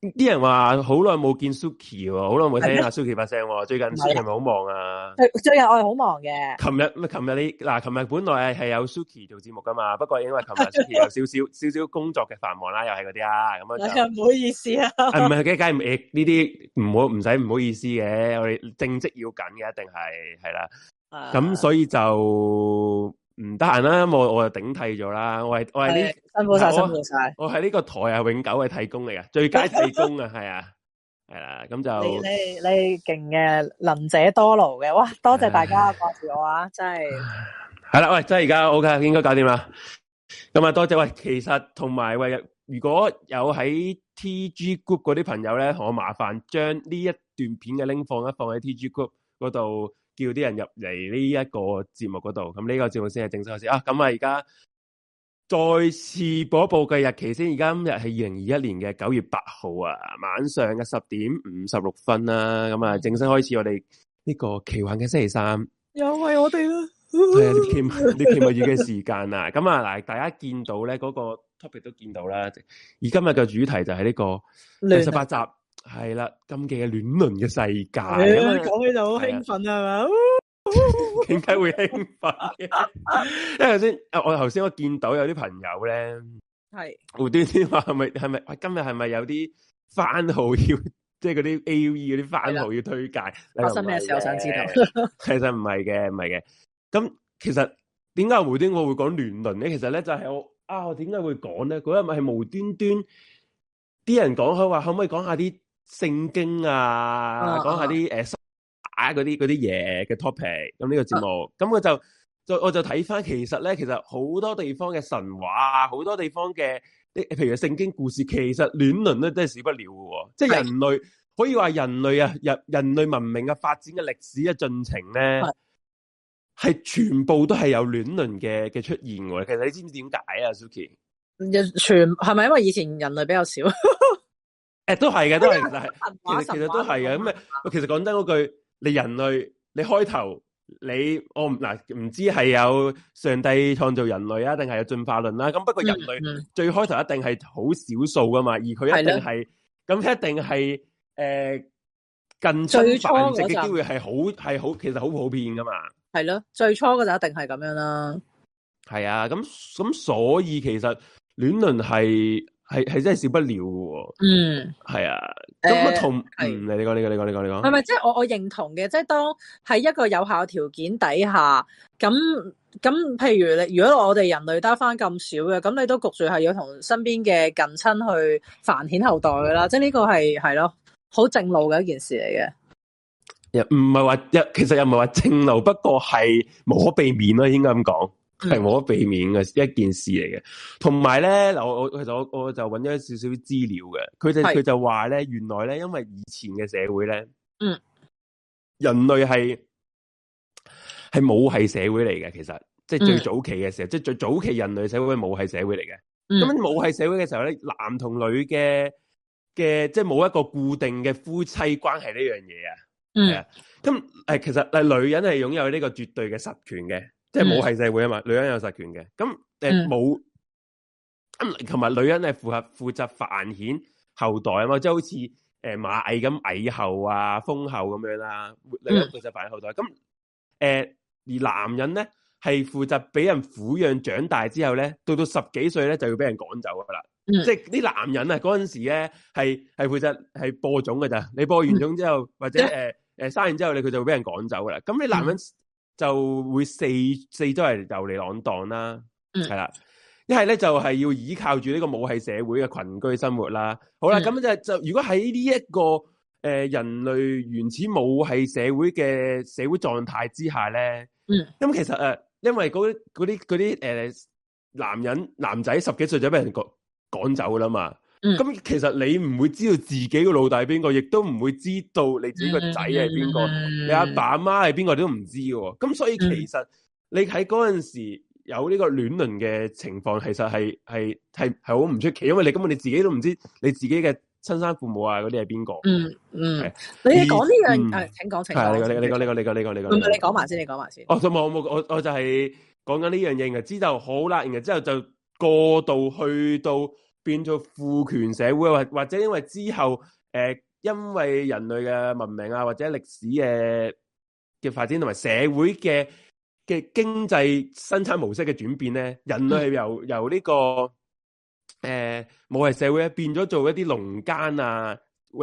啲人話好耐冇見 Suki 喎，好耐冇聽阿 Suki 把聲喎。最近係咪好忙啊？最近我係好忙嘅。琴日琴日你嗱，琴日本來係有 Suki 做節目㗎嘛，不過因為琴日 Suki 有少少少少工作嘅繁忙啦、啊，又係嗰啲啊，咁啊，唔好意思啊。唔係嘅，梗係呢啲唔好唔使唔好意思嘅，我哋正職要緊嘅，一定係係啦。咁所以就。唔得閒啦，我我就頂替咗啦。我係我係呢，辛苦晒，辛苦晒。我係呢個台係永久嘅替工嚟噶，最佳替工啊，係 啊，係啦。咁就你你勁嘅，能者多勞嘅。哇，多謝大家掛住我啊，真係。係啦，喂，真係而家 OK，應該搞掂啦。咁啊，多謝喂。其實同埋喂，如果有喺 TG Group 嗰啲朋友咧，同我麻煩將呢一段片嘅 link 放一放喺 TG Group 嗰度，叫啲人入嚟呢一個節目嗰度，咁呢個節目先係正式開始啊！咁、嗯、啊，而家再次播報嘅日期先，而家今日係二零二一年嘅九月八號啊，晚上嘅十點五十六分啦，咁、嗯、啊，正式開始我哋呢個奇幻嘅星期三，又係我哋、啊、啦，你 啊，呢片呢片月嘅時間啦，咁啊嗱，大家見到咧嗰、那個 topic 都見到啦，而今日嘅主題就係呢個第十八集。係啦，今期嘅亂倫嘅世界，講、欸、起就好興奮啊，係嘛？點解 會興奮？ 因為先我頭先我見到有啲朋友咧，係無端端話係咪係咪？今日係咪有啲番號要，即係嗰啲 AV 嗰啲番號要推介？發生咩事？我想知道。 其實唔係嘅，唔係嘅。咁其實點解無端我會講亂倫咧？其實咧就係、是、我啊，我點解會講咧？嗰日咪係無端端啲人講開話，可唔可以講下啲？聖經啊，講下啲誒打嗰啲啲嘢嘅 topic，咁呢個節目，咁、啊、我就就我就睇翻。其實咧，其實好多地方嘅神話，好多地方嘅啲，譬如聖經故事，其實亂倫咧都係少不了噶，即係人類可以話人類啊，人人類文明嘅發展嘅歷史嘅進程咧，係全部都係有亂倫嘅嘅出現噶。其實你知唔知點解啊，Suki？全係咪因為以前人類比較少？ 誒、哎，都係嘅，都係、哎，其實都是的、嗯、其實都係嘅。咁其實講真嗰句，你人類，你開頭，你我唔嗱，唔知係有上帝創造人類啊，定係有進化論啦。咁不過人類最開頭一定係好少數噶嘛，嗯嗯而佢一定係咁，是一定係誒、呃，近親繁殖嘅機會係好係好，其實好普遍噶嘛。係咯，最初嘅就一定係咁樣啦。係啊，咁咁所以其實亂倫係。系係真係少不了嘅喎，嗯，係啊，咁同嚟你講，你講，你講，你講，你講，係咪即係我我認同嘅？即係當係一個有效條件底下，咁咁譬如你，如果我哋人類得翻咁少嘅，咁你都焗住係要同身邊嘅近親去繁衍後代噶啦，嗯、即係呢個係係咯，好正路嘅一件事嚟嘅。又唔係話又，其實又唔係話正路，不過係冇可避免咯、啊，應該咁講。係無可避免嘅一件事嚟嘅，同埋咧嗱，我我其實我我就揾咗少少資料嘅，佢就佢就話咧，原來咧因為以前嘅社會咧，嗯，人類係係母系社會嚟嘅，其實即係、就是、最早期嘅時候，即、嗯、係、就是、最早期人類社會係冇系社會嚟嘅。咁、嗯、母系社會嘅時候咧，男同女嘅嘅即係冇一個固定嘅夫妻關係呢樣嘢啊。嗯，咁誒，其實女人係擁有呢個絕對嘅實權嘅。即係冇系社會啊嘛，女人有實權嘅，咁誒冇，同、呃、埋、嗯、女人咧負責負責繁衍後代啊嘛，即、就、係、是、好似誒螞蟻咁蟻后啊、蜂后咁樣啦，女人負責負責繁衍後代。咁誒、呃、而男人咧係負責俾人撫養長大之後咧，到到十幾歲咧就要俾人趕走噶啦、嗯。即係啲男人啊嗰陣時咧係係負責係播種噶咋，你播完種之後、嗯、或者誒誒、呃、生完之後，你佢就會俾人趕走噶啦。咁你男人。就會四四周係遊離浪蕩啦，係、嗯、啦，一係咧就係要依靠住呢個母系社會嘅群居生活啦。好啦，咁、嗯、就就如果喺呢一個誒、呃、人類原始母系社會嘅社會狀態之下咧，咁、嗯嗯、其實誒、啊，因為嗰啲嗰啲誒男人男仔十幾歲就俾人趕趕走啦嘛。咁、嗯、其實你唔會知道自己個老大係邊個，亦都唔會知道你自己個仔係邊個，你阿爸阿媽係邊個你都唔知嘅。咁所以其實你喺嗰陣時有呢個亂倫嘅情況，其實係係係係好唔出奇，因為你根本你自己都唔知你自己嘅親生父母是、嗯嗯是嗯、是啊嗰啲係邊個。嗯嗯、這個，你講呢樣嘢，請講，請講。你講、這個這個這個，你講、這個，你講、這個，你講、這個，你講，你講。你講埋先，你講埋先。我冇我我就係講緊呢樣嘢，之後好啦，然之後就過度去到，變咗父權社會，或或者因為之後誒、呃，因為人類嘅文明啊，或者歷史嘅嘅發展，同埋社會嘅嘅經濟生產模式嘅轉變咧，人類係由由呢、這個誒、呃、母系社會，一變咗做一啲農耕啊，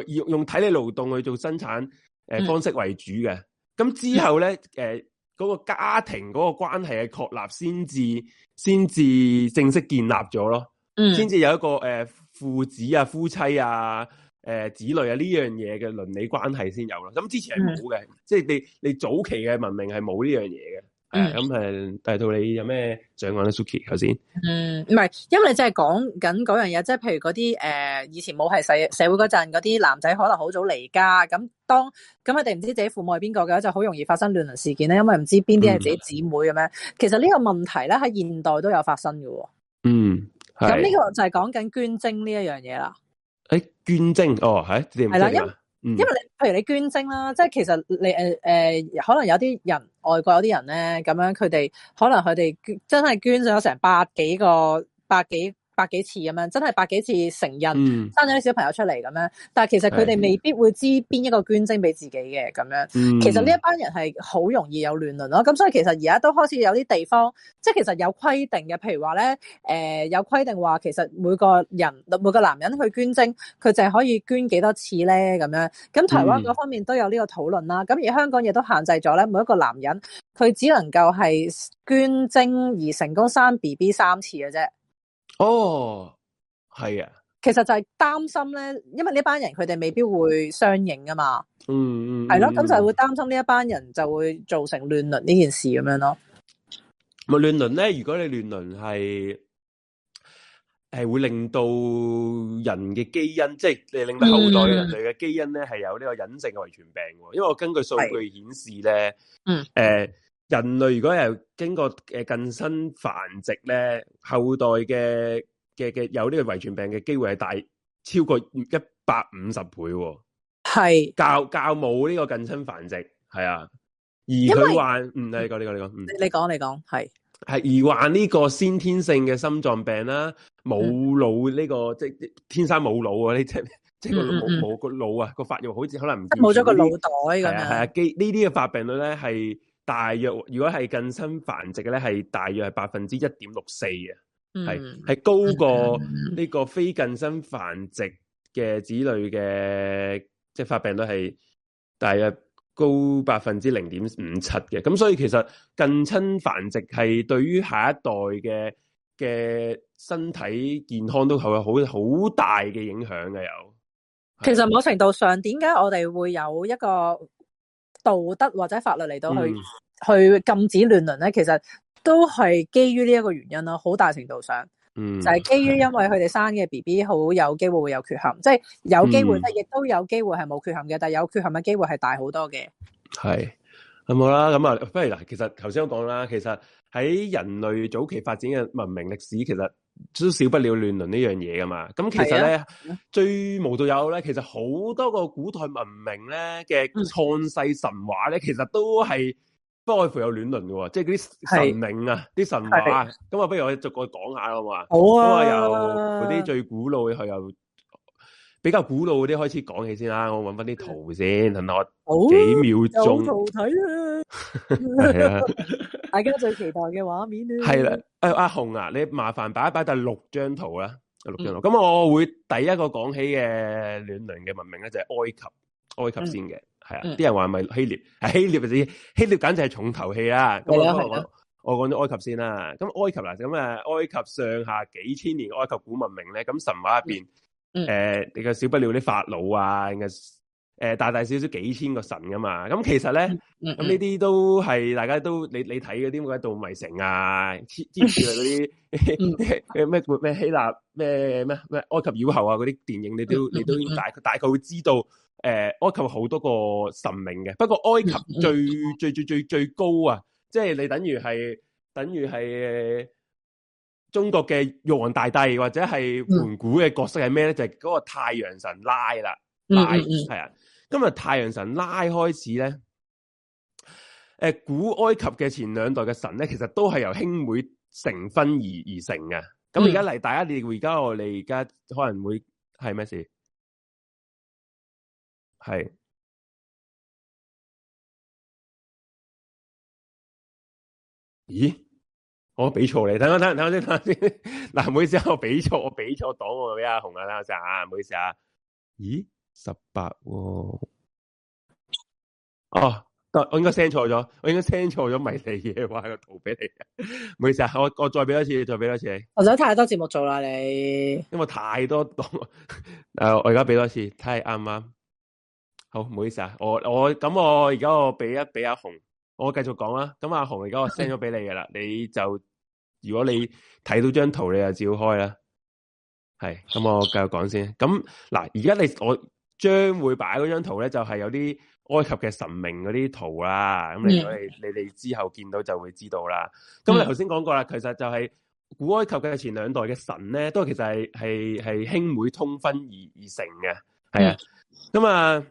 用用體力勞動去做生產誒、呃、方式為主嘅。咁、嗯、之後咧，誒、呃、嗰、那個家庭嗰個關係嘅確立才，先至先至正式建立咗咯。先至有一個誒、嗯嗯、父子啊、夫妻啊、誒、呃、子女啊呢樣嘢嘅倫理關係先有啦。咁之前係冇嘅，即係你你早期嘅文明係冇呢樣嘢嘅。嗯，咁誒，但到你有咩想講咧，Suki 頭先？嗯，唔係、嗯，因為你真係講緊嗰樣嘢，即係譬如嗰啲誒以前冇係社社會嗰陣，嗰啲男仔可能好早離家，咁當咁佢哋唔知自己父母係邊個嘅，就好容易發生亂倫事件咧。因為唔知邊啲係自己姊妹嘅咩、嗯？其實呢個問題咧喺現代都有發生嘅。嗯。咁呢個就係講緊捐精呢一樣嘢啦。誒，捐精哦？係，係啦，因、嗯、因為你，譬如你捐精啦，即係其實你誒誒、呃呃，可能有啲人外國有啲人咧，咁樣佢哋可能佢哋真係捐咗成百幾個百幾。百幾次咁樣，真係百幾次成孕，生咗啲小朋友出嚟咁樣、嗯。但其實佢哋未必會知邊一個捐精俾自己嘅咁樣、嗯。其實呢一班人係好容易有亂倫咯。咁所以其實而家都開始有啲地方，即係其實有規定嘅，譬如話咧，誒、呃、有規定話其實每個人每個男人去捐精，佢就可以捐幾多次咧咁樣。咁台灣嗰方面都有呢個討論啦。咁、嗯、而香港亦都限制咗咧，每一個男人佢只能夠係捐精而成功生 B B 三次嘅啫。哦，係啊，其實就係擔心咧，因為呢班人佢哋未必會相應啊嘛，嗯嗯，係咯，咁、嗯、就係會擔心呢一班人就會造成亂倫呢件事咁、嗯、樣咯。咪亂倫咧？如果你亂倫係，係會令到人嘅基因，嗯、即係你令到後代的人類嘅基因咧，係有呢個隱性嘅遺傳病。因為我根據數據顯示咧，嗯，誒、呃。人類如果係經過誒近親繁殖咧，後代嘅嘅嘅有呢個遺傳病嘅機會係大超過一百五十倍。係教教冇呢個近親繁殖係啊，而佢患，嗯你講你講你講，你講你講係係而患呢個先天性嘅心臟病啦、啊，冇腦呢個、嗯、即係天生冇腦啊呢隻、嗯、即係冇冇個腦、嗯、啊、個發育好似可能唔得冇咗個腦袋咁樣係啊，呢啲嘅發病率咧係。大約如果係近親繁殖嘅咧，係大約係百分之一點六四嘅，係係、嗯、高過呢個非近親繁殖嘅子女嘅，即係發病率係大約高百分之零點五七嘅。咁所以其實近親繁殖係對於下一代嘅嘅身體健康都係有好好大嘅影響嘅。又其實某程度上，點解我哋會有一個道德或者法律嚟到去去禁止亂倫咧，其實都係基於呢一個原因啦，好大程度上，嗯，就係基於因為佢哋生嘅 B B 好有機會會有缺陷，即係有機會咧，亦都有機會係冇缺陷嘅，但係有缺陷嘅機會係大好多嘅、嗯、是是好多嘅。係咁好啦，咁啊，不如嗱，其實頭先都講啦，其實喺人類早期發展嘅文明歷史，其實。都少不了亂倫呢樣嘢噶嘛，咁其實咧、啊、最無獨有咧，其實好多個古代文明咧嘅創世神話咧，其實都係不外乎有亂倫嘅，即係嗰啲神明啊，啲神話、啊，咁啊不如我逐個講下啦，好嘛？好啊，咁啊由嗰啲最古老嘅佢又，比較古老啲開始講起先啦，我搵翻啲圖先，等、哦、我幾秒鐘，有圖睇啦，係 對啊， 大家最期待嘅畫面啦，係啦，誒阿紅啊，你麻煩擺一擺第六張圖啦，六張圖，咁、嗯、我會第一個講起嘅亂倫嘅文明咧，就係埃及，埃及先嘅，係、嗯嗯就是、啊，啲人話咪希臘，係希臘或者希臘，簡直係重頭戲啊，咁我講咗埃及先啦，咁埃及啦，咁啊，埃及上下幾千年埃及古文明咧，咁神話入邊。嗯誒、呃，你個少不了啲法老啊，誒、呃，大大小小幾千個神噶嘛。咁、嗯、其實咧，咁呢啲都係大家都你你睇嗰啲乜嘢《盜墓迷城》啊，之之類嗰啲咩咩希臘咩咩咩埃及妖后啊嗰啲電影，你都你都，你都大概大概會知道。誒、呃，埃及好多個神明嘅，不過埃及最最最最最高啊，即、就、係、是、你等於係等於係。中國嘅玉皇大帝或者係蒙古嘅角色係咩咧？就係、是、嗰個太陽神拉啦，拉係啊、嗯嗯。今日太陽神拉開始咧，誒、呃、古埃及嘅前兩代嘅神咧，其實都係由兄妹成婚而而成嘅。咁而家嚟，大家你而家我哋而家可能會係咩事？係咦？我俾錯你，等我等，等我先，等我先。嗱，唔好意思，我俾錯，我俾錯檔我俾阿紅啊，等我先啊，唔好意思啊。咦？十八喎？哦，我我應該 send 錯咗，我應該 send 錯咗迷你嘢，畫個圖俾你。唔好意思啊，我我再俾多次，你再俾多次。我想太多節目做啦，你。因為太多檔誒， 我而家俾多次，睇下啱唔啱？好，唔好意思啊，我我咁我而家我俾一俾阿紅。我繼續講啦，咁阿雄而家我 send 咗俾你噶啦，你就如果你睇到張圖，你就照開啦。係，咁我繼續講先。咁嗱，而家你我將會擺嗰張圖咧，就係、是、有啲埃及嘅神明嗰啲圖啦。咁你你你哋之後見到就會知道啦。咁你頭先講過啦，其實就係古埃及嘅前兩代嘅神咧，都其實係係係兄妹通婚而而成嘅，係啊。咁啊，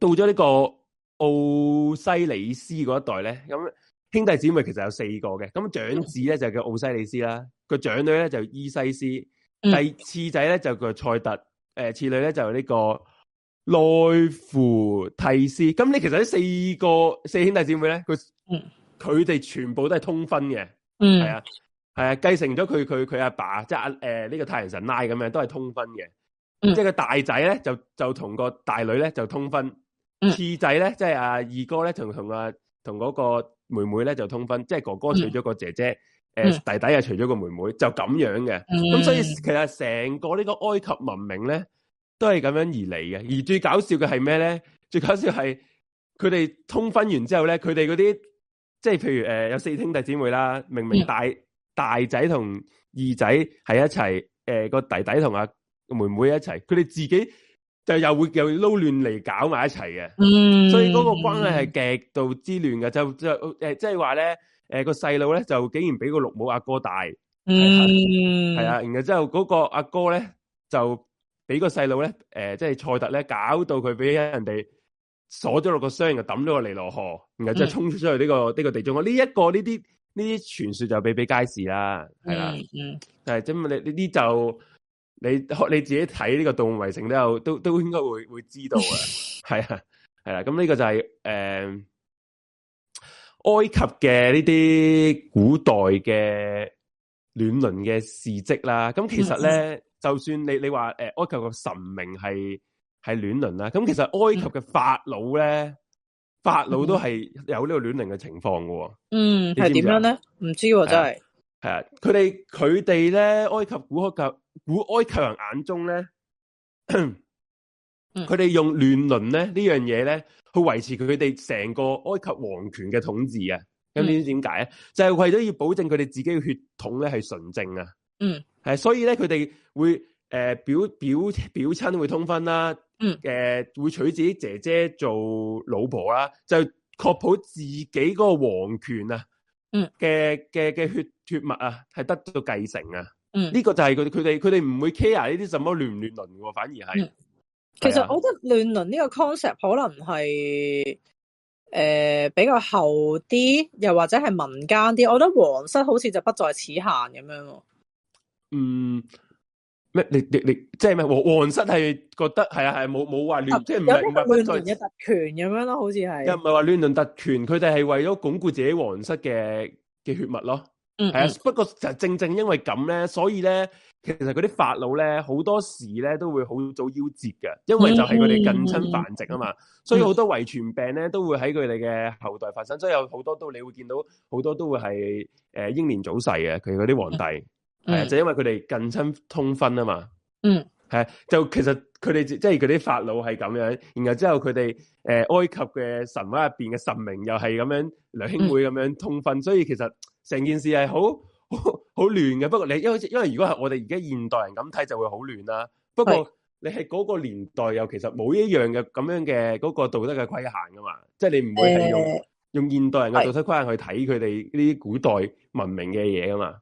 到咗呢、這個。奧西里斯嗰一代咧，咁兄弟姊妹其實有四個嘅，咁長子咧就叫奧西里斯啦，個、嗯、長女咧就伊西斯，嗯、第次仔咧就叫塞特，誒、呃、次女咧就呢個奈芙蒂斯。咁你其實呢四個四兄弟姊妹咧，佢佢哋全部都係通婚嘅，係、嗯、啊係啊，繼承咗佢佢佢阿爸，即係阿誒呢個太陽神拉咁樣，都係通婚嘅、嗯，即係個大仔咧就就同個大女咧就通婚。次仔咧，即係阿二哥咧，同同阿同嗰個妹妹咧就通婚，即、就、係、是、哥哥娶咗個姐姐，誒、嗯嗯、弟弟啊娶咗個妹妹，就咁樣嘅。咁、嗯、所以其實成個呢個埃及文明咧，都係咁樣而嚟嘅。而最搞笑嘅係咩咧？最搞笑係佢哋通婚完之後咧，佢哋嗰啲即係譬如誒、呃、有四兄弟姊妹啦，明明大大仔同二仔喺一齊，誒、呃、個弟弟同阿妹妹一齊，佢哋自己。就又會又撈亂嚟搞埋一齊嘅、嗯，所以嗰個關係係極度之亂嘅。就就誒，即係話咧，誒個細路咧就竟然俾個綠帽阿哥戴，係、嗯、啊。然後之後嗰個阿哥咧就俾個細路咧，誒即係賽特咧搞到佢俾人哋鎖咗落個箱，又抌咗個尼羅河，然後即係衝出出去呢、這個呢、嗯這個這個地中海呢一個呢啲呢啲傳說就比比皆是啦，係、嗯、啦。但係即你呢啲就。你你自己睇呢個動物圍城都有都都應該會會知道 是啊。係啊係、就是呃、啦，咁呢個就係誒埃及嘅呢啲古代嘅亂倫嘅事迹啦。咁其實咧、嗯，就算你你話誒、呃、埃及嘅神明係係亂倫啦，咁其實埃及嘅法老咧、嗯，法老都係有呢個亂倫嘅情況嘅、哦。嗯，係點樣咧？唔知，不知，道不知道真係係啊，佢哋佢哋咧，埃及古埃及。古埃及人眼中咧，佢哋用亂倫咧呢這樣嘢咧，去維持佢哋成個埃及王權嘅統治啊、嗯。咁呢啲點解咧？就係、是、為咗要保證佢哋自己嘅血統咧係純正啊。嗯，係所以咧，佢哋會誒、呃、表表表親會通婚啦。嗯、呃，誒會娶自己姐姐做老婆啦、啊，就確保自己嗰個王權啊。嗯，嘅嘅嘅血血脈啊，係得到繼承啊。嗯，呢、這個就係佢佢哋佢哋唔會 care 呢啲什麼亂唔亂倫，反而係、嗯啊。其實我覺得亂倫呢個 concept 可能係誒、呃、比較後啲，又或者係民間啲。我覺得皇室好似就不在此限咁樣、哦。嗯，咩？你你你即係咩？皇皇室係覺得係啊係冇冇話亂即係唔係？有啲亂倫嘅特權咁樣咯，好似係。又唔係話亂倫特權，佢哋係為咗鞏固自己皇室嘅嘅血脈咯。嗯，係 啊，不過就正正因為咁咧，所以咧，其實嗰啲法老咧，好多時咧都會好早夭折嘅，因為就係佢哋近親繁殖啊嘛， 所以好多遺傳病咧都會喺佢哋嘅後代發生，所以有好多都你會見到好多都會係誒英年早逝嘅，佢嗰啲皇帝，係 啊，就是、因為佢哋近親通婚啊嘛，嗯，係、 啊，就其實佢哋即係佢啲法老係咁樣，然後之後佢哋誒埃及嘅神話入邊嘅神明又係咁樣兩兄妹咁樣通婚， 所以其實。成件事係好好好亂嘅，不過你因為因為如果係我哋而家現代人咁睇，就會好亂啦。不過你係嗰個年代又其實冇一樣嘅咁樣嘅嗰、嗰個道德嘅規限噶嘛，即係你唔會係用、呃、用現代人嘅道德規限去睇佢哋呢啲古代文明嘅嘢噶嘛、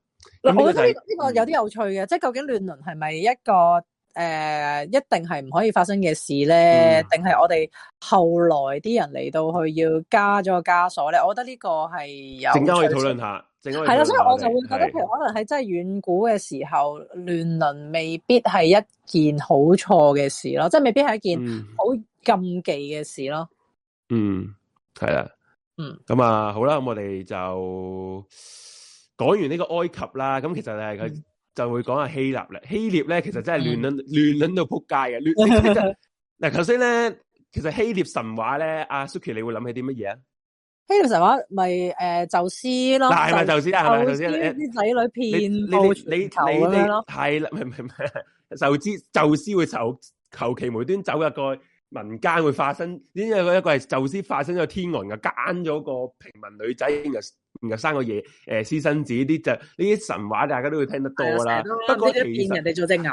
就係。我覺得呢、呢個呢個有啲有趣嘅、嗯，即係究竟亂倫係咪一個誒、呃、一定係唔可以發生嘅事咧？定、嗯、係我哋後來啲人嚟到去要加咗枷鎖咧？我覺得呢個係有陣間可以討論下。係啦，所以我就會覺得，其實可能係真係遠古嘅時候，亂倫未必係一件好錯嘅事咯，即係未必係一件好禁忌嘅事咯。嗯，係啦，嗯，咁 啊、就是，好啦，咁我哋就講完呢個埃及啦，咁其實咧佢就會講下希臘咧。希臘咧其實真係亂倫，亂倫到撲街啊！嗱，頭先咧其實希臘神話咧，阿、啊、Suki 你會諗起啲乜嘢啊？呢套神話咪誒宙斯咯，係咪宙斯啊？係咪宙斯？啲仔女騙你？你，你，你，你球咁樣咯，係啦，唔係唔係宙宙斯會求求其無端走入個民間會化身，呢個一個係宙斯化身咗天王，噶奸咗個平民女仔，又後生個嘢。誒、呃、私生子啲就呢啲神話，大家都會聽得多啦。不過其實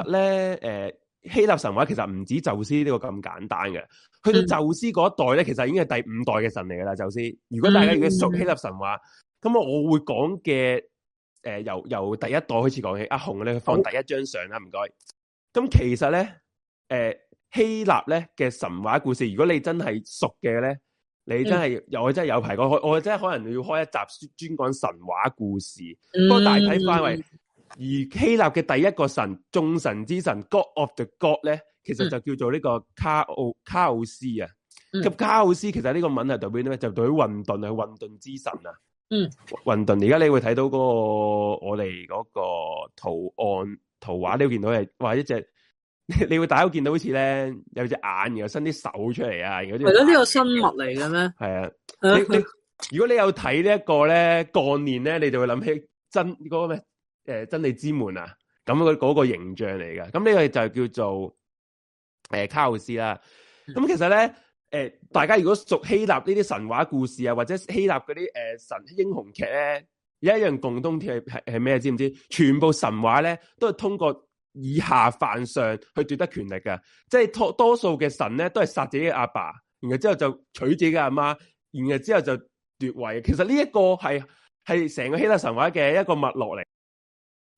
誒。希臘神話其實唔止宙斯呢個咁簡單嘅，去到宙斯嗰一代咧，其實已經係第五代嘅神嚟噶啦。宙斯，如果大家已經熟希臘神話，咁、嗯、我我會講嘅，誒、呃、由由第一代開始講起。阿紅咧，你去放第一張相啦，唔該。咁、嗯、其實咧，誒、呃、希臘咧嘅神話故事，如果你真係熟嘅咧，你真係又、嗯、我真係有排講，我我真係可能要開一集專專講神話故事，不過大體範圍。嗯而希臘嘅第一個神，眾神之神 God of the God 咧，其實就叫做呢個卡奧卡奧斯啊。咁卡奧斯其實呢個文係代表咩？就代表混沌啊，混沌之神啊。嗯，混沌。而家你會睇到嗰個我哋嗰個圖案圖畫，你會見到係話一隻，你會大家見到好似咧有隻眼，然後伸啲手出嚟啊。係咯，呢個生物嚟嘅咩？係啊，你你，你，如果你有睇呢一個咧，過年咧，你就會諗起真嗰個咩？誒、呃、真理之門啊，咁佢嗰個形象嚟嘅，咁呢個就叫做誒、呃、卡奧斯啦。咁其實咧，誒、呃、大家如果熟希臘呢啲神話故事啊，或者希臘嗰啲誒神英雄劇咧，有一樣共通嘅係係咩？知唔知？全部神話咧都係通過以下犯上去奪得權力嘅，即係多多數嘅神咧都係殺自己嘅阿爸，然後之後就娶自己嘅阿媽，然後之後就奪位。其實呢一個係係成個希臘神話嘅一個脈絡嚟。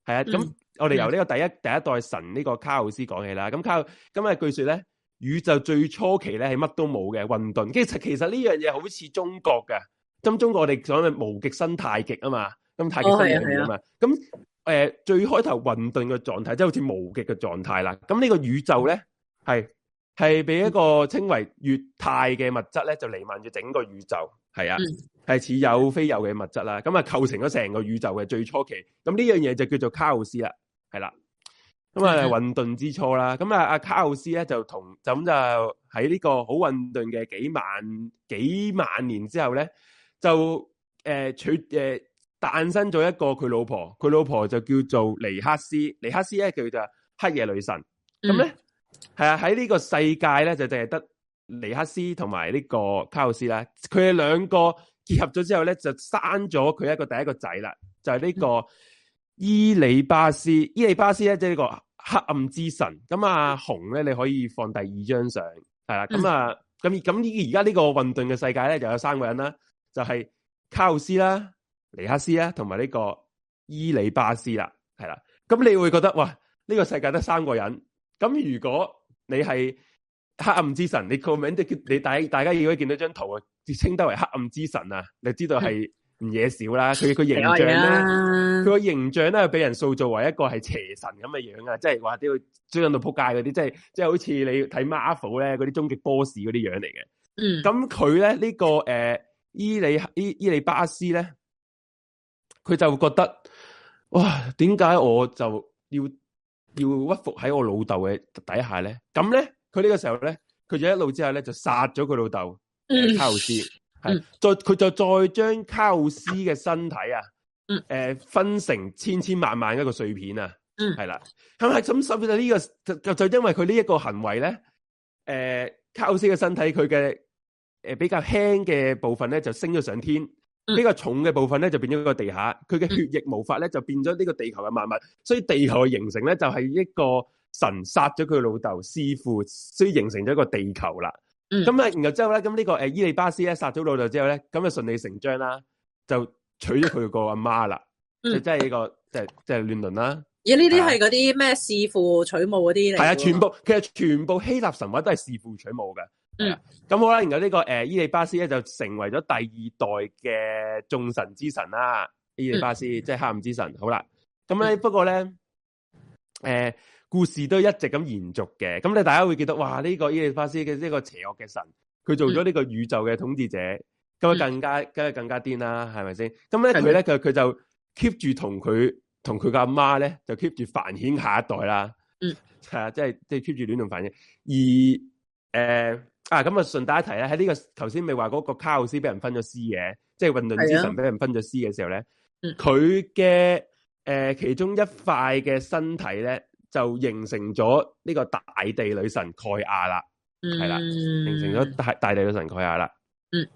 係啊，咁我哋由呢個第一、嗯、第一代神呢個卡奧斯講起啦。咁卡咁啊，據說咧宇宙最初期咧係乜都冇嘅混沌。跟住其實呢樣嘢好似中國嘅，咁中國我哋所謂嘅無極生太極啊嘛。咁太極生啊嘛。咁、哦、誒、啊啊呃，最開頭混沌嘅狀態，即、就、係、是、好似無極嘅狀態啦。咁呢個宇宙咧，係係俾一個稱為月態嘅物質咧，就彌漫住整個宇宙。係啊。嗯係似有非有嘅物質啦，咁啊，構成咗成個宇宙嘅最初期。咁呢樣嘢就叫做卡奧斯啦，係啦。咁啊混沌之初啦，咁啊阿卡奧斯咧就同，就咁就喺呢個好混沌嘅幾萬幾萬年之後咧，就誒、呃、取誒、誕生咗一個佢老婆，佢老婆就叫做尼克斯。尼克斯咧叫做黑夜女神。咁咧係啊，喺呢個世界咧就淨係得尼克斯同埋呢個卡奧斯啦，佢哋兩個。結合咗之後咧，就生咗佢一個第一個仔啦，就係、是、呢個伊里巴斯。伊里巴斯咧，即係呢個黑暗之神。咁啊，紅咧，你可以放第二張相，係啦。咁啊，咁咁而而家呢個混沌嘅世界咧，就有三個人啦，就係、是、卡奧斯啦、尼克斯啦，同埋呢個伊里巴斯啦，係啦。咁你會覺得，哇，呢、這個世界得三個人。咁如果你係黑暗之神，你個名都叫你大，大家亦會見到張圖。稱得為黑暗之神啊，你知道係唔嘢少啦。佢個形象咧，佢 個形象咧，俾人塑造為一個係邪神咁嘅樣啊，即係話啲追緊到撲街嗰啲，即係即係好似你睇 Marvel 咧嗰啲終極 boss 嗰啲樣嚟嘅。嗯，咁佢咧呢、這個誒、呃，伊利伊伊利巴斯咧，佢就覺得哇，點解我就要要屈服喺我老豆嘅底下咧？咁咧，佢呢個時候咧，佢就一路之後咧，就殺咗佢老豆。嗯、卡奧斯，係再佢就再將卡奧斯嘅身體啊，誒、嗯呃、分成千千萬萬一個碎片啊，係、嗯、啦，係咪咁？所以呢個就就就因為佢呢一個行為咧，誒、呃、卡奧斯嘅身體佢嘅誒比較輕嘅部分咧就升咗上天，呢、嗯、比較重嘅部分咧就變咗個地下，佢嘅血液無法咧就變咗呢個地球嘅萬物，所以地球嘅形成咧就係一個神殺咗佢老豆師傅，所以形成咗一個地球啦。咁、嗯、咧，然後之後咧，咁、這個、呢，呢的、嗯就是這個誒，伊利巴斯咧殺咗老豆之後咧，咁就順理成章啦，就娶咗佢個阿媽啦，就即係呢個即係即係亂倫啦。而呢啲係嗰啲咩弒父娶母嗰啲嚟？係啊，全部其實全部希臘神話都係弒父娶母嘅。嗯，咁好啦，然後呢個誒，伊利巴斯咧就成為咗第二代嘅眾神之神啦，伊利巴斯即係黑暗之神。好啦，咁咧、嗯、不過咧誒。呃故事都一直咁延續嘅，咁咧大家會見到，哇！呢個伊利帕斯嘅呢個邪惡嘅神，佢做咗呢個宇宙嘅統治者，咁啊更加，咁啊更加癲啦，係咪先？咁咧佢咧佢佢就 keep 住同佢同佢嘅阿媽咧，就 keep 住繁衍下一代啦。嗯，係啊，即係即係 keep 住戀同繁衍。而誒啊，咁啊順帶一提咧，喺呢個頭先咪話嗰個卡奧斯俾人分咗屍嘅，即係混沌之神俾人分咗屍嘅時候咧，佢嘅誒其中一塊嘅身體咧。就形成咗呢個大地女神蓋亞啦，係、嗯、啦，形成咗大大地女神蓋亞啦。嗯，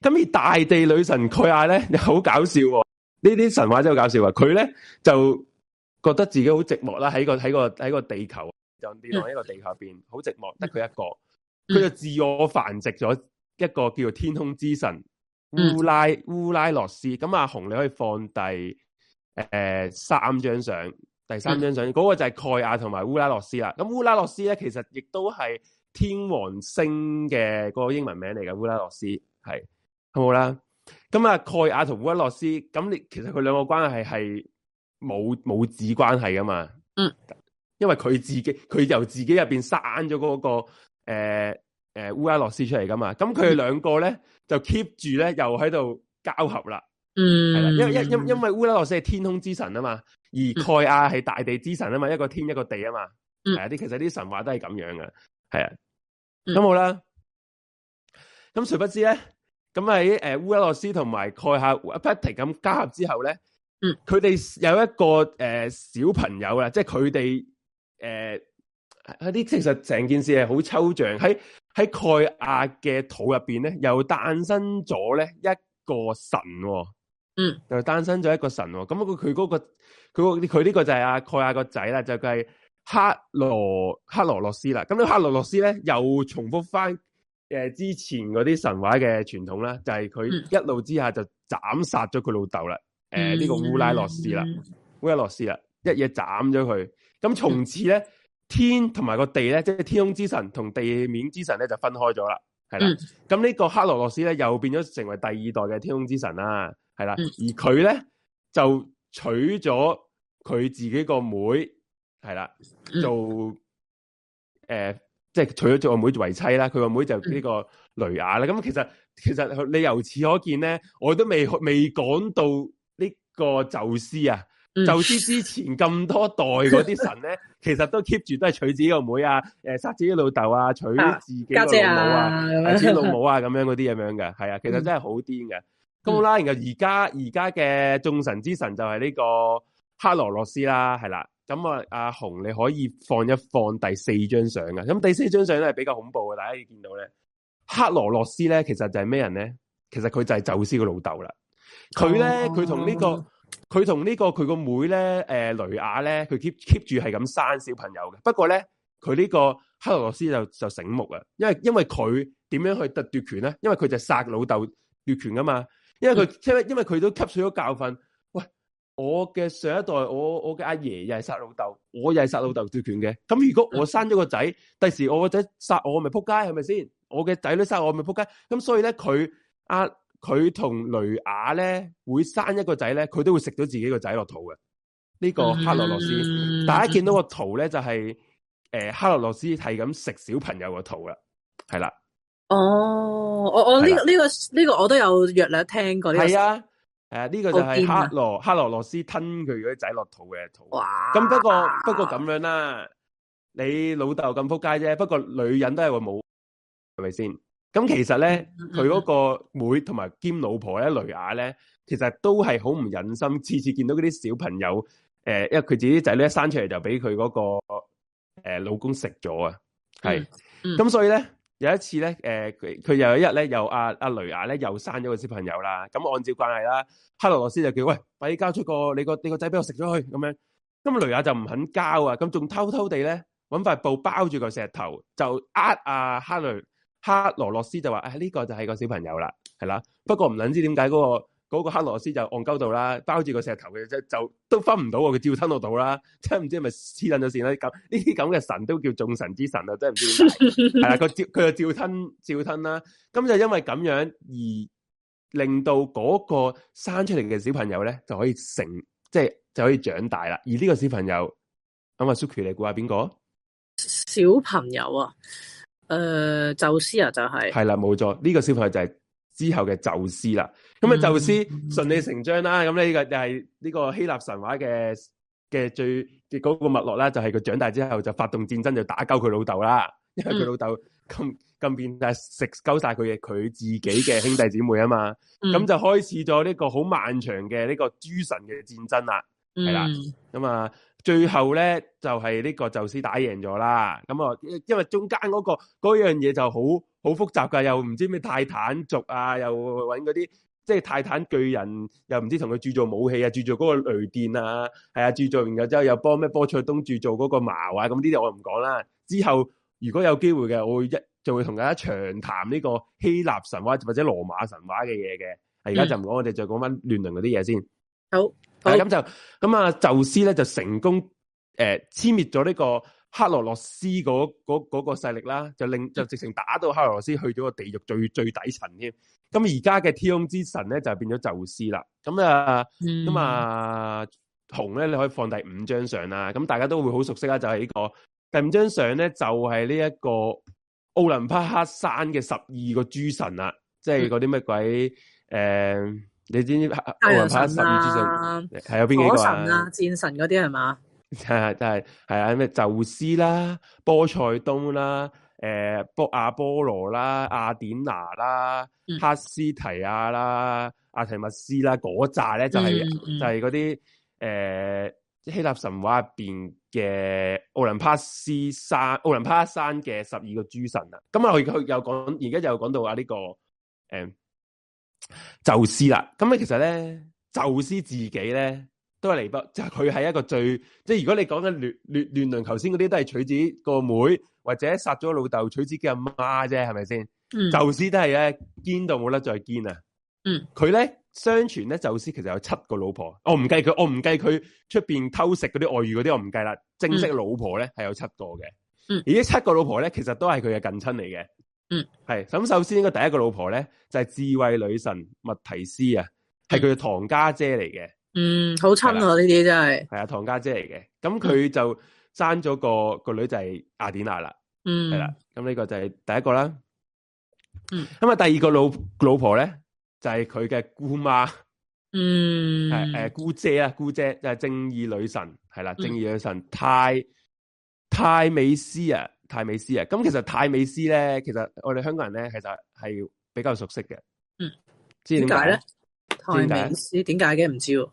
咁而大地女神蓋亞咧，好搞笑喎、哦！呢啲神話真係好搞笑啊、哦！佢咧就覺得自己好寂寞啦，喺個喺個喺個地球，就跌落喺個地球入邊，好、嗯、寂寞，得佢一個，佢就自我繁殖咗一個叫做天空之神烏、嗯、拉烏拉諾斯。咁阿紅你可以放第誒、呃、三張相。第三張相，嗰、嗯，那個就係蓋亞同埋烏拉諾斯啦。咁烏拉諾斯咧，其實亦都係天王星嘅個英文名嚟嘅烏拉諾斯，係好唔好啦？咁啊，蓋亞同烏拉諾斯，咁你其實佢兩個關係係冇母子關係噶嘛？嗯，因為佢自己佢由自己入邊生咗嗰、那個誒誒烏拉諾斯出嚟噶嘛。咁佢哋兩個咧、嗯、就 keep 住咧又喺度交合啦。嗯，係啦，因為因因因為烏拉諾斯係天空之神啊嘛，而蓋亞係大地之神啊嘛、嗯，一個天一個地啊嘛，係啊，啲其實啲神話都係咁樣噶，係啊，咁、嗯、好啦，咁誰不知咧，咁喺誒烏拉諾斯同埋蓋亞不停咁加合之後咧，佢、嗯、哋有一個誒、呃、小朋友啦，即係佢哋誒一啲，其實成件事係好抽象，喺喺蓋亞嘅肚入邊咧，又誕生咗咧一個神、哦。嗯，又誕生咗一個神喎、哦，咁不佢嗰佢個佢呢個就係阿蓋亞個仔啦，就係、是、克羅克羅洛斯啦。咁呢克羅洛斯咧又重複翻誒、呃、之前嗰啲神話嘅傳統啦，就係、是、佢一怒之下就斬殺咗佢老豆啦，誒、嗯、呢、呃這個烏拉洛斯啦、嗯，烏拉洛斯啦、嗯，一嘢斬咗佢。咁從此咧、嗯，天同埋個地咧，即、就、係、是、天空之神同地面之神咧，就分開咗啦，係啦。咁、嗯、呢個克羅洛斯咧，又變咗成為第二代嘅天空之神啦。係啦，而佢咧就娶咗佢自己個妹、妹，係啦，做誒、即、嗯、係、呃就係、娶咗做阿妹做為妻啦。佢阿妹就呢個雷亞啦。咁、嗯、其實其實你由此可見咧，我都未未講到呢個宙斯啊。宙、嗯、斯之前咁多代嗰啲神咧，嗯、 其實都 keep 住都係娶自己個妹啊，誒，殺自己老豆啊，娶自己的老母啊，殺自己老母啊，咁 樣嗰啲咁樣嘅，係啊，其實真係好癲嘅。嗯啦、嗯，然後而家而家嘅眾神之神就係呢個克羅洛斯啦，係啦，咁、嗯、啊，阿紅你可以放一放第四張相啊，咁、嗯、第四張相咧係比較恐怖嘅，大家可以見到咧，克羅洛斯咧其實就係咩人咧？其實佢就係宙斯嘅老豆啦。佢咧佢同呢、哦這個佢同、哦這個這個、呢個佢個妹咧，誒、呃，雷亞咧，佢 keep keep 住係咁生小朋友嘅。不過咧，佢呢個克羅洛斯就就醒目啊，因為因為佢點樣去奪奪權咧？因為佢就是殺老豆奪權噶嘛。因為佢，因為佢都吸取咗教訓。喂，我嘅上一代，我我嘅阿爺又係殺老豆，我又係殺老豆奪權嘅。咁如果我生咗個仔，第時我個仔殺我，咪撲街係咪先？我嘅仔女殺我，咪撲街。咁所以咧，佢阿佢同雷雅咧，會生一個仔咧，佢都會食到自己嘅嘅嘅、呢個仔落肚嘅。呢個克洛羅斯， 大家見到個圖咧，就係，就係誒克洛羅、羅斯係咁食小朋友個肚啦，係啦。哦，我我呢、這個呢個呢個我都有約略聽過。係、這個、啊，誒、啊、呢、這個就係克羅克羅羅斯吞佢嗰啲仔落肚嘅肚。哇！咁不過不過咁樣啦，你老豆咁撲街啫。不過女人都係會冇，係咪先？咁其實咧，佢、嗯、嗰、嗯嗯、個妹同埋兼老婆咧雷雅咧，其實都係好唔忍心，次次見到嗰啲小朋友，誒、呃，因為佢自己仔女一生出嚟就俾佢嗰個誒、呃、老公食咗啊，係，咁、嗯嗯、所以咧。有一次咧，誒、呃，佢佢有一日咧、啊啊，又阿阿雷亞咧又生咗個小朋友啦。咁按照關係啦，哈羅洛斯就叫喂，快啲交出個你個你個仔俾我食咗去咁樣。咁，嗯、雷亞就唔肯交啊，咁仲偷偷地咧搵塊布包住個石頭，就呃阿、啊、哈雷哈羅洛斯就話：誒、哎、呢、這個就係個小朋友啦，係啦。不過唔捻知點解嗰個。嗰、那個黑螺斯就戇鳩度啦，包住個石頭嘅啫，就都分唔到。佢照吞到到啦，即係唔知係咪黐捻咗線啦。咁呢啲咁嘅神都叫眾神之神啊！真係唔知，係 啦，佢照佢就照吞照吞啦。咁就因為咁樣而令到嗰個生出嚟嘅小朋友咧，就可以成即係、就是、就可以長大啦。而呢個小朋友，咁啊，Suki，你估下邊個小朋友啊？誒、呃，宙斯啊，就係係啦，冇錯，呢、這個小朋友就係之後嘅宙斯啦。咁啊，宙斯順理成章啦。咁、嗯、呢、嗯、個就係呢個希臘神話嘅嘅最嘅嗰個脈絡啦，就係、是、佢長大之後就發動戰爭就打救佢老豆啦。因為佢老豆咁咁變態，食鳩晒佢嘅佢自己嘅兄弟姊妹啊嘛。咁、嗯、就開始咗呢個好漫長嘅呢個諸神嘅戰爭啦。係、嗯、啦，咁啊，最後咧就係、是、呢個宙斯打贏咗啦。咁啊，因為中間嗰、那個嗰樣嘢就好好複雜噶，又唔知咩泰坦族啊，又搵嗰啲。即係泰坦巨人又唔知同佢鑄造武器啊，鑄造嗰個雷電啊，係啊，鑄造完嘅之後又幫咩波塞冬鑄造嗰個矛啊，咁呢啲我唔講啦。之後如果有機會嘅，我會一就會同大家長談呢個希臘神話或者羅馬神話嘅嘢嘅。而家就唔講，嗯，我哋就講翻亂倫嗰啲嘢先。好，咁就咁啊，宙斯咧就成功誒殲滅咗呢個。克洛洛斯嗰嗰嗰個勢力啦，就令就直情打到克羅洛斯去咗個地獄最最底層添。咁而家嘅天空之神咧就變咗宙斯啦。咁啊咁啊，紅、嗯、咧、啊、你可以放第五張相啦。咁大家都會好熟悉啦，就係、是、呢、這個第五張相咧就係呢一個奧林匹克山嘅十二個諸神啦，即係嗰啲乜鬼誒，你知唔知？奧林匹克十二諸神係、啊、有邊幾個啊？神啊戰神嗰啲係嘛？係，就係係啊，咩、就是、宙斯啦、波塞冬啦、誒、呃、波阿波羅啦、阿典娜啦、嗯、哈斯提亞啦、阿提密斯啦，扎咧就係、是嗯嗯嗯、就係嗰啲誒希臘神話入邊嘅奧林帕斯山奧林帕斯山嘅十二個諸神啦。咁啊，佢又講，而家又講到啊呢個誒宙斯啦。咁啊，其實咧宙斯自己咧。都係離不就佢、是、係一個最即係、就是、如果你講緊亂亂亂倫，頭先嗰啲都係娶自己個妹，妹或者殺咗老豆娶自己阿媽啫，係咪先？宙斯都係咧，堅到冇得再堅啊！嗯，佢咧、嗯、相傳咧，宙斯其實有七個老婆，我唔計佢，我唔計佢出邊偷食嗰啲外遇嗰啲，我唔計啦。正式老婆咧係、嗯、有七個嘅，嗯，而呢七個老婆咧其實都係佢嘅近親嚟嘅，嗯，係咁、嗯。首先呢個第一個老婆咧就係、是、智慧女神墨提斯啊，係佢嘅堂家姐嚟嘅。嗯，好親啊！呢啲真係，係啊，唐家姐嚟嘅，咁佢就生咗個個女就係雅典娜啦。嗯，係啦，咁呢個就係第一個啦。嗯，咁啊，第二個老老婆咧就係佢嘅姑媽。嗯，係誒姑姐啊，姑姐，姑姐就係、是、正義女神，係啦，正義女神、嗯、泰泰美斯啊，泰美斯啊。咁、啊啊啊、其實泰美斯咧，其實我哋香港人咧，其實係比較熟悉嘅。嗯，知點解咧？泰美斯點解嘅唔知、啊？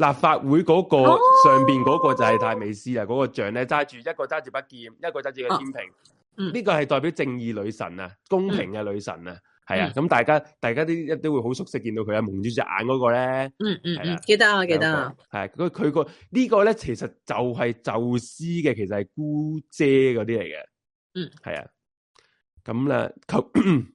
立法會嗰、那個、oh! 上邊嗰個就係泰美斯啊，嗰、oh! 個像咧揸住一個揸住把劍，一個揸住、oh. 個天平，呢個係代表正義女神啊，公平嘅女神啊，係、mm. 啊，咁大家大家都一都會好熟悉見到佢啊，蒙住隻眼嗰個咧，嗯、mm. 嗯、啊，記得啊記得啊，係佢佢個呢個咧，其實就係宙斯嘅，其實係姑姐嗰啲嚟嘅，嗯，係啊，咁啦。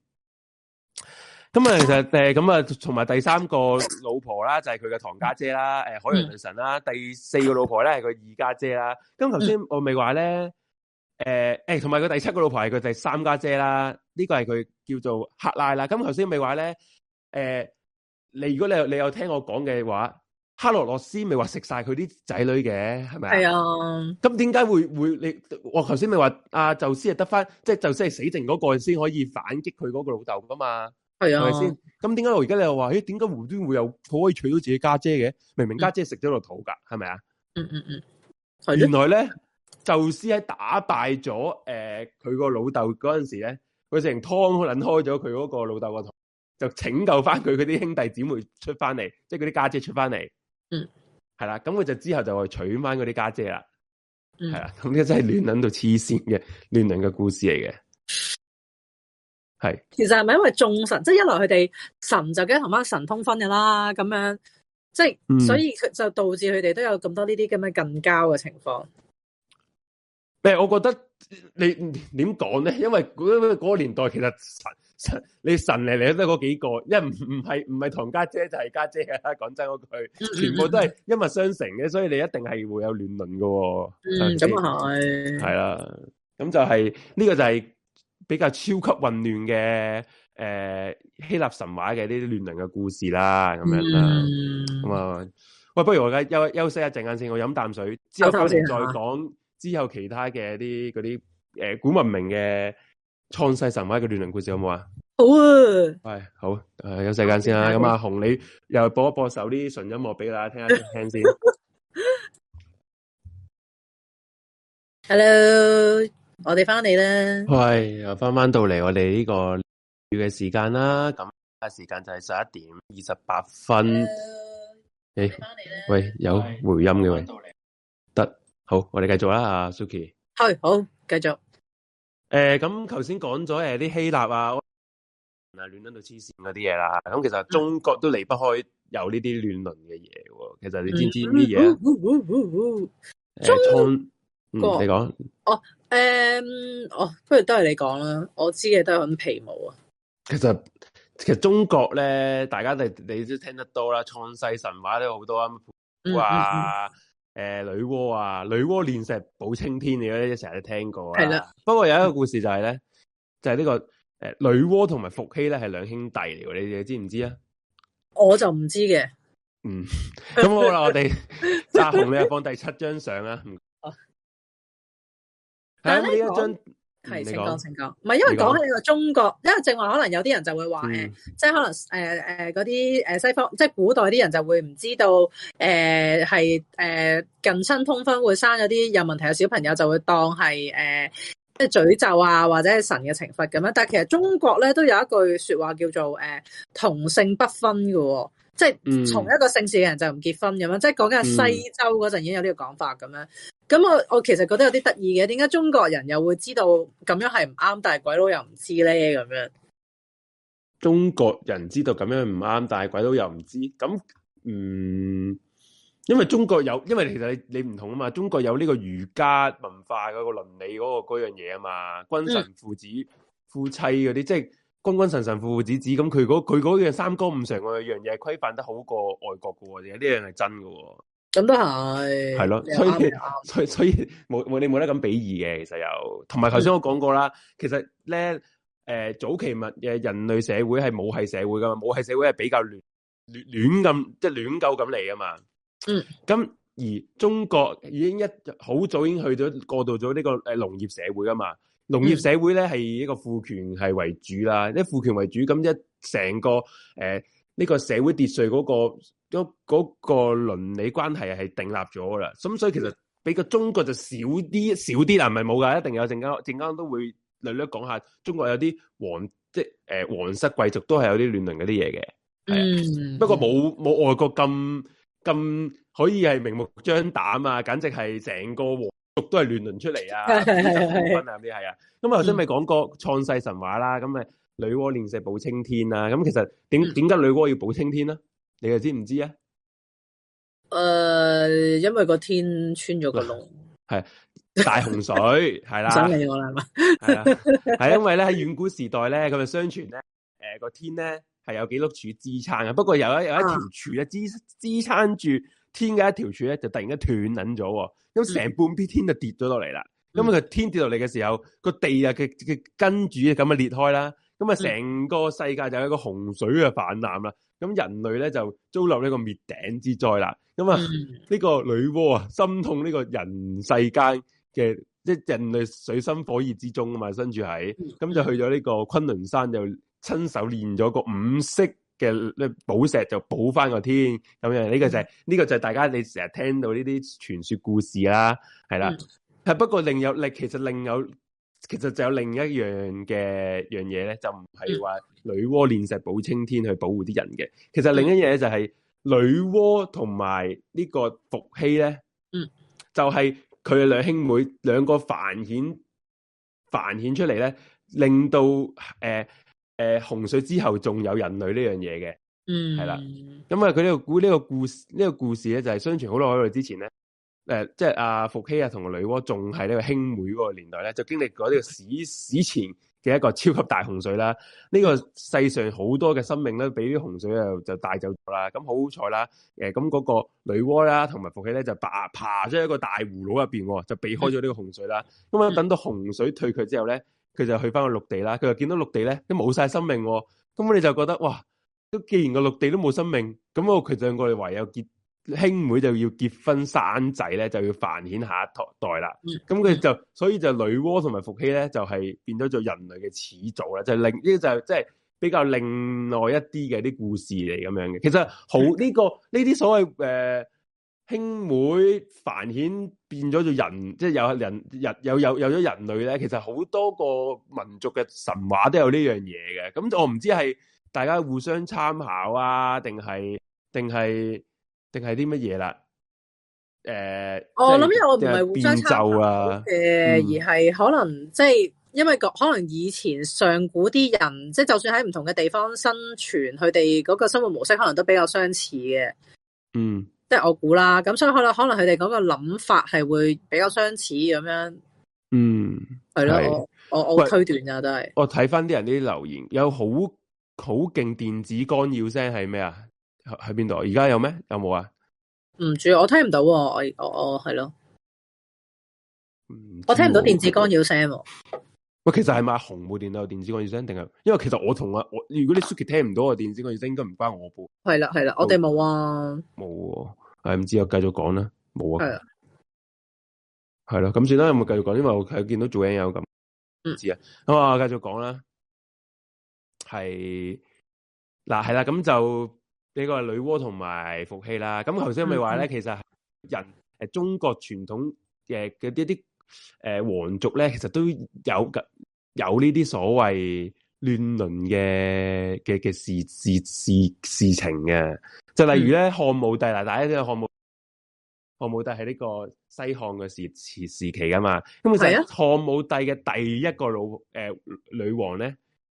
咁、嗯、啊，其實咁啊，同、嗯、埋第三個老婆啦，就係佢嘅堂家姐，姐啦，呃、海洋女神啦，第四個老婆咧係佢二家姐，姐啦。咁頭先我咪話咧，同埋佢第七個老婆係佢第三家姐，姐啦，呢、呢個係佢叫做克賴啦。咁頭先咪話咧，你如果你有你有聽我講嘅話，克羅洛斯咪話食晒佢啲仔女嘅，係咪係啊。咁點解會會你？我頭先咪話啊宙斯係得翻，即係宙斯係死剩嗰個先可以反擊佢嗰個老豆噶嘛？係咪先？咁點解我而家你又話？咦、欸？點解無端會有可以娶到自己家姐嘅？明明家姐食咗落肚噶，係咪啊？嗯嗯嗯，係、嗯嗯、原來咧，宙斯喺打敗咗誒佢個老豆嗰陣時咧，佢成湯捻開咗佢嗰個老豆個肚，就拯救翻佢嗰啲兄弟姊妹出翻嚟，即係嗰啲家姐出翻嚟。嗯，係啦，咁佢就之後就話娶翻嗰啲家姐啦。嗯，係啦，咁呢真係亂捻到黐線嘅，亂倫嘅故事嚟嘅。係，其實係咪因為眾神，即、就、係、是、一來佢哋神就梗同班神通婚嘅啦，咁樣即係、就是嗯，所以就導致佢哋都有咁多呢啲咁嘅近交嘅情況。誒、嗯，我覺得你點講咧？因為嗰個年代其實神，神你神嚟嚟都係嗰幾個，因為唔唔係唔係同家姐，姐就係、是、家姐噶。講真嗰句，全部都係因為相成嘅，所以你一定係會有亂倫噶。嗯，咁啊係，係啦，咁就係、是、呢、這個就係、是。比較超級混亂嘅誒，希臘神話嘅呢啲亂倫嘅故事啦，咁樣啦，咁、嗯、啊，喂，不如我而家休休息一陣間先，我飲啖水，之後再講之後其他嘅啲啲誒古文明嘅創世神話嘅亂倫故事好唔好啊？好啊，係、哎、好誒，休息間先啦，咁阿紅你又播一播首啲純音樂俾大家聽下，啲聽先。 Hello。我哋翻嚟啦，係又翻翻到嚟，我哋呢個要嘅時間啦。咁時間就係十一點二十八分。誒，翻嚟，喂，有回音嘅喂，到嚟，得好，我哋繼續啦，阿 Suki，係好繼續。誒、哎，咁頭先講咗誒啲希臘啊，啊亂倫到黐線嗰啲嘢啦。咁其實中國都離不開有呢啲亂倫嘅嘢。其實你知唔知啲嘢啊？嗯哦哦哦哦哦哎嗯、你講哦，誒、嗯，哦，不如都係你講啦。我知嘅都係咁皮毛啊。其實其實中國咧，大家都你都聽得多啦。創世神話都好多嗯嗯嗯、呃呃、啊，女媧啊，誒，女媧啊，女媧煉石補青天你啲，成日聽過。係啦。不過有一個故事就係、是、咧，就係、是、呢個誒，女媧同埋伏羲咧係兩兄弟嚟嘅，你哋知唔知啊？我就唔知嘅。嗯，咁好啦， 我哋澤紅你又放第七張相啊。但呢這一張係請講請講。唔係因為講起呢中國，因為正話可能有啲人就會話誒、嗯，即係可能誒誒嗰啲誒西方，即係古代啲人就會唔知道誒係誒近親通婚會生咗啲有問題嘅小朋友，就會當係誒、呃、即係詛咒啊，或者係神嘅懲罰咁樣。但係其實中國咧都有一句説話叫做誒、呃、同姓不婚嘅，哦，即係從一個姓氏嘅人就唔結婚咁樣，嗯、即係講緊西周嗰陣已經有呢個講法咁樣。咁我我其實覺得有啲得意嘅，點解中國人又會知道咁樣係唔啱，但係鬼佬又唔知咧咁樣？中國人知道咁樣唔啱，但係鬼佬又唔知。咁嗯，因為中國有，因為其實你你唔同啊嘛。中國有呢個儒家文化嗰個倫理嗰個嗰樣嘢啊嘛，君臣父子、嗯、夫妻嗰啲，即係君君臣臣，父父子子。咁佢嗰佢嗰樣三綱五常嗰樣嘢規範得好過外國嘅喎，有呢樣係真嘅喎。咁都係，係咯，所以猜猜所以冇冇你冇得咁比擬嘅。其實又同埋頭先我講過啦、嗯，其實咧、呃、早期物嘅人類社會係母系社會噶嘛，母系社會係比較亂亂亂咁即亂鳩咁嚟啊嘛，嗯，咁而中國已經一好早已經去到過渡咗呢個農業社會噶嘛，農業社會咧係、嗯、一個父權係為主啦，一父權為主咁一成個呢、呃這個社會秩序嗰個。嗰、那個倫理關係係訂立咗啦，咁所以其實比個中國就少啲少啲啦，啊，唔係冇噶，一定有陣間都會略略講下中國有啲皇即係誒，皇室貴族都係有啲亂倫嗰啲嘢嘅，不過冇冇外國咁咁可以係明目張膽啊，簡直係成個皇族都係亂倫出嚟，啊，亂 倫分啊啲係啊，咁頭先咪講過創世神話啦，咁咪女媧煉石補青天啦，啊，咁其實點點解女媧要補青天呢？你又知唔知啊？誒、呃，因為個天穿咗個窿，係 大洪水，係 啦，唔想理我啦，係啦，係 因為咧喺遠古時代咧，咁啊相傳咧，誒、呃，個天咧係有幾碌柱支撐啊，不過有一有一條柱、啊、支支撐住天嘅一條柱咧就突然間斷捻咗，咁、嗯、成半邊天就跌咗落嚟啦。咁、嗯、啊，因為天跌落嚟嘅時候，個地啊嘅嘅根柱咁啊裂開啦。咁、嗯、啊，成個世界就有一個洪水嘅泛濫啦。咁人類咧就遭受呢個滅頂之災啦。咁啊，呢個女媧啊，心痛呢個人世間嘅即係人類水深火熱之中啊嘛，身處喺，咁就去咗呢個昆侖山，就親手煉咗個五色嘅呢寶石，就補翻個天。咁樣呢個就係、是、呢、這個就係大家你成日聽到呢啲傳說故事啦，係啦，係、嗯、不過另有力，其實另有。其實就有另一樣嘅樣嘢咧，就唔係話女媧煉石補青天去保護啲人嘅。其實另一樣嘢就係女媧同埋呢個伏羲咧、嗯，就係佢兩兄妹兩個繁衍繁衍出嚟咧，令到誒誒、呃呃、洪水之後仲有人類呢樣嘢嘅。係、嗯、啦，咁啊佢呢個故呢、呢個故事呢、呢個故事咧就係相傳好耐好耐之前咧。誒、呃，即係阿伏羲啊，同個女媧仲係呢個兄妹嗰個年代咧，就經歷過呢個史史前嘅一個超級大洪水啦。呢、這個世上好多嘅生命咧，俾啲洪水又就帶走咗啦。咁好彩啦，誒、啊，咁嗰個女媧啦，同埋伏羲咧就爬爬喺一個大葫蘆入邊，就避開咗呢個洪水啦。咁樣，等到洪水退去之後咧，佢就去翻個陸地啦。佢就見到陸地咧都冇晒生、哦、生命，咁你就覺得哇，都既然個陸地都冇生命，咁我其實我哋唯有結。兄妹就要結婚生仔咧，就要繁衍下一代啦。咁、嗯、佢就所以就女媧同埋伏羲咧，就係、是、變咗做人類嘅始祖啦。就另呢個就即、是、係比較另外一啲嘅啲故事嚟咁樣嘅。其實好呢、這個呢啲所謂誒、呃、兄妹繁衍變咗做人，即、就、係、是、有人人有有有咗人類咧。其實好多個民族嘅神話都有呢樣嘢嘅。咁我唔知係大家互相參考啊，定係定係。定係啲乜嘢啦？誒、呃，我諗我唔係互相差啊。誒、嗯，而係可能即係、就是、因為可能以前上古啲人，即、就、係、是、就算喺唔同嘅地方生存，佢哋嗰個生活模式可能都比較相似嘅。嗯，即、就、係、是、我估啦。咁所以可能可能佢哋嗰個諗法係會比較相似咁樣。嗯，係咯，我我，我推斷咋都係。我睇翻啲人啲留言，有好好勁電子干擾聲係咩啊？喺喺邊度？而家有咩？有冇啊？唔住，我聽唔到。我我我係咯，我聽唔、啊、到電子干擾聲。喂，其實係咪紅部電腦電子干擾聲？定係？因為其實我同啊，我如果你 Suki 聽唔到我不我我啊，電子干擾聲應該唔關我部。係啦係啦，我哋冇啊。冇係唔知啊？繼續講啦。冇啊。係啊。係咯，咁算啦。有冇繼續講？因為我見到做嘢有咁唔、嗯、知啊。咁啊，繼續講啦。係嗱，係啦，咁就。呢個係女媧同埋伏羲啦。咁頭先咪話咧，其實人誒中國傳統嘅嗰一啲誒皇族咧，其實都有嘅，有呢啲所謂亂倫嘅嘅嘅事事事事情嘅。就例如咧，嗯、漢武帝嗱，大家知道漢武漢武帝係呢個西漢嘅時時時期噶嘛。咁其實漢武帝嘅第一個老誒、呃、女王咧，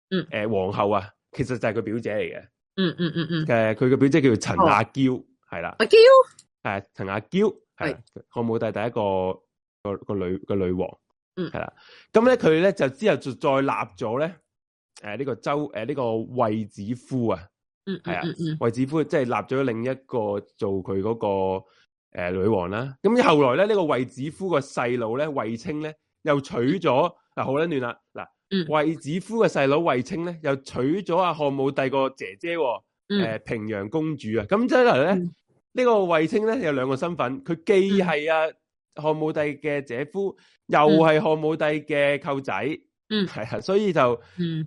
誒、呃、皇后啊，其實就係佢表姐嚟嘅。嗯嗯嗯嗯，誒、嗯，佢、嗯、個、嗯、表姐叫做陳阿嬌，係、哦、啦，啊、陳阿嬌，誒，陳阿嬌，係，漢武帝第一個個、嗯、個女個女王，是的嗯，係、嗯、啦，咁咧佢咧就之後就再立咗咧，誒、呃、呢、這個周誒呢個衛子夫啊，嗯係啊，衛、嗯嗯、子夫即係立咗另一個做佢嗰、那個誒、呃、女王啦，咁、嗯嗯、後來咧呢、這個衛子夫個細路咧衛青咧又娶咗嗱、嗯啊、好一段啦嗱。衛、嗯、子夫嘅細佬衛青咧，又娶咗阿漢武帝個姐姐、哦，誒、嗯呃、平陽公主啊。咁即係咧，嗯這個、呢個衛青咧有兩個身份，佢既係阿漢武帝嘅姐夫，嗯、又係漢武帝嘅舅仔。係、嗯、所以就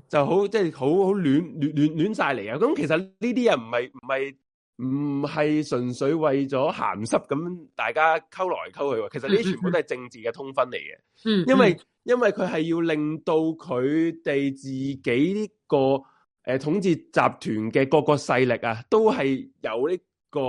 就好即係好好亂亂亂亂晒嚟啊。咁、就是、其實呢啲人唔係唔係。唔係純粹為咗鹹濕咁大家溝來溝去喎，其實呢啲全部都係政治嘅通分嚟嘅。嗯，因為因為佢係要令到佢哋自己呢個誒統治集團嘅各個勢力啊，都係有呢個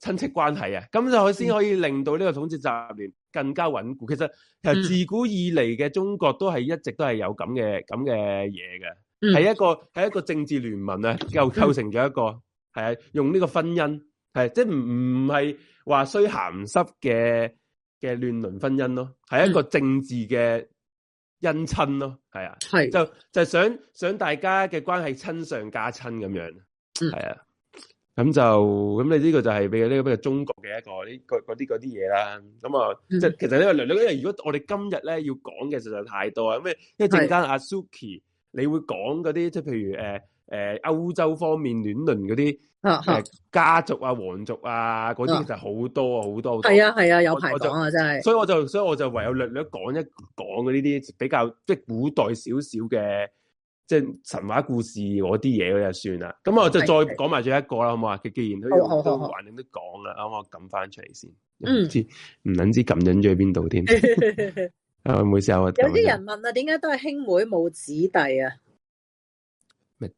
親戚關係啊，咁就佢先可以令到呢個統治集團更加穩固。其實其實自古以來嘅中國都係一直都係有咁嘅咁嘅嘢嘅，係一個係一個政治聯盟啊，又構,構成咗一個。係啊，用呢個婚姻，係、啊、即係唔唔係話需鹹濕嘅嘅亂倫婚姻咯，係一個政治嘅姻親咯，係啊，係就就係、想想大家嘅關係親上加親咁樣，係啊，咁就咁你呢個就係比如呢、這個咩中國嘅一個呢個啲啲嘢啦。咁啊，即係其實呢話娘娘，因為如果我哋今日咧要講嘅實在太多啊，因為一陣間阿 Suki 你會講嗰啲，即係譬如誒。呃誒，歐洲方面亂倫嗰啲家族啊、皇族啊嗰啲就好多好多，係啊係啊，啊有排講啊真係，所以我就所以我就唯有略略講一講呢啲比較即係古代少少嘅即係神話故事嗰啲嘢就算啦。咁我就再講埋最後一個啦，好唔好啊？佢既然都好好好都還你都講啦，啱我撳翻出嚟先，唔、嗯、知唔撚知撳緊咗喺邊度添。啊，唔好意思，有啲人問啊，點解都係兄妹冇子弟啊？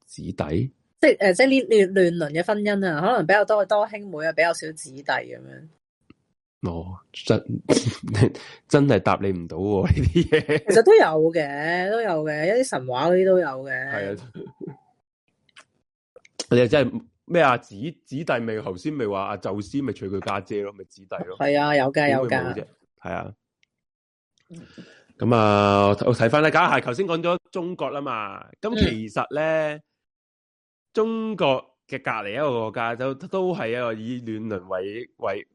子弟，即係誒、呃，即係呢呢亂倫嘅婚姻啊，可能比較多多兄妹啊，比較少子弟咁樣。哦，真 真係答你唔到呢啲嘢。其實都有嘅，都有嘅，一啲神話嗰啲都有嘅。係啊， 你真係咩啊？子子弟咪？頭先咪話阿宙斯咪娶佢家姐咯，咪、咪、子弟咯。係啊，有噶有噶，係啊。咁啊，我睇翻啦。假下頭先講咗中國啦嘛，咁其實咧、嗯，中國嘅隔籬一個國家就都係一個以亂倫為為，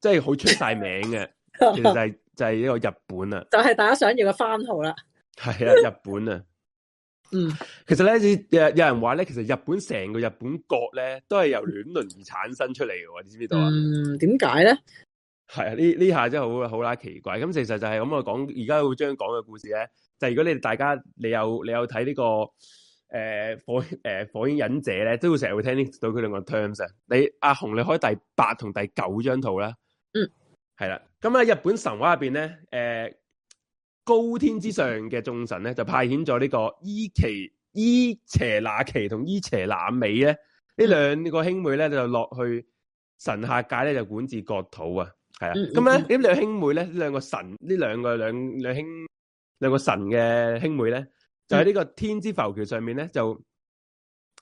即係好出晒名嘅， 其實係就係一個日本啊，就係、是、大家想要嘅番號啦，係啊，日本啊，嗯，其實咧，有有人話咧，其實日本成個日本國咧，都係由亂倫而產生出嚟嘅，你知唔知道啊？嗯，點解咧？係啊，呢呢下真係好啦好啦，奇怪。咁其實就係咁啊，講而家會將講嘅故事咧。就係、如果你哋大家你有你有睇呢、呢個誒、呃、火誒、呃、火影忍者咧，都會成日會聽到佢兩個 terms 啊。你阿紅，你開第八同第九張圖啦。嗯，係啦、啊。咁喺日本神話入邊咧，誒、呃、高天之上嘅眾神咧，就派遣咗呢個伊奇伊邪那奇同伊邪那美咧，呢、嗯、兩個兄妹咧就落去神下界咧就管治國土啊。係啊，咁咧呢兩個兄妹咧呢兩個，兩,兩，個兩個神呢兩個兩兩兄兩個神嘅兄妹咧，就喺呢個天之浮橋上面咧，就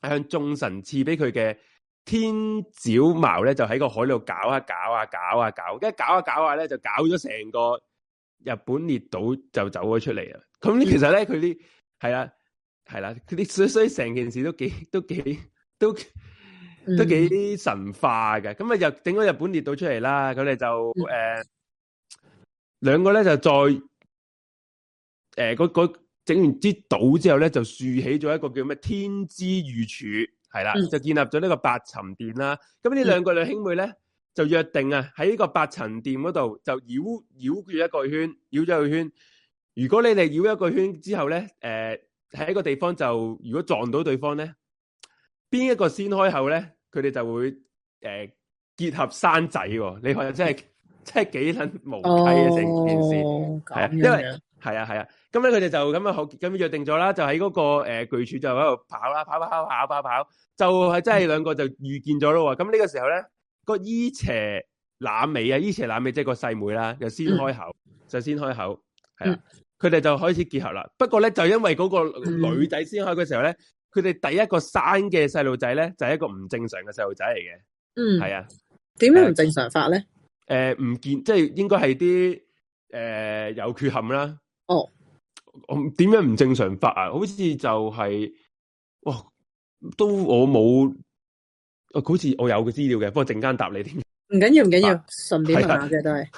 向眾神賜俾佢嘅天沼矛咧，就喺個海度搞啊搞啊搞啊搞，跟住搞啊搞啊咧、啊，就搞咗成個日本列島就走咗出嚟啦。咁其實咧佢啲係啦係啦，佢啲所所以成件事都幾都幾都。都幾神化嘅，咁啊又整咗日本列島出嚟啦，佢哋就誒兩、嗯、個咧就再誒、呃、整完支島之後咧就豎起咗一個叫咩天之御柱係啦，就建立咗呢個八層殿啦。咁呢兩個女兄妹咧就約定啊喺呢個八層殿嗰度就繞繞住一個圈，繞咗個圈。如果你哋繞一個圈之後咧，誒、呃、喺一個地方就如果撞到對方咧。邊一個先開口咧？佢哋就會誒、欸、結合生仔喎、喔！你話真係真係幾捻無稽嘅成件事，哦啊、的因為係啊係啊，咁咧佢哋就咁啊好咁約定咗啦，就喺嗰、那個誒、呃、巨柱就喺度跑啦，跑跑跑跑跑就係真係兩個就遇見咗咯。咁、嗯、呢個時候咧，那個伊邪那美啊，伊邪那美即係個細妹啦，又先開口就先開口，係、嗯、啦，佢哋、啊嗯、就開始結合啦。不過咧就因為嗰個女仔先開嘅時候咧。嗯佢哋第一個生嘅細路仔咧，就係、是、一個唔正常嘅細路仔嚟嘅。嗯，係啊。點樣唔正常法咧？誒、呃，唔見，即係應該係啲誒有缺陷啦。哦。我、嗯、點樣唔正常法啊？好似就係、是，哇，都我冇。哦，好似我有嘅資料嘅，不過陣間答你添。唔緊要，唔緊要，要，順便問下嘅、啊、都係。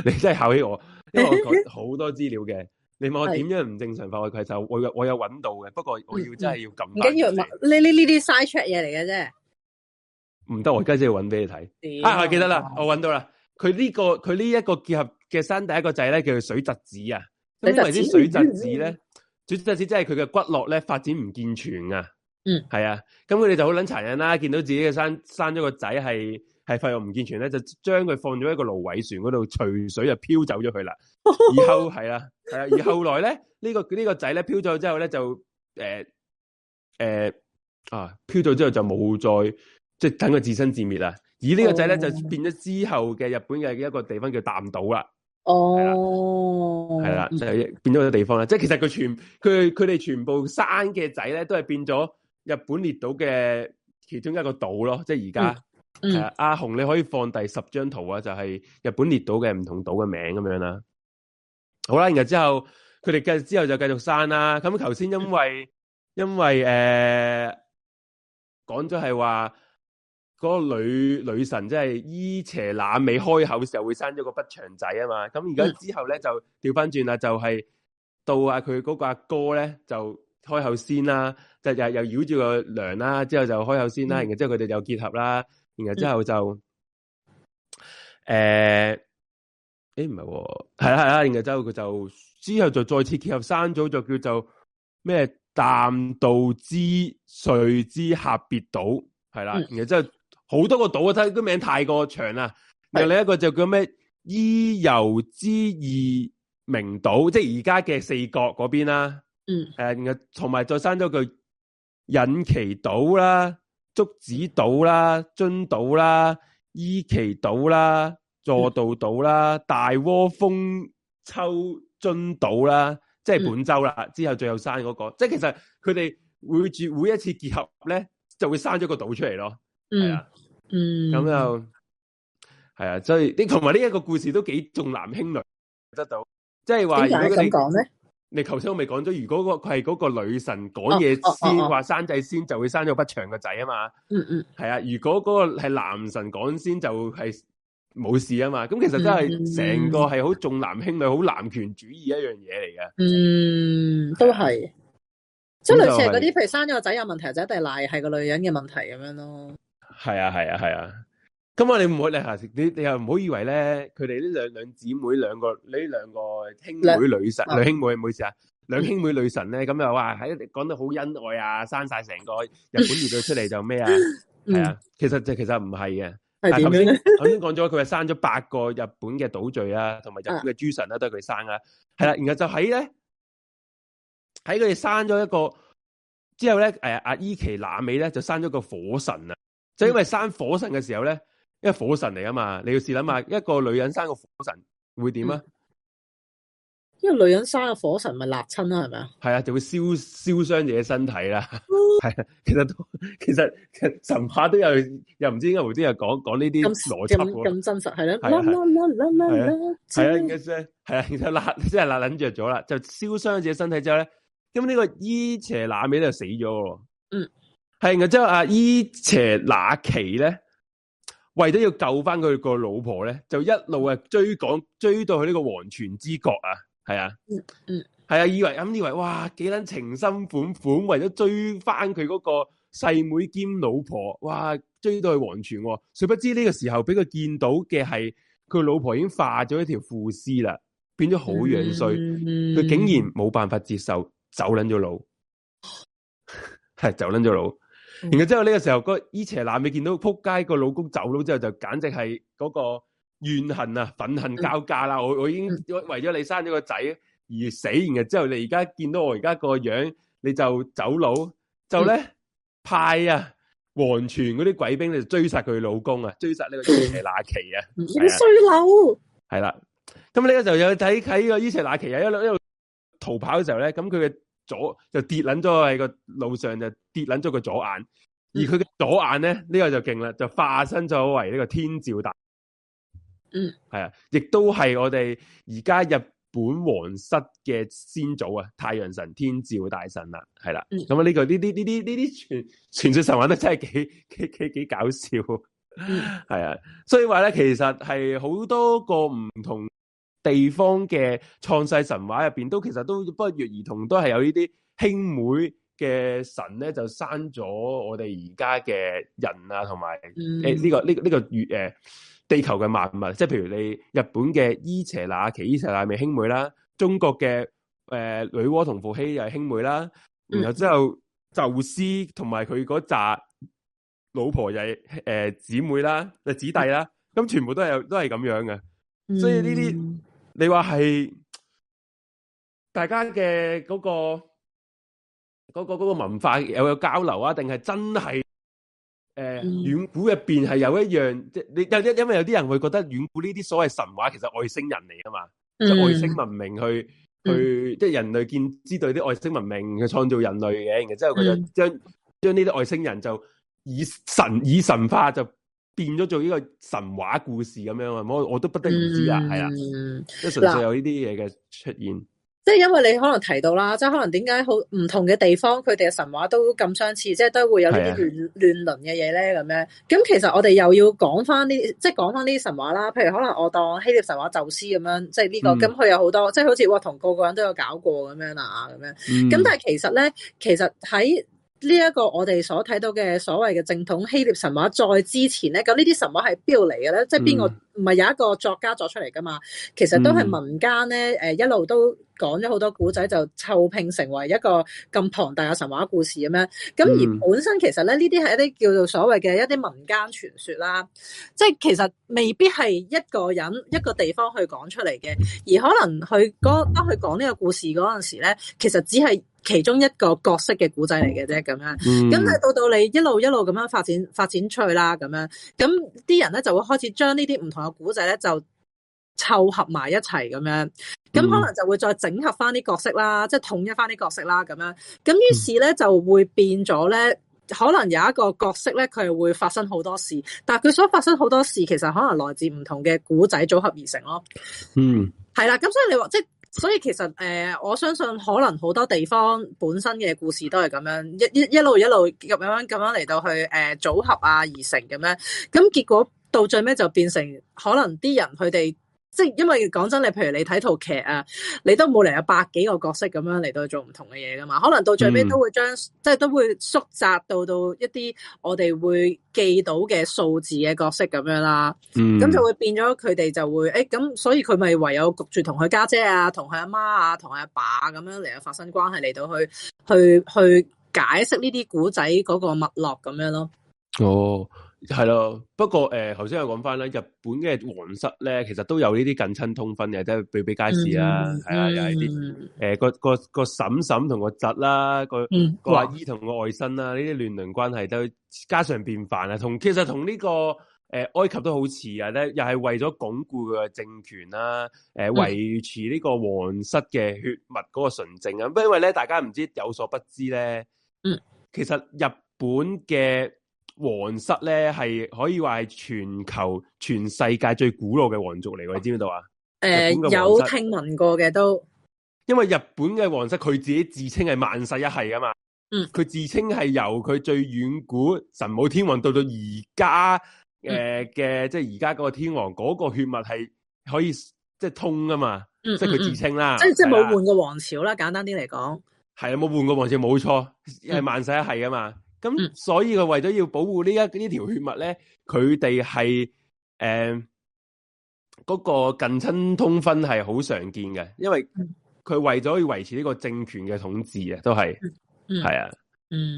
你真係考起我，因為我好多資料嘅。 你問我點樣唔正常發育佢就我有我有揾到嘅，不過我要、嗯、真係要咁。唔緊要，呢呢呢啲嘥 check 嘢嚟嘅啫。唔得我而家先要揾俾你睇，啊。啊，我記得啦，我揾到啦。佢呢、這個佢呢一個結合嘅生第一個仔咧叫做水蛭子啊。因為啲水蛭子咧，水蛭子即係佢嘅骨骼咧發展唔健全啊。嗯，係啊。咁佢哋就好捻殘忍啦，見到自己嘅生生咗個仔係係發育唔健全咧，就將佢放咗喺個蘆葦船嗰度隨水就飄走咗佢啦。 以後係啊。係 而後來咧，呢、這個呢、這個仔咧漂咗之後咧就誒誒、呃呃、啊漂咗之後就冇再即係等佢自生自滅啦。而呢個仔咧、oh. 就變咗之後嘅日本嘅一個地方叫淡島啦。哦、oh.，係啦，就變咗個地方啦。即係其實佢全佢佢哋全部生嘅仔咧都係變咗日本列島嘅其中一個島咯。即係而家，阿、oh. 紅、oh. 啊、你可以放第十張圖啊，就係、是、日本列島嘅唔同島嘅名咁樣啦。好啦，然後之後佢哋繼之後就繼續生啦。咁頭先因為 因為誒講咗係話嗰個女女神即係伊邪那美開口時時候會生咗個不祥仔啊嘛。咁而家之後咧就調翻轉啦，就係、就是、到阿佢嗰個阿哥咧就開口先啦，就又又繞住個娘啦，之後就開口先啦。 然後之後佢哋就結合啦，然後之後就誒。 呃誒、欸，唔係、哦，係啦係啦，然後之後佢就之後就再次結合生咗，就叫做咩淡道之穗之狹別島，係啦、啊嗯。然後之後好多個島啊，真個名太過長啦。然、嗯、後另一個就叫咩伊予之二名島，即係而家嘅四國嗰邊啦、啊。嗯，誒、啊，然後同埋再生咗句隱岐島啦、筑紫島啦、津島啦、伊岐島啦。座渡島啦，大渦風秋津島啦，即係本州啦，之後最後生嗰，那個，嗯，即係其實佢哋會住每一次結合咧，就會生咗個島出嚟咯。係啊，嗯，咁又係啊，所以你同埋呢一個故事都幾重男輕女得到，即係話如果你呢，你頭先我咪講咗，如果個佢係嗰個女神講嘢先，話，哦哦哦，生仔先就會生咗不祥個仔啊嘛。嗯嗯，係啊，如果嗰個係男神講先就係。冇事啊嘛，咁其實真係成個係好重男輕女、好男權主義一樣嘢嚟嘅。嗯，都係，即係類似係嗰啲，譬如生咗個仔有問題，就一定賴係個女人嘅問題咁樣咯。係啊，係啊，係啊。咁我你唔好你吓你你又唔好以為咧，佢哋呢兩兩姊妹兩個呢兩個兄妹女神、兩兄妹唔好意思啊？兩兄妹女神咧，咁又話喺講得好恩愛啊，生晒成個日本二代出嚟就咩啊？係啊，其實即係其實唔係嘅。頭先頭先講咗，佢係 生咗八個日本嘅島嶼，啊，同埋日本嘅諸神啊，都係佢生啊。係啦，然後就喺咧喺佢哋生咗一個之後咧，誒、啊、阿伊奇娜美咧就生咗個火神啊！就因為生火神嘅時候咧、嗯，因為火神嚟啊嘛，你要試諗下，一個女人生個火神會點啊？嗯呢個女人生個火神咪辣親啦，係咪啊？係啊，就會燒燒傷自己的身體啦。係、 啊，其實都其實神話都有，又唔知點解無端端講講呢啲邏輯咁真實係咯。啦係啊，係，啊，其實辣即係焫捻着咗啦，就燒、是、傷、就是、自己的身體之後咧，咁呢個伊邪那美就死咗。嗯，係、啊，然之後阿伊邪那奇咧，為咗要救翻佢個老婆咧，就一路啊追趕追到去呢個黃泉之國啊！係啊，嗯嗯，係啊，以為咁、嗯、以為，哇，幾捻情深款款，為咗追翻佢嗰個細妹、妹兼老婆，哇，追到去黃泉。誰不知呢個時候俾佢見到嘅係佢老婆已經化咗一條腐屍啦，變咗好樣衰，佢、嗯嗯、竟然冇辦法接受，走捻咗佬，係走捻咗佬。然後之後呢個時候，那個伊邪那美見到仆街個老公走佬之後，就簡直係嗰、那個。怨恨啊，憤恨交加啦！我我已經為咗你生咗個仔而死，然之後你而家見到我而家個樣，你就走佬就咧派，啊黃泉嗰啲鬼兵咧，追殺佢老公啊，追殺呢個伊邪那岐啊，點衰老係啦！咁呢、啊啊、個就有睇，睇呢個伊邪那岐啊，一路一路逃跑嘅時候咧，咁佢嘅左就跌捻咗喺個路上，就跌捻咗個左眼，而佢嘅左眼咧呢、這個就勁啦，就化身咗為呢個天照大。嗯，係啊，亦都係我哋而家日本皇室嘅先祖啊，太陽神天照大神啦，係啦。咁啊，呢個呢啲呢啲呢啲傳傳說神話都真係幾幾幾幾搞笑，係啊。所以話咧，其實係好多個唔同地方嘅創世神話入邊，都其實都不約而同都係有呢啲兄妹嘅神咧，就生咗我哋而家嘅人啊，同埋誒呢個呢個呢個月誒。呃地球嘅萬物，即係譬如你日本嘅伊邪那岐、伊邪那美兄妹啦，中國嘅誒、呃、女媧同伏羲又係兄妹啦，然後之後宙斯同埋佢扎老婆又係誒姊妹啦、誒子弟啦，咁、嗯、全部都係都係咁樣嘅。所以呢啲你話係大家嘅、嗰個、嗰個、嗰個嗰個文化有有交流啊，定係真係？誒、uh, 嗯，遠古入邊係有一樣，即係你因因因為有啲人會覺得遠古呢啲所謂神話，其實是外星人嚟啊嘛。即、嗯、係、就是、外星文明去、嗯、去，即、就、係、是、人類見知道啲外星文明去創造人類嘅，然之後佢就將將呢啲外星人就以神以神化就變咗做呢個神話故事咁樣啊，我我都不得而知啊，係、嗯、啊，即係純粹有呢啲嘢嘅出現。即係因為你可能提到啦，即係可能點解好唔同嘅地方，佢哋嘅神話都咁相似，即係都會有呢啲亂亂倫嘅嘢咧咁樣。咁其實我哋又要講翻呢，即係講翻呢啲神話啦。譬如可能我當希臘神話宙斯咁樣，即係呢個。咁佢有好多，即、嗯、係好似我同個個人都有搞過咁樣啊，咁樣。咁但係其實咧，其實喺。呢、這、一個我哋所睇到嘅、所謂嘅正統希臘神話再之前咧，咁呢啲神話係邊度嚟嘅咧？即係邊個唔係有一個作家作出嚟噶嘛？其實都係民間咧，誒、嗯呃、一路都講咗好多古仔，就湊拼成為一個咁龐大嘅神話故事咁樣。咁而本身其實咧，呢啲係一啲叫做所謂嘅一啲民間傳說啦，即係其實未必係一個人一個地方去講出嚟嘅，而可能佢嗰當佢講呢個故事嗰陣時咧，其實只係。其中一個角色嘅古仔嚟嘅啫，咁、嗯、樣，咁誒到到你一路一路咁樣發展發展出去啦，咁樣，咁啲人咧就會開始將呢啲唔同嘅古仔咧就湊合埋一齊咁樣，咁可能就會再整合翻啲角色啦，即、嗯、係、就是、統一翻啲角色啦，咁樣，咁於是咧就會變咗咧、嗯，可能有一個角色咧佢會發生好多事，但係佢所發生好多事其實可能來自唔同嘅古仔組合而成咯。嗯，係啦，咁所以你話即所以其實誒、呃，我相信可能好多地方本身嘅故事都係咁樣，一一一路一路咁樣咁樣嚟到去誒、呃、組合啊而成咁樣，咁結果到最尾就變成可能啲人佢哋。即係因為講真，你譬如你睇套劇啊，你都冇理由百幾個角色咁樣嚟到做唔同嘅嘢噶嘛？可能到最尾都會將、嗯、即係都會縮窄到到一啲我哋會記到嘅數字嘅角色咁樣啦。咁、嗯、就會變咗佢哋就會誒咁，欸、所以佢咪唯有焗住同佢家姐啊、同佢阿媽啊、同佢阿爸咁樣嚟到發生關係嚟到去去去解釋呢啲古仔嗰個脈絡咁樣咯。哦。係咯，不過誒，頭、呃、先我講翻咧，日本嘅皇室咧，其實都有呢啲近親通婚嘅，即係比比皆是啦，係、嗯、啊，又係啲誒個個個嬸嬸同個侄啦，個、嗯、個阿姨同個外甥啦，呢啲亂倫關係都家常便飯啊。同其實同呢、這個誒、呃、埃及都好似啊，咧又係為咗鞏固嘅政權啦，誒、呃、維持呢個皇室嘅血脈嗰個純正啊、嗯。因為咧，大家唔知有所不知咧，嗯，其實日本嘅。皇室咧係可以話係全球全世界最古老嘅皇族嚟嘅，你知、哦、唔知道啊？誒、呃，有聽聞過嘅都，因為日本嘅皇室佢自己自稱係萬世一係啊嘛，嗯，佢自稱係由佢最遠古神武天皇到到而家誒嘅，即係而家嗰個天皇嗰、那個血脈係可以即係、就是、通噶嘛，即係佢自稱啦，嗯嗯嗯、即係、啊、即係冇換過皇朝啦，簡單啲嚟講，係啊冇換過皇朝，冇錯，係萬世一係啊嘛。嗯咁、嗯、所以佢為咗要保護呢一呢條血脈咧，佢哋係誒嗰個近親通婚係好常見嘅，因為佢為咗要維持呢個政權嘅統治啊、嗯、是啊，都、嗯、係，係、呃、啊，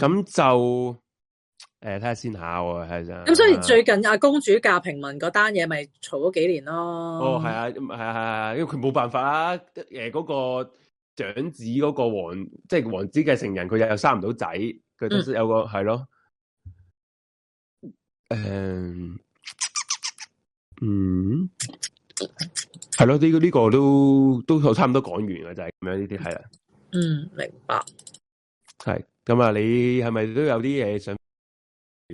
咁就誒睇下先下喎，係啊。咁所以最近阿公主嫁平民嗰單嘢，咪嘈咗幾年咯。哦，係啊，係系系，因為佢冇辦法啦、啊。誒、呃，嗰、那個長子嗰個王，即、就、係、是、王子繼承人他，佢又生唔到仔。佢都係有個係咯，誒，嗯，係咯，呢個，嗯，呢個都都差唔多講完嘅就係咁樣呢啲係啦。嗯，明白。係，咁啊，你係咪都有啲嘢想？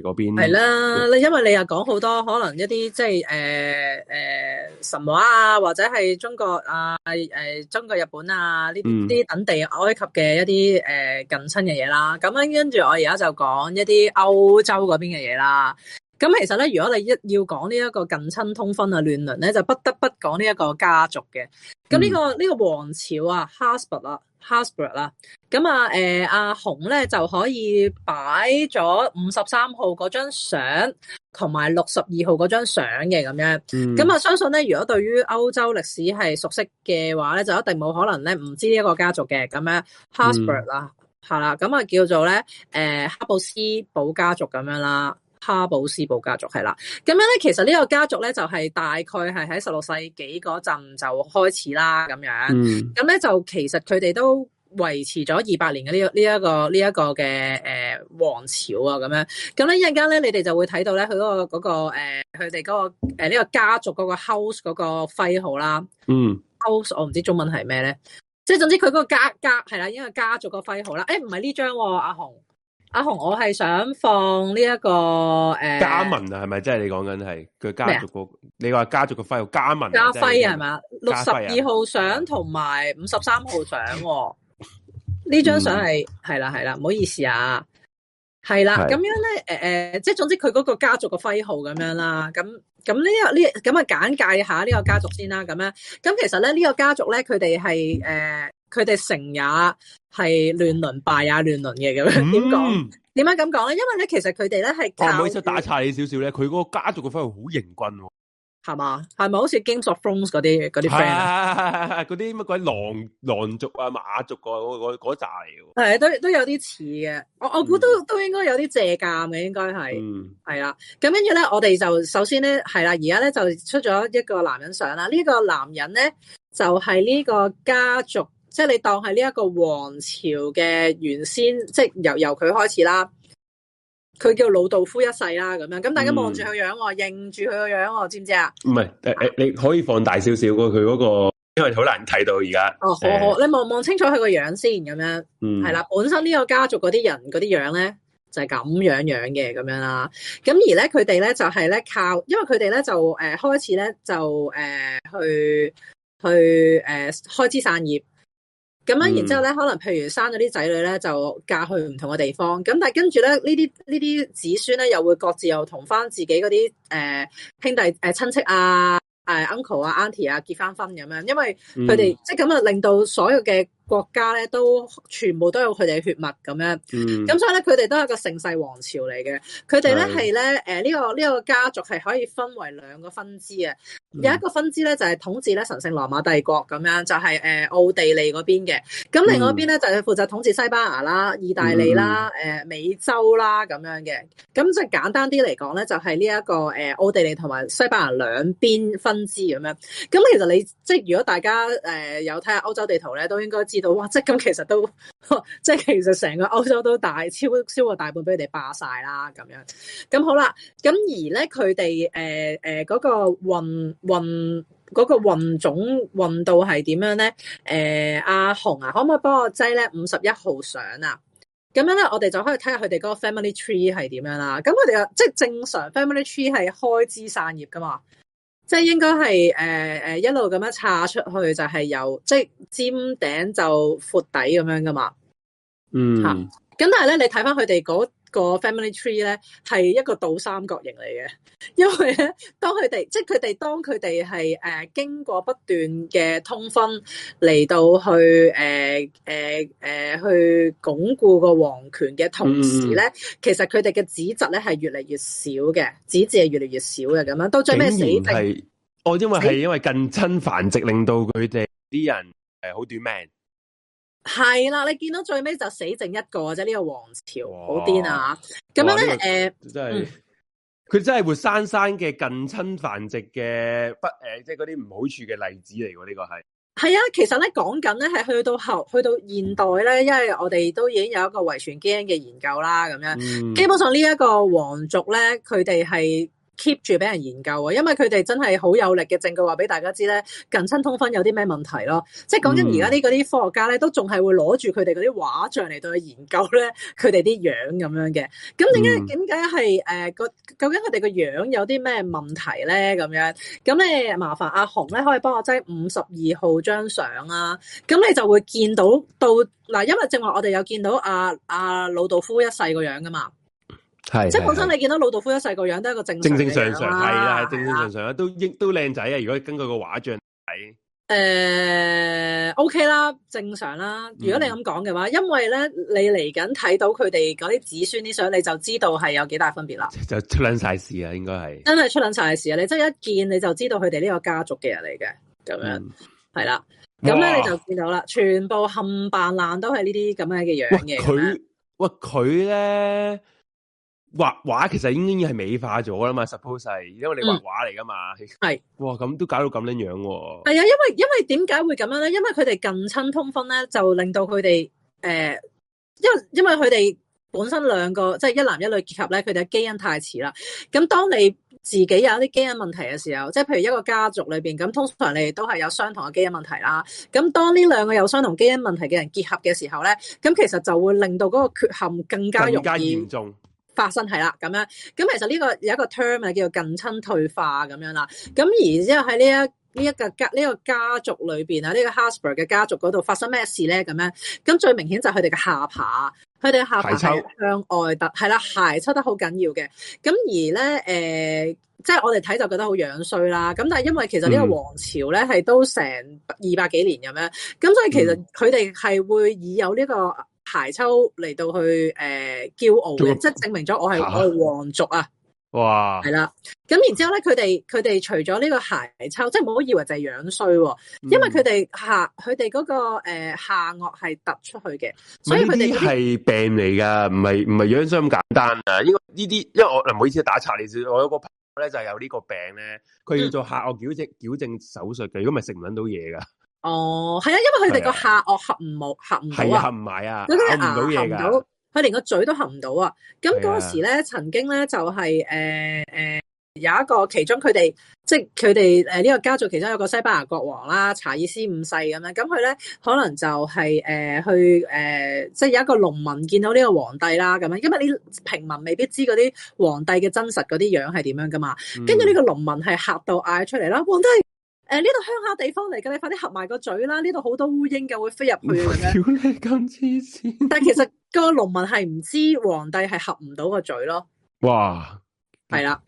邊係啦，你，啊，因為你又講好多可能一啲即係誒誒神話啊，或者係中國啊，誒、呃、中國日本啊呢啲等地埃及嘅一啲誒、呃、近親嘅嘢啦，咁樣跟住我而家就講一啲歐洲嗰邊嘅嘢啦。咁其實咧，如果你一要講呢一個近親通婚啊、亂倫咧，就不得不講呢一個家族嘅。咁呢，這個呢，嗯這個王朝啊，哈斯伯特，啊。Habsburg 啦，咁、呃、啊，誒，阿雄咧就可以擺咗五十三號嗰張相，同埋六十二號嗰張相嘅咁樣。咁、嗯、啊，相信咧，如果對於歐洲歷史係熟悉嘅話咧，就一定冇可能咧唔知呢一個家族嘅咁樣 Habsburg 啦，係啦，咁啊、嗯、叫做咧，誒、呃，哈布斯堡家族咁樣啦。哈布斯堡家族係啦，咁樣咧，其實呢個家族咧就係、是、大概係喺十六世紀嗰陣就開始啦，咁樣，咁、嗯、咧就其實佢哋都維持咗二百年嘅呢、這個呢一、這個呢一、這個嘅誒、呃、王朝啊，咁樣，咁咧一陣間咧你哋就會睇到咧佢嗰個、那個誒佢哋嗰個誒呢、呃這個家族嗰個 house 嗰個徽號啦，嗯，house 我唔知中文係咩咧，即、就、係、是、總之佢嗰個家家係啦，因為家族個徽號啦，誒唔係呢張、啊、阿紅。阿紅，我係想放呢、這、一個誒、欸，嘉文啊，係咪？即係你講緊係佢家族個、啊，你話家族個徽號，嘉文、啊、嘉輝係嘛？六十二號相同埋五十三號相、啊，呢張相係係啦係啦，唔、嗯、好意思啊，係啦。咁樣咧，誒、呃、誒，即係總之佢嗰個家族的輝這、這個徽號咁樣啦。咁咁呢個呢咁啊簡介下呢個家族先啦。咁樣咁其實咧呢、這個家族咧，佢哋係誒，佢哋成日。係亂倫拜呀，亂倫嘅咁樣，點講？點解咁講咧？因為咧，其實佢哋咧係，我唔好意思打岔你少少咧，佢嗰個家族嘅氛圍好迎軍，係嘛？係咪好似《Games of Thrones》嗰啲嗰啲 friend 啊？嗰啲乜鬼狼狼族啊馬族個個嗰扎嚟嘅？係都都有啲似嘅，我我估都都應該有啲借鑒嘅，應該係，係、嗯、啦。咁跟住咧，我哋就首先咧係啦，而家咧就出咗一個男人相啦。呢、這個男人咧就係、是、呢個家族。即係你當係呢一個王朝嘅原先，即係由由佢開始啦。佢叫老道夫一世啦，咁樣咁大家望住佢樣喎，哦嗯，認住佢個樣喎，哦，知唔知啊？唔係誒誒，你可以放大少少過佢嗰個，因為好難睇到而家。哦，好，好，呃、你望望清楚佢個樣先，咁樣，係、嗯、啦。本身呢個家族嗰啲人嗰啲樣咧就係、是、咁樣樣嘅，咁樣啦。咁而咧佢哋咧就係、是、咧靠，因為佢哋咧就誒、呃、開始咧就誒、呃、去去誒、呃、開枝散葉咁樣然，然之後咧，可能譬如生咗啲仔女咧，就嫁去唔同嘅地方。咁但係跟住咧，呢啲呢啲子孫咧，又會各自又同翻自己嗰啲誒兄弟誒、呃、親戚啊、誒、呃、uncle 啊、auntie 啊結翻婚咁樣，因為佢哋、嗯、即係咁啊，令到所有嘅國家咧都全部都有佢哋嘅血脈咁樣，咁、嗯、所以咧佢哋都係一個盛世皇朝嚟嘅。佢哋咧係咧呢、呢個呢、呢個家族係可以分為兩個分支啊、嗯。有一個分支咧就係、是、統治咧神聖羅馬帝國咁樣，就係、是、誒、呃、奧地利嗰邊嘅。咁另外一邊咧就係負責統治西班牙啦、嗯、意大利啦、呃、美洲啦咁樣嘅。咁即係簡單啲嚟講咧，就係呢一個誒、呃、奧地利同埋西班牙兩邊分支咁樣。咁其實你即如果大家、呃、有睇下歐洲地圖咧，都應該知。哇！即咁其實都，即係其實成個歐洲都大，超超過大半俾佢哋霸晒啦咁樣。咁、嗯、好啦，咁、嗯、而咧佢哋誒誒嗰個運運嗰個運種運道係點樣咧？誒阿紅啊，可唔可以幫我擠咧五十一號上啊？咁、嗯、樣咧，我哋就可以睇下佢哋嗰個 family tree 係點樣啦。咁佢哋又即係正常 family tree 係開枝散葉噶嘛？即係應該係誒誒一路咁樣叉出去就有，就係由即係尖頂就闊底咁樣噶嘛。嗯，嚇、啊。咁但係咧，你睇返佢哋嗰。個 family tree 咧係一個倒三角形嚟嘅，因為咧當佢哋即係佢哋當佢哋係誒經過不斷嘅通婚嚟到去誒誒誒去鞏固個皇權嘅同時咧，其實佢哋嘅子侄咧係越嚟越少嘅，子嗣係越嚟越少嘅咁樣，到最尾死定。哦，我因為係因為近親繁殖令到佢哋啲人誒好短命。係啦，你見到最尾就死剩一個啫，呢、這個王朝好癲啊！咁哇樣咧，誒，這個、真係佢、嗯、真係活生生嘅近親繁殖嘅不誒，即係嗰啲唔好處嘅例子嚟嘅呢個係。係啊，其實咧講緊咧係去到後去到現代咧，因為我哋都已經有一個遺傳基因嘅研究啦，咁樣，嗯、基本上呢一個皇族咧，佢哋係。keep 住俾人研究啊，因為佢哋真係好有力嘅證據，話俾大家知咧，近親通婚有啲咩問題咯。即係講緊而家啲嗰啲科學家咧，都仲係會攞住佢哋嗰啲畫像嚟到去研究咧，佢哋啲樣咁樣嘅。咁點解點解係誒個？究竟佢哋個樣有啲咩問題咧？咁樣咁你麻煩阿紅咧，可以幫我擠五十二號張相啊？咁你就會見到到嗱，因為正話我哋有見到阿阿魯道夫一世個樣噶嘛。係， 即係本身你見到老道夫一世個樣都係一個正正正常常，係啦， 正正常常都英都靚仔啊！如果根據個畫像睇，誒、 呃、，OK 啦，正常啦。如果你咁講嘅話、嗯，因為咧你嚟緊睇到佢哋嗰啲子孫啲相，你就知道係有幾大分別啦。就出撚晒事呀、啊，應該係、嗯，真係出撚晒事啊！你真係一見你就知道佢哋呢個家族嘅人嚟嘅，咁樣係、嗯、啦。咁、嗯、咧你就見到啦，全部冚唪唥都係呢啲咁樣嘅樣嘢。佢，喂，佢咧。畫畫其實已經係美化咗啦嘛，suppose，因為你畫畫嚟㗎嘛，係、嗯，哇，咁都搞到咁樣樣、啊，係啊，因為因為點解會咁樣咧？因為佢哋近親通婚咧，就令到佢哋誒，因為因為佢哋本身兩個即係、就是、一男一女結合咧，佢哋嘅基因太似啦。咁當你自己有一啲基因問題嘅時候，即係譬如一個家族裏邊咁，通常你都係有相同嘅基因問題啦。咁當呢兩個有相同基因問題嘅人結合嘅時候咧，咁其實就會令到嗰個缺陷更加容易嚴重。發生係啦咁樣，咁其實呢個有一個 term 係叫做近親退化咁樣啦。咁而之後喺呢一呢一、這個家呢、這個家族裏面，啊，呢個 Hesper 嘅家族嗰度發生咩事咧？咁樣咁最明顯就佢哋嘅下爬，佢哋下爬向外凸，係啦，鞋出得好緊要嘅。咁而咧誒、呃，即係我哋睇就覺得好樣衰啦。咁但係因為其實呢個王朝咧係、嗯、都成二百幾年咁樣，咁所以其實佢哋係會以有呢、這個。鞋抽嚟到去誒驕傲嘅，即係證明咗我係我係皇族啊，啊！哇，係啦，咁然之後咧，佢哋佢哋除咗呢個鞋抽，即係唔好以為就係樣衰，哦嗯，因為佢哋下佢哋嗰個誒、呃、下顎係凸出去嘅，所以佢哋係病嚟噶，唔係唔係樣衰咁簡單啊！因為呢啲，因為我唔好意思打岔你先，我有一個朋友咧就係有呢個病咧，佢要做下顎矯正矯正手術嘅，如果唔係食唔穩到嘢噶。哦，係啊，因為佢哋個下顎合唔冇合唔到啊，合唔埋啊，啊，合唔到嘢佢連個嘴都合唔到啊。咁嗰時咧、啊，曾經咧就係誒誒有一個其中佢哋，即係佢哋誒呢個家族其中有個西班牙國王啦，查爾斯五世咁樣。咁佢咧可能就係、是、誒、呃、去誒、呃，即係有一個農民見到呢個皇帝啦，咁樣，因為你平民未必知嗰啲皇帝嘅真實嗰啲樣係點樣噶嘛。跟住呢個農民係嚇到嗌出嚟啦，皇帝！誒、呃，呢度鄉下地方嚟嘅，你快啲合埋個嘴啦！呢度好多烏蠅嘅，會飛入去，屌你咁黐線！但其實個農民係唔知皇帝係合唔到個嘴咯。哇！係啦，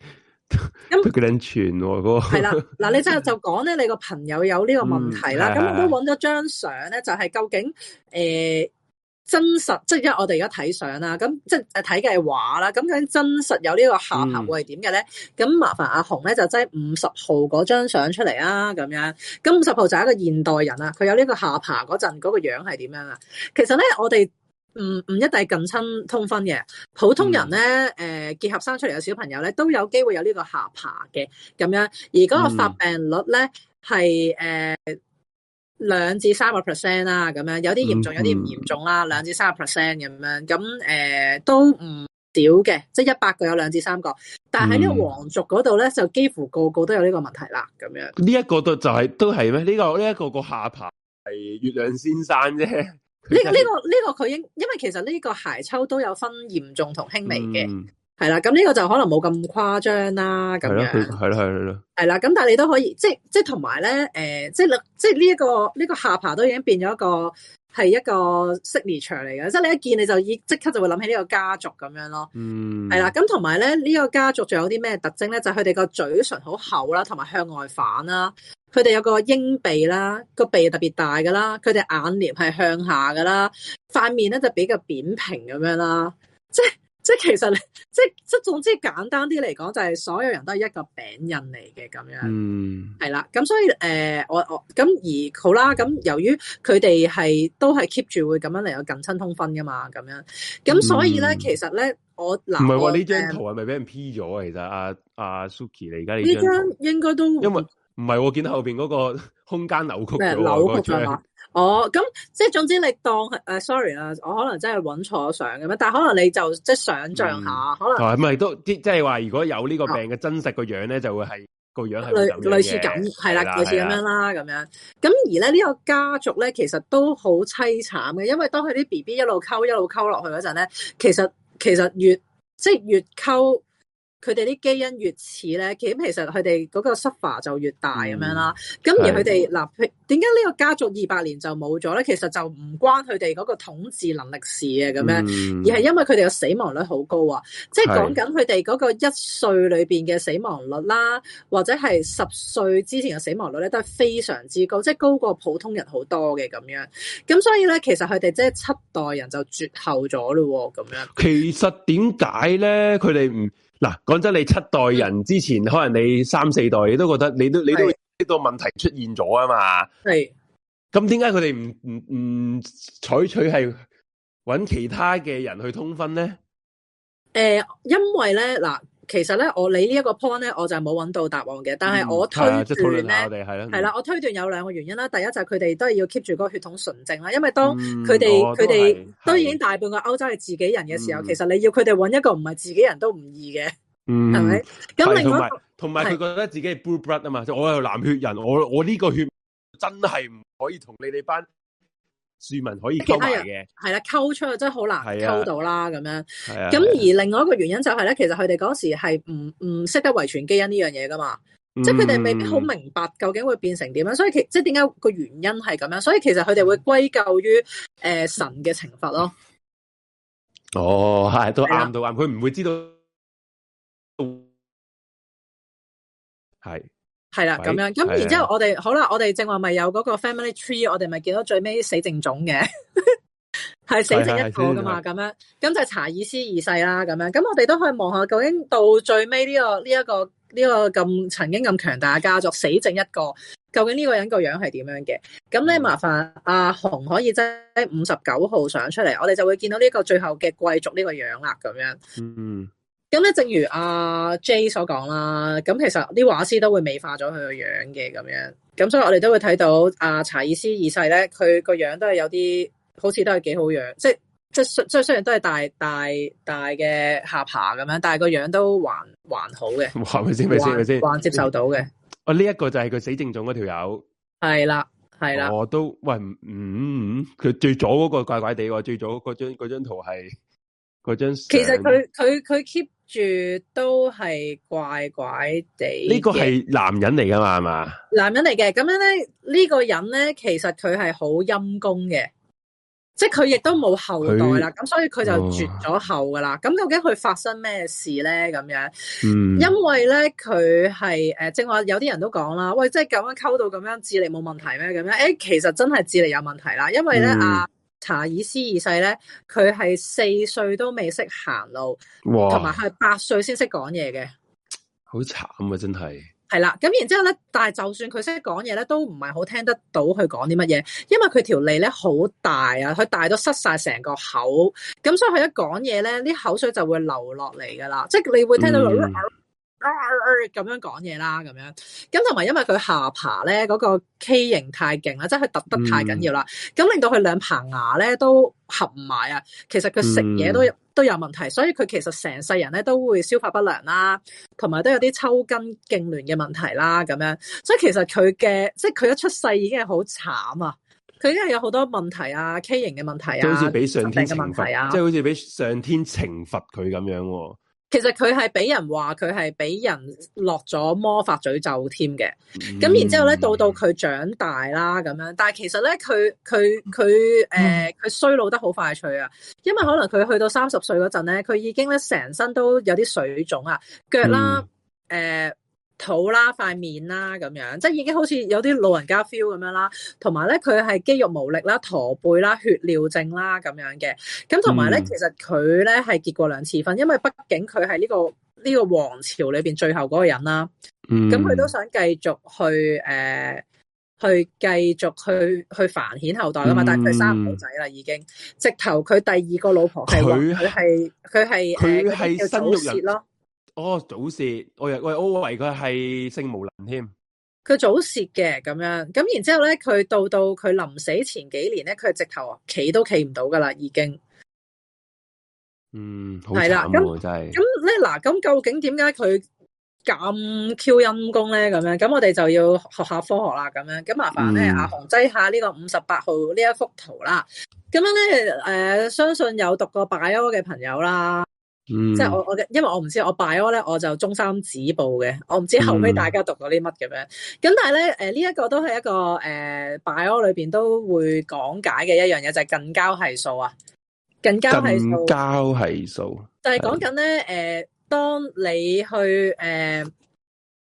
咁佢幾撚串喎？係、那、啦、個，嗱，你真係就講咧，你個朋友有呢個問題啦。咁、嗯、我都揾咗張相咧，就係、是、究竟誒。呃真實即係我哋而家睇相啦，咁即係睇嘅係畫啦。咁究竟真實有呢個下巴會係點嘅咧？咁、嗯、麻煩阿紅咧就擠五十號嗰張相出嚟啊，咁樣。咁五十號就係一個現代人啦，佢有呢個下巴嗰陣嗰個樣係點樣啊？其實咧，我哋唔唔一定近親通婚嘅，普通人咧，誒、嗯、結合生出嚟嘅小朋友咧，都有機會有呢個下巴嘅，咁樣而嗰個發病率咧係誒。嗯兩至三個 percent 啦，咁樣有啲嚴重，有啲唔嚴重啦。兩至三個 percent 咁樣，咁誒、呃、都唔少嘅，即係一百個有兩至三個。但係喺呢個皇族嗰度咧，就幾乎個個都有呢個問題啦。咁樣呢一、嗯這個、就是、都就係都係咩？呢、這個呢一、這個個下巴係月亮先生啫。呢呢、這個呢、這個佢應該因為其實呢個鞋抽都有分嚴重同輕微嘅。嗯係啦，咁呢個就可能冇咁誇張啦，咁樣係啦，係啦，係啦，係啦。咁但係你都可以，即係即係同埋咧，誒，即係、呃、即係呢一個呢、這個下巴都已經變咗一個係一個 signature 嚟嘅，即係你一見你就已即刻就會諗起呢個家族咁樣咯。嗯，係啦，咁同埋咧呢、這個家族仲有啲咩特徵咧？就係佢哋個嘴唇好厚啦，同埋向外反啦，佢哋有個鷹鼻啦，個鼻特別大噶啦，佢哋眼簾係向下噶啦，塊面咧就比較扁平咁樣啦，即係。即係其實，即係即係總之簡單啲嚟講，就係、是、所有人都係一個餅印嚟嘅咁樣，係、嗯、啦。咁所以誒、呃，我我咁而好啦。咁由於佢哋係都係 keep 住會咁樣嚟有近親通婚噶嘛，咁樣咁所以咧、嗯，其實咧，我嗱唔係喎，呢張、啊、圖係咪俾人 P 咗啊、嗯？其實阿阿、啊啊、Suki 你，而家呢張應該都因為唔係喎，見、啊、到後邊嗰個空間扭曲咗。哦、oh,，咁即係總之你當誒、uh,，sorry 啦，我可能真係搵錯相嘅咩？但係可能你就即係、就是、想象下、嗯，可能係、哦、咪都啲即係話，如果有呢個病嘅、哦、真實樣個樣咧，就會係個樣係類類似咁，係啦，類似咁樣啦，咁樣。咁而咧呢、這個家族咧，其實都好凄慘嘅，因為當佢啲 B B 一路溝一路溝落去嗰陣咧，其實其實越即係越溝。佢哋啲基因越似咧，咁其實佢哋嗰個 suffer 就越大咁樣啦。咁、嗯、而佢哋嗱，點解呢個家族二百年就冇咗咧？其實就唔關佢哋嗰個統治能力事嘅咁樣，而係因為佢哋嘅死亡率好高啊！即係講緊佢哋嗰個一歲裏邊嘅死亡率啦，或者係十歲之前嘅死亡率咧，都係非常之高，即、就、係、是、高過普通人好多嘅咁樣。咁所以咧，其實佢哋即係七代人就絕後咗咯，咁樣。其實點解咧？佢哋唔嗱，講真，你七代人之前，可能你三四代，你都覺得你都你都呢個問題出現咗啊嘛。係，咁點解佢哋唔唔唔採取係搵其他嘅人去通婚咧？誒、呃，因為咧嗱。其實咧，我你呢一個 point 咧，我就冇揾到答案嘅。但係我推斷咧，係、嗯、啦、就是，我推斷有兩個原因啦。第一就係佢哋都係要 keep 住個血統純正啦，因為當佢哋佢哋都已經大半個歐洲係自己人嘅時候、嗯，其實你要佢哋揾一個唔係自己人都唔易嘅，係、嗯、咪？咁另外同埋佢覺得自己係 blue blood 啊嘛，就我係藍血人，我我呢個血真係唔可以同你哋班。市民可以勾埋嘅係啦，勾出去真係好難勾到啦咁樣。咁而另外一個原因就係、是、咧，其實佢哋嗰時係唔唔識得遺傳基因呢樣嘢噶嘛，嗯、即係佢哋未必好明白究竟會變成點樣，所以其即係點解個原因係咁樣，所以其實佢哋會歸咎於誒、嗯呃、神嘅懲罰咯。哦，係都啱到啱，佢唔會知道係。係啦，咁樣，咁然之後我哋好啦，我哋正話咪有嗰個 family tree，我哋咪見到最尾死正種嘅，係 死剩一個噶嘛，咁樣，咁就查爾斯二世啦，咁樣，咁我哋都可以望下究竟到最尾呢、呢個呢一、呢個呢、呢個咁、呢個、曾經咁強大嘅家族死剩一個，究竟呢個人個樣係點樣嘅？咁、嗯、咧，麻煩阿紅可以即係五十九號上出嚟，我哋就會見到呢個最後嘅貴族呢個樣啦咁樣。嗯。咁咧，正如阿 J 所講啦，咁其實啲畫師都會美化咗佢個樣嘅咁樣，咁所以我哋都會睇到阿、啊、查爾斯二世咧，佢個樣都係有啲好似都係幾好樣，即係即雖然都係大大大嘅下巴咁樣，但係個樣都還還好嘅，係咪先？咪先？係咪先，先還？還接受到嘅。哦，呢、這、一個就係佢死正中嗰條友。係啦，係啦。我、哦、都喂，嗯佢、嗯嗯、最早嗰個怪怪地喎，最早嗰、那個、張嗰張圖係嗰張。其實佢佢佢 keep。住都係怪怪地。呢個係男人嚟噶嘛？係嘛？男人嚟嘅，咁樣咧呢、呢個人咧，其實佢係好陰功嘅，即係佢亦都冇後代啦，咁所以佢就絕咗後噶啦。咁究竟佢發生咩事咧？咁樣、嗯，因為咧佢係誒，正話、呃、有啲人都講啦，喂，即係咁樣溝到咁樣，智力冇問題咩？咁樣，誒、欸，其實真係智力有問題啦，因為咧啊。嗯查爾斯二世咧，佢係四歲都未識行路，同埋係八歲先識講嘢嘅，好慘啊！真係係啦，咁然之後咧，但係就算佢識講嘢咧，都唔係好聽得到佢講啲乜嘢，因為佢條脷咧好大啊，佢大到塞晒成個口，咁所以佢一講嘢咧，啲口水就會流落嚟噶啦，即係你會聽到咁樣講嘢啦，咁樣咁同埋，因為佢下巴咧嗰個畸形太勁啦，即係佢凸得太緊要啦，咁、嗯、令到佢兩棚牙咧都合唔埋啊。其實佢食嘢都有、嗯、都有問題，所以佢其實成世人咧都會消化不良啦，同埋都有啲抽筋痙攣嘅問題啦，咁樣。所以其實佢嘅即係佢一出世已經係好慘啊，佢依家有好多問題啊，畸形嘅問題啊，好似俾上天懲罰呀，即、啊、係好似俾上天懲罰佢咁樣、啊。其實佢係俾人話佢係俾人落咗魔法詛咒添嘅，咁、嗯、然之後咧到到佢長大啦咁樣，但係其實咧佢佢佢誒佢衰老得好快脆啊，因為可能佢去到三十歲嗰陣咧，佢已經咧成身都有啲水腫啊，腳啦誒。嗯呃肚啦、塊面啦咁樣，即係已經好似有啲老人家 feel 咁樣啦。同埋咧，佢係肌肉無力啦、駝背啦、血尿症啦咁樣嘅。咁同埋咧，其實佢咧係結過兩次婚，因為畢竟佢係呢個呢、呢個皇朝裏面最後嗰個人啦。咁佢都想繼續去誒、呃，去繼續去去繁衍後代㗎嘛。但係佢生唔到仔啦，已經直頭佢第二個老婆係佢係佢係誒新玉人咯。哦、oh，早泄，我又喂，我以為佢係性無能添。佢早泄嘅，咁樣，咁然之後咧，佢到到佢臨死前幾年咧，佢係直頭啊，企都企唔到噶啦，已經。嗯，係啦，咁咁咧嗱，咁究竟點解佢咁 Q 陰功咧？咁樣，咁我哋就要學下科學啦。咁樣，咁麻煩咧，阿紅擠下呢個五十八號呢一幅圖啦。咁樣咧，誒、呃，相信有讀過 Bio 嘅朋友啦。嗯，即係我我因為我唔知我 Bio 咧，我就中三止步嘅，我唔知後尾大家讀咗啲乜咁樣。咁、嗯、但係咧，誒、呃、呢、這個、一個都係一個誒 Bio 裏邊都會講解嘅一樣嘢，就係近交係數啊，近交係數，近交係數。但係講緊咧，誒、呃，當你去誒、呃，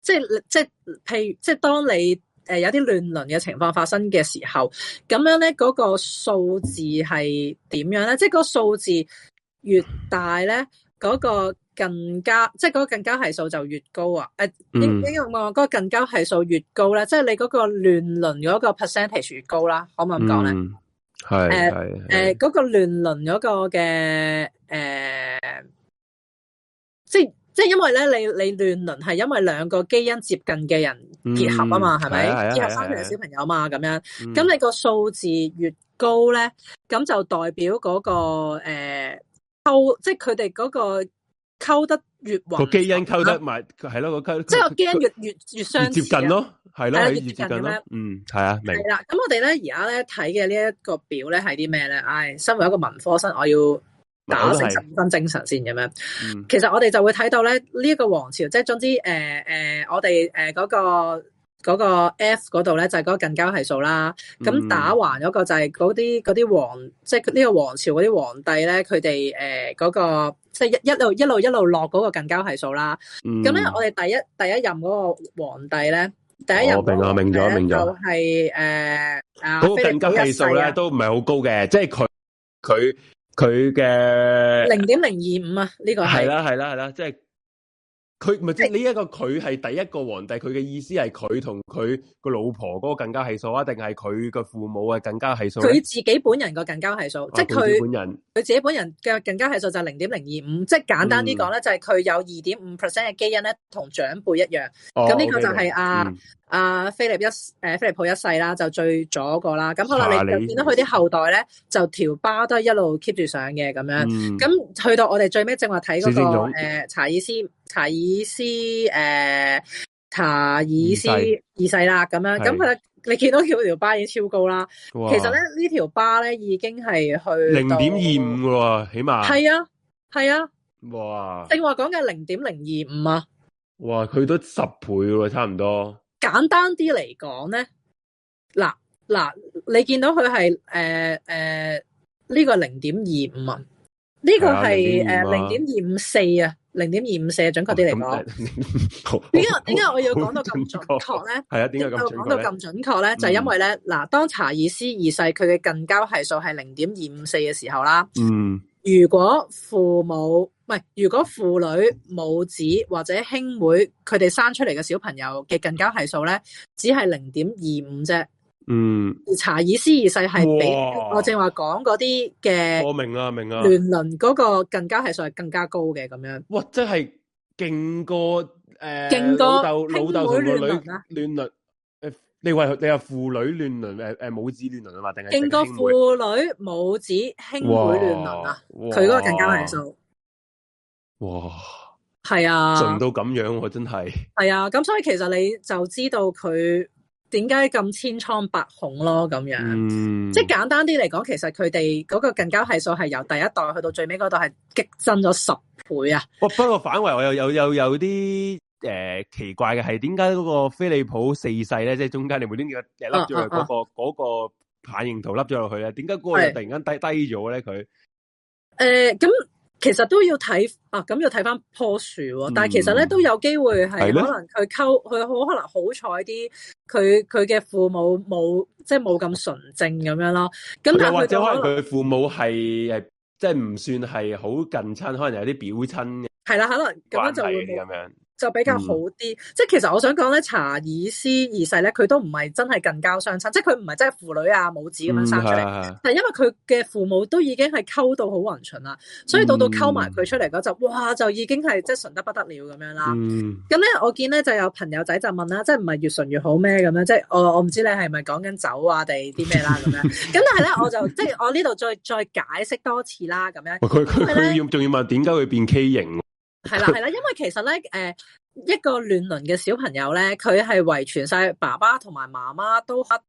即係即係，譬如即係當你誒、呃、有啲亂倫嘅情況發生嘅時候，咁樣咧嗰、那個數字係點樣咧？即係、那個數字越大咧？嗰、那個近交即係嗰個近交係數就越高啊！誒應唔應嗰個近交係數越高咧，即、就、係、是、你嗰個亂倫嗰個 percentage 越高啦、啊，可唔可以咁講咧？係誒嗰個亂倫嗰個嘅誒、呃，即係即因為咧，你你亂倫係因為兩個基因接近嘅人結合啊嘛，係、嗯、咪？結合生嘅小朋友嘛，咁樣咁、嗯、你個數字越高咧，咁就代表嗰、那個、呃扣即係佢哋嗰個溝得越勻，個基因溝得埋係咯，個溝即係個基因越越越，越相近咯，係咯越接近咯，嗯係啊明。係啦，咁、嗯、我哋咧而家咧睇嘅呢一個表咧係啲咩咧？唉、哎，身為一個文科生，我要打成十分精神先咁樣、嗯。其實我哋就會睇到咧呢一個王朝，即係總之，誒、呃、誒、呃，我哋誒嗰個。嗰個 F 嗰度咧就係嗰個近交係數啦，咁打橫嗰個就係嗰啲嗰啲皇，即係呢個皇朝嗰啲皇帝咧，佢哋誒嗰個即係一一路一路一路落嗰個近交係數啦。咁咧，我哋第一第一任嗰個皇帝咧，第一任啊，我明咗啊，我明咗就係誒啊，嗰個近交係數咧都唔係好高嘅，即係佢佢佢嘅零點零二五啊，呢個係啦，係啦，係啦，即係。佢咪即係呢一個佢係第一個皇帝，佢嘅意思係佢同佢個老婆嗰個更加係數啊？定係佢嘅父母啊更加係數？佢自己本人個更加係數，啊、即係佢佢自己本人嘅更加係數就係零點零二五，即係簡單啲講咧，就係、是、佢有二點五 percent 嘅基因咧同長輩一樣，咁、哦、呢個就係啊。嗯阿菲利一誒，菲利普一、啊、一世啦，就最左個啦。咁、啊、可能你又見到佢啲後代咧，啊，就條巴都係一路 keep 住上嘅咁樣。咁、嗯、去到我哋最尾，那個，正話睇嗰個誒查爾斯，查爾斯誒查爾斯二世啦。咁樣，咁佢你見到佢條巴已經超高啦。其實咧，呢條巴咧已經係去零點二五嘅喎，起碼係啊係啊哇！正話講嘅零點零二五啊哇，佢都十倍喎，差唔多。簡單啲嚟講咧，嗱嗱，你見到佢係誒誒，呢、呃呃這個零點二五啊，呢、這個係誒零點二五四啊，零點二五四準確啲嚟講。點解點解我要講到咁準確咧？係啊，點解講到咁準確咧、嗯？就係、是、因為咧，嗱，當查爾斯二世佢嘅近交係數係零點二五四嘅時候啦。嗯。如果父母唔係，如果父女母子或者兄妹佢哋生出嚟嘅小朋友嘅近交係數咧，只係零點二五啫。嗯，查爾斯二世係比我正話講嗰啲嘅，我明啦明啦，亂倫嗰個近交係數係更加高嘅咁樣。哇，真係勁過誒，呃，勁過老豆老豆同個女亂倫。你話你話，父女亂倫，誒誒，母子亂倫啊嘛？定係勁過父女母子兄妹亂倫啊？佢嗰個近交係數。哇！係啊，神到咁樣，我真係。係啊，咁、啊、所以其實你就知道佢點解咁千瘡百孔咯，咁樣。嗯、即係簡單啲嚟講，其實佢哋嗰個近交係數係由第一代去到最尾嗰代係激增咗十倍啊！哦、不過反為我又又又有啲。有有有些誒、呃，奇怪嘅係點解嗰個菲利普四世咧，即、就、係、是、中間你冇點嘅嘅咗落個嗰、啊啊啊、個反應圖甩咗落去咧？點解嗰個突然間低低咗咧？佢誒，咁、呃、其實都要睇啊，咁要睇翻樖樹、嗯，但係其實咧都有機會係可能佢溝佢好可能好彩啲，佢佢嘅父母冇即係冇咁純正咁樣咯。咁或者可能佢父母係即係唔算係好近親，可能有啲表親嘅係啦，可能咁樣，樣就咁樣。就比較好啲、嗯，即其實我想講咧，查爾斯二世咧，佢都唔係真係近交相親，即係佢唔係真係父女啊母子咁樣生出嚟，係、嗯、因為佢嘅父母都已經係溝到好混純啦，所以到到溝埋佢出嚟嗰就，哇、嗯、就已經係即係純得不得了咁樣啦。咁、嗯、咧我見咧就有朋友仔就問啦，即係唔係越純越好咩咁、哦啊啊、 樣？即係我我唔知你係咪講緊酒啊定啲咩啦咁樣。咁但係咧我就即係我呢度再再解釋多次啦咁樣。佢佢佢要仲要問點解會變畸形？係 啦，係啦，因為其實咧，誒、呃，一個亂倫嘅小朋友咧，佢係遺傳晒爸爸同埋媽媽都黑，黑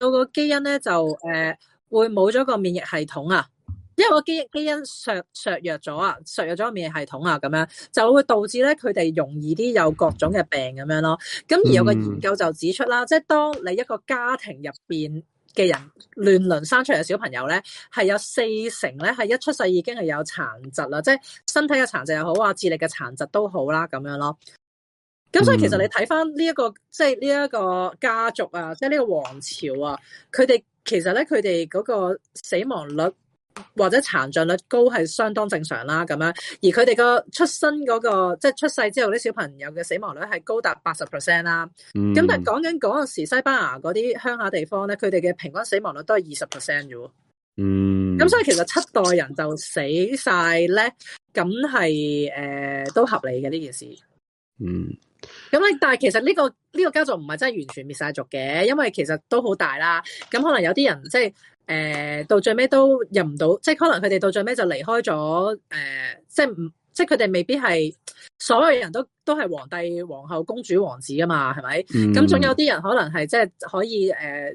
到個基因咧就誒、呃、會冇咗個免疫系統啊。因為個基因基因削弱咗啊，削弱咗個免疫系統啊，咁樣就會導致咧佢哋容易啲有各種嘅病咁樣咯。咁而有個研究就指出啦，即係當你一個家庭入邊嘅人亂倫生出嚟嘅小朋友咧，係有四成咧係一出世已經係有殘疾啦，即係身體嘅殘疾又好啊，智力嘅殘疾都好啦，咁樣咯。咁所以其實你睇翻呢一個即係呢一個家族啊，即係呢個王朝啊，佢哋其實咧佢哋嗰個死亡率。或者殘障率高係相當正常啦，咁樣而佢哋個出生嗰、嗰個，即係出世之後啲小朋友嘅死亡率係高達八十 percent 啦。咁、嗯、但係講緊嗰陣時，西班牙嗰啲鄉下嘅地方咧，佢哋嘅平均死亡率都係二十 percent 啫。咁、嗯、所以其實七代人就死晒咧，咁係誒都合理嘅呢件事。嗯。咁咧，但係其實呢、呢個呢、呢個家族唔係真係完全，全滅晒族嘅，因為其實都好大啦。咁可能有啲人即係。即係誒、呃，到最尾都入唔到，即係可能佢哋到最尾就離開咗。誒、呃，即係唔，即係佢哋未必係所有嘅人都都係皇帝、皇后、公主、王子啊嘛，係咪？咁、嗯、總有啲人可能係即係可以誒、呃，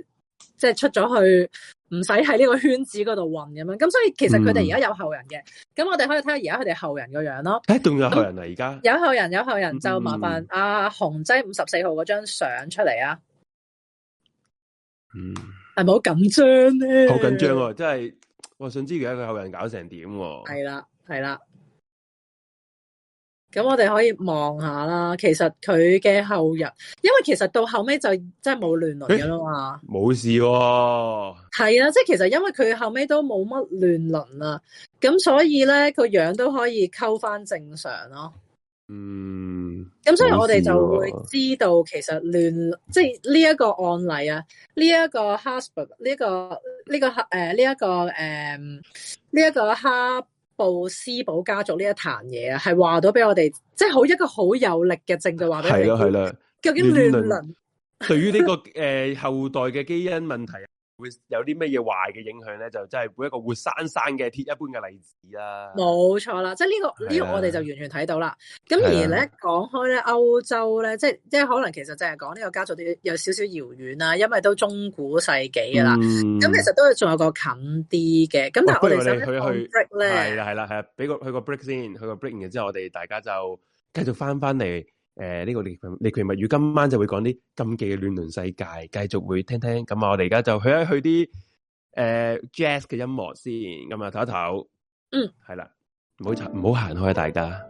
即係出咗去，唔使喺呢個圈子嗰度混咁樣。咁所以其實佢哋而家有後人嘅，咁、嗯、我哋可以睇下而家佢哋後人個樣咯。誒、欸，仲有後人啊？而、嗯、家有後人，有後人就麻煩阿洪仔五十四號嗰張相出嚟啊。嗯。係唔好緊張咧，好緊張哦！真係，我想知而家佢後人搞成點喎、啊？係啦，係啦。咁我哋可以望下啦。其實佢嘅後人，因為其實到後尾就真係冇亂倫噶啦嘛，冇、欸、事喎。係啊，是的即係其實因為佢後尾都冇乜亂倫啦，咁所以咧個樣子都可以溝翻正常咯。嗯，咁所以我哋就會知道其亂、啊，其實亂即係呢一個案例啊，呢、這、一個哈布呢個呢、這個誒呢一個誒呢一個哈布斯堡家族呢一壇嘢、就是、啊，係話到俾我哋，即係好一個好有力嘅證據，話俾係啦係啦，究竟亂倫對於呢個誒後代嘅基因問題。 會有啲乜嘢壞嘅影響咧？就真係每一個活生生嘅鐵一般嘅例子啦、啊。冇錯啦，即係、呢、呢個呢、呢個我哋就完全睇到啦。咁、啊、而你一講開咧，歐洲咧，即係即係可能其實淨係講呢個家族啲有少少遙遠啦，因為都中古世紀噶啦。咁、嗯、其實都仲有個近啲嘅。咁但係我哋先去去 break 係啦係啦係啊，俾個、啊啊、去個 break 先，去個 break 完之後，我哋大家就繼續翻翻嚟。誒、呃，呢、這個獵奇獵奇物語今晚就會講啲禁忌嘅亂倫世界，繼續會聽聽。咁啊，我哋而家就去一去啲誒，jazz 嘅音樂先。咁啊，唞一唞，嗯，係啦，唔好唔好行開，大家。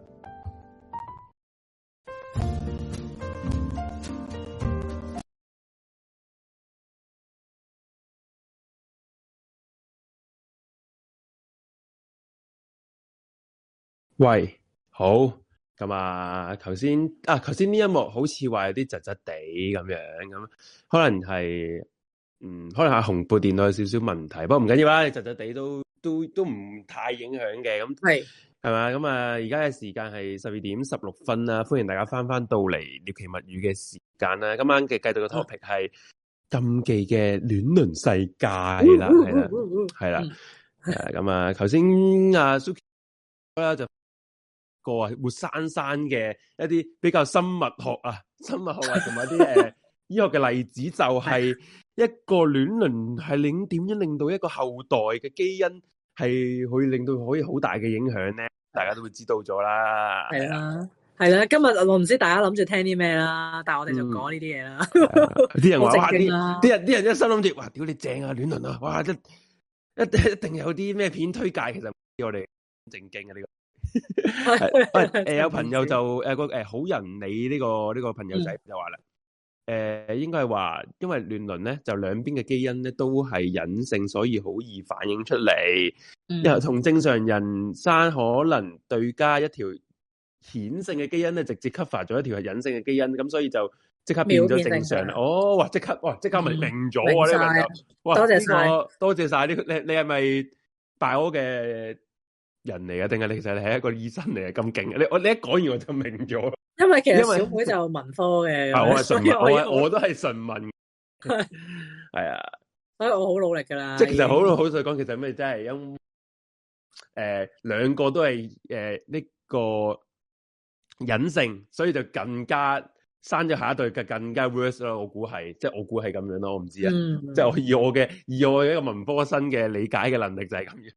嗯、喂，好。咁啊，頭先啊，頭先呢一幕好似話有啲窒窒地咁樣，咁可能係，嗯，可能阿紅部電腦有少少問題，不過唔緊要啊，窒窒地都都都唔太影響嘅，咁係係咪？咁啊，而家嘅時間係十二點十六分啊，歡迎大家翻翻到嚟《獵奇物語》嘅時間啦，今晚嘅繼續嘅 topic 係禁忌嘅亂倫世界啦，係 啦，係啦，係 咁啊，頭先阿 Suki 啦就。個啊活生生嘅一啲比較生物學啊，生物學啊同埋啲誒醫學嘅例子，就係一個亂倫係令點樣令到一個後代嘅基因係可以令到可以好大嘅影響咧，大家都會知道咗啦。係啊，係啦、啊啊，今日我唔知道大家諗住聽啲咩啦，但係我哋就講呢啲嘢啦。啲、嗯啊 啊、人話哇啲啲、啊、人啲、啊、人一心諗住話，屌你正啊，亂倫啊，啊，哇！一一定有啲咩片推介，其實唔我哋正經嘅、啊、呢、這個。誒、 呃，有朋友就誒個誒好人理呢、這個呢、這個朋友仔就話啦，誒、嗯呃，應該係話，因為亂倫咧，就兩邊嘅基因咧都係隱性，所以好易反映出嚟。然後同正常人生可能對加一條顯性嘅基因咧，直接吸發咗一條係隱性嘅基因，咁所以就即刻變咗正，正常。哦，哇，即刻哇，即刻咪明咗啊！呢朋友，哇，多謝晒，多謝晒你你係咪大我嘅？人嚟嘅定係你？其實你係一個醫生嚟嘅，咁勁嘅，你我你一講完我就明咗。因為其實小妹 就文科嘅、啊。我係純文，我，我，我都係純文。係 啊。所以我好努力噶啦。即係其實好老實講，其實咩真係因誒兩個都係誒呢個隱性，所以就更加生咗下一對嘅更加 worse 咯。我估係，即係我估係咁樣咯。我唔知啊。即係我以我嘅以我一個文科生嘅理解嘅能力就係咁樣。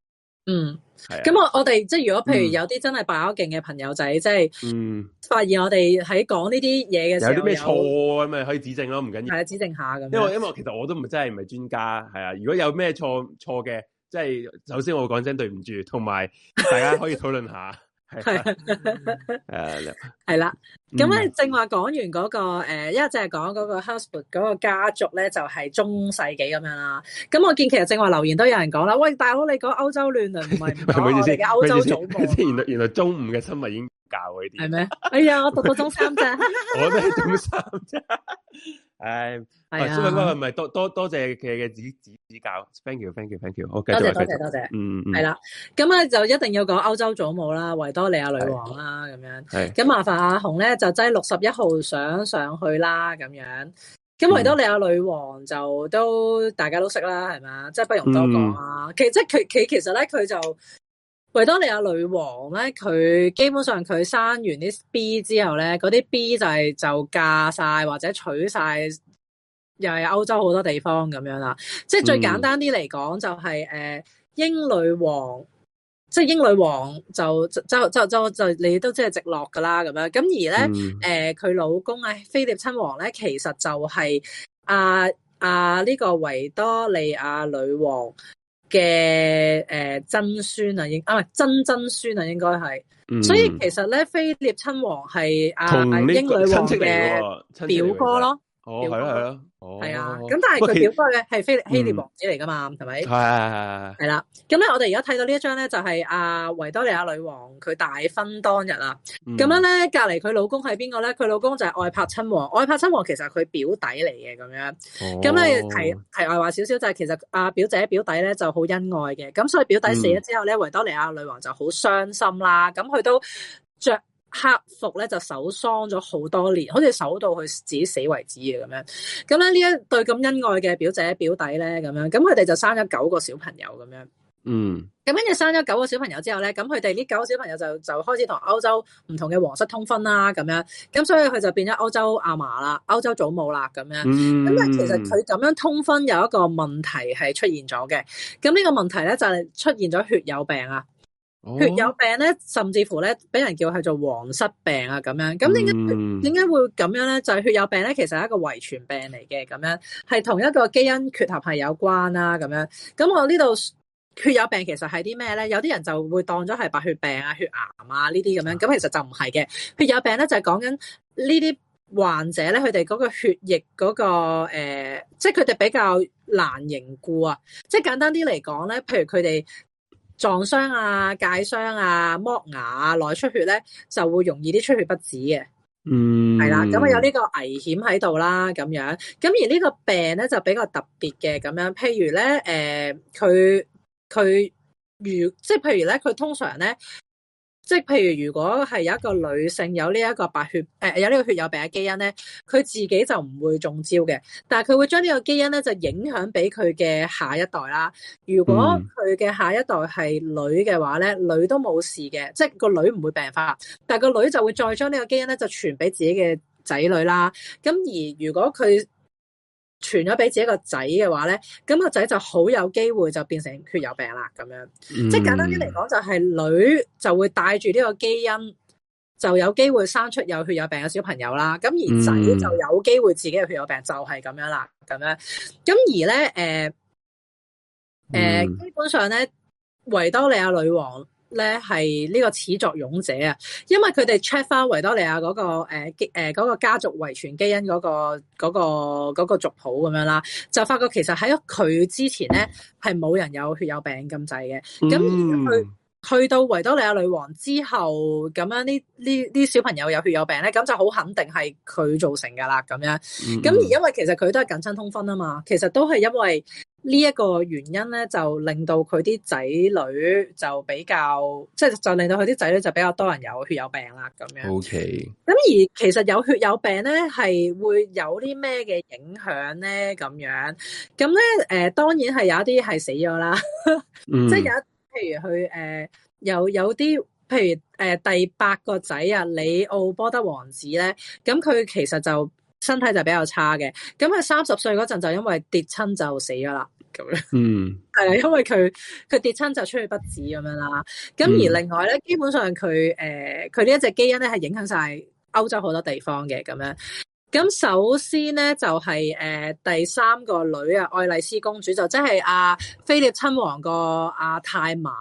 嗯，係咁、啊、我我哋即係如果譬如有啲真係爆勁嘅朋友仔，即係嗯，發現我哋喺講呢啲嘢嘅時候有啲咩錯咪可以指正咯，唔緊要，係啊，指正下咁。因為因為其實我都唔係真係唔係專家，係啊，如果有咩錯錯嘅，即係首先我講真對唔住，同埋大家可以討論下。 係 是吧，誒、 啊，係啦，咁咧正話講完嗰、那個誒，一、呃、為就係講嗰個 Household 嗰個家族咧，就係、是、中世紀咁樣啦。咁我見其實正話留言都有人講啦，喂，大佬你講歐洲亂倫唔係，唔好意思，歐洲祖母原來原來中午嘅生物已經教佢哋係咩？哎呀，我讀到中三啫， 我都係中三啫。誒、哎，係啊，小、哦、敏哥，唔係多多多謝佢嘅指指指教，thank you，thank you，thank you，好，多謝 thank you, thank you, thank you.、Oh, 多謝多謝，多謝，嗯，對，嗯，係啦，咁啊就一定要講歐洲祖母啦，維多利亞女王啦，咁樣，係，咁麻煩阿紅咧就擠六十一號上上去啦，咁樣，咁維多利亞女王就都大家都識啦，係、嗯、嘛，即係、就是、不容多講啊、嗯，其實即係佢佢其實咧佢就。維多利亞女王咧，佢基本上佢生完啲 B 之後咧，嗰啲 B 就係就嫁晒或者娶晒，又係歐洲好多地方咁樣啦。即係最簡單啲嚟講，就係、是、誒英女王，即、就、係、是、英女王就就就就就，就，就你都知係直落噶啦咁樣。咁而咧誒佢老公咧、哎，菲臘親王咧，其實就係阿阿呢個維多利亞女王。嘅誒曾孫啊，應啊唔係曾曾孫啊，該、嗯、係，所以其實咧，菲烈親王係阿、啊、英女王嘅表哥咯。哦，係咯，係、哦、啊，咁但係佢表哥咧係菲臘希臘王子嚟噶嘛，係、嗯、咪？係係係係啦，咁咧、啊啊啊、我哋而家睇到呢一張咧就係、是、阿、啊、維多利亞女王佢大婚當日啦，咁樣咧隔籬佢老公係邊個咧？佢老公就係愛柏親王，愛柏親王其實係佢表弟嚟嘅咁樣，咁咧係提外話少少就係其實阿、啊、表姐表弟咧就好恩愛嘅，咁所以表弟死咗之後咧、嗯、維多利亞女王就好傷心啦，咁佢都着。黑服咧就守喪咗好多年，好似守到佢自己死為止嘅咁樣。咁咧呢一對咁恩愛嘅表姐表弟咧咁樣，咁佢哋就生咗九個小朋友咁樣。嗯。咁跟住生咗九個小朋友之後咧，咁佢哋呢九個小朋友就就開始同歐洲唔同嘅皇室通婚啦，咁樣。咁所以佢就變咗歐洲阿嫲啦，歐洲祖母啦咁樣。咁、嗯、咧其實佢咁樣通婚有一個問題係出現咗嘅。咁呢個問題咧就係、是、出現咗血友病啊。血友病咧，甚至乎咧，俾人叫佢做皇室病啊，咁樣。咁點解，點解會咁樣咧？就係、是、血友病咧，其實係一個遺傳病嚟嘅，咁樣係同一個基因缺陷係有關啦、啊，咁樣。咁我呢度血友病其實係啲咩咧？有啲人就會當咗係白血病啊、血癌啊呢啲咁樣，咁其實就唔係嘅。血友病咧就係講緊呢啲患者咧，佢哋嗰個血液嗰、那個誒、呃，即係佢哋比較難凝固啊，即係簡單啲嚟講咧，譬如佢哋。撞傷啊、界傷啊、剝牙啊、內出血咧，就會容易啲出血不止嘅。嗯，係啦，咁啊有呢個危險喺度啦，咁樣。咁而呢個病咧就比較特別嘅，咁樣。譬如咧，誒、呃，佢佢如即係譬如咧，佢通常咧。即係譬如，如果係有一個女性有呢一個白血誒、呃、有呢個血友病嘅基因咧，佢自己就唔會中招嘅，但係佢會將呢個基因咧就影響俾佢嘅下一代啦。如果佢嘅下一代係女嘅話咧，女都冇事嘅，即係個女唔會病發，但係個女就會再將呢個基因咧就傳俾自己嘅仔女啦。咁而如果佢傳咗俾自己個仔嘅話咧，咁個仔就好有機會就變成血友病啦，咁樣、嗯。即簡單啲嚟講，就係女就會帶住呢個基因，就有機會生出有血友病嘅小朋友啦。咁而仔就有機會自己有血友病，嗯、就係、是、咁樣啦，咁樣。咁而咧，誒、呃呃嗯、基本上咧，維多利亞女王，咧係呢是這個始作俑者啊，因為佢哋 check 返維多利亞嗰，那個誒誒、欸欸那個，家族遺傳基因嗰，那個嗰，那個那個、族譜咁樣啦，就發覺其實喺佢之前咧係冇人有血友病咁滯嘅，咁、嗯、而佢去，去到維多利亞女王之後咁樣呢，呢啲小朋友有血友病咧，咁就好肯定係佢造成㗎喇咁樣，咁、嗯嗯、而因為其實佢都係近親通婚啊嘛，其實都係因為。呢、這、一個原因咧，就令到佢啲仔女就比較，即、就、係、是、就令到佢啲仔女就比較多人有血友病啦，咁樣。OK。咁而其實有血友病咧，係會有啲咩嘅影響咧？咁樣咁咧，誒、呃、當然係有一啲係死咗啦， mm. 即係有一譬如佢誒、呃、有有啲譬如誒、呃、第八個仔啊，李奧波德王子咧，咁、嗯、佢其實就。身體就比較差嘅，咁佢三十歲嗰陣就因為跌親就死咗啦，咁樣，嗯，係 啊，因為佢佢跌親就出血不止咁樣啦，咁而另外咧、嗯，基本上佢誒佢呢一隻基因咧係影響晒歐洲好多地方嘅咁樣，咁首先咧就係、是、誒、呃、第三個女啊，愛麗絲公主就即係阿菲列親王個阿太嫲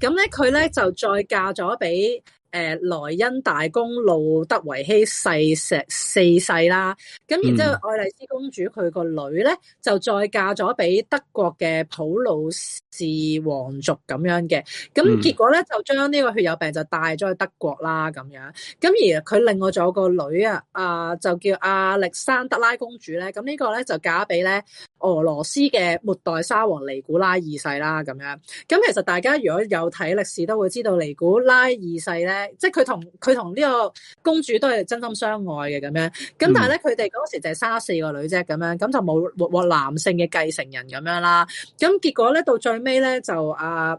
咁咧佢咧就再嫁咗俾。誒、呃、萊茵大公路德維希四世，世，世，世啦，咁然之後愛麗絲公主佢個女咧就再嫁咗俾德國嘅普魯士王族咁樣嘅，咁結果咧就將呢個血友病就帶咗去德國啦咁樣，咁而佢另外仲有個女啊，啊就叫阿歷山德拉公主咧，咁、這個、呢個咧就嫁俾咧俄羅斯嘅末代沙皇尼古拉二世啦咁樣，咁其實大家如果有睇歷史都會知道尼古拉二世咧。即係佢同佢同呢個公主都係真心相愛嘅，咁樣，咁但係咧佢哋嗰時就係生咗四個女啫咁樣，咁就冇冇男性嘅繼承人咁樣啦。咁結果咧到最尾咧就啊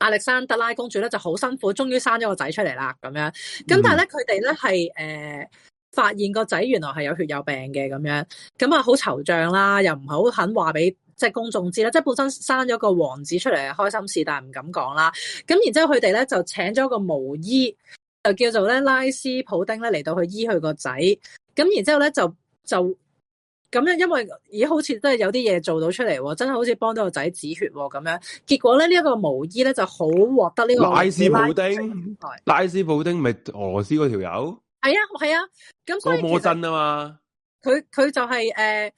亞歷山德拉公主咧就好辛苦，終於生咗個仔出嚟啦。咁樣，咁但係咧佢哋咧係誒發現個仔原來係有血友病嘅咁樣，咁啊好惆悵啦，又唔好肯話俾。即係公眾知啦，即係本身生咗個王子出嚟，係開心事，但係唔敢講啦。咁然之後佢哋咧就請咗個巫醫，就叫做咧拉斯普丁咧嚟到去醫佢個仔。咁然之後咧就就咁樣，因為咦好似都係有啲嘢做到出嚟，真係好似幫到個仔止血咁樣。結果咧呢一、這個巫醫咧就好獲得呢個拉斯普丁，拉斯普丁咪俄羅斯嗰條友係啊，係啊，咁所、那個、魔神啊嘛，佢佢就係、是、誒。呃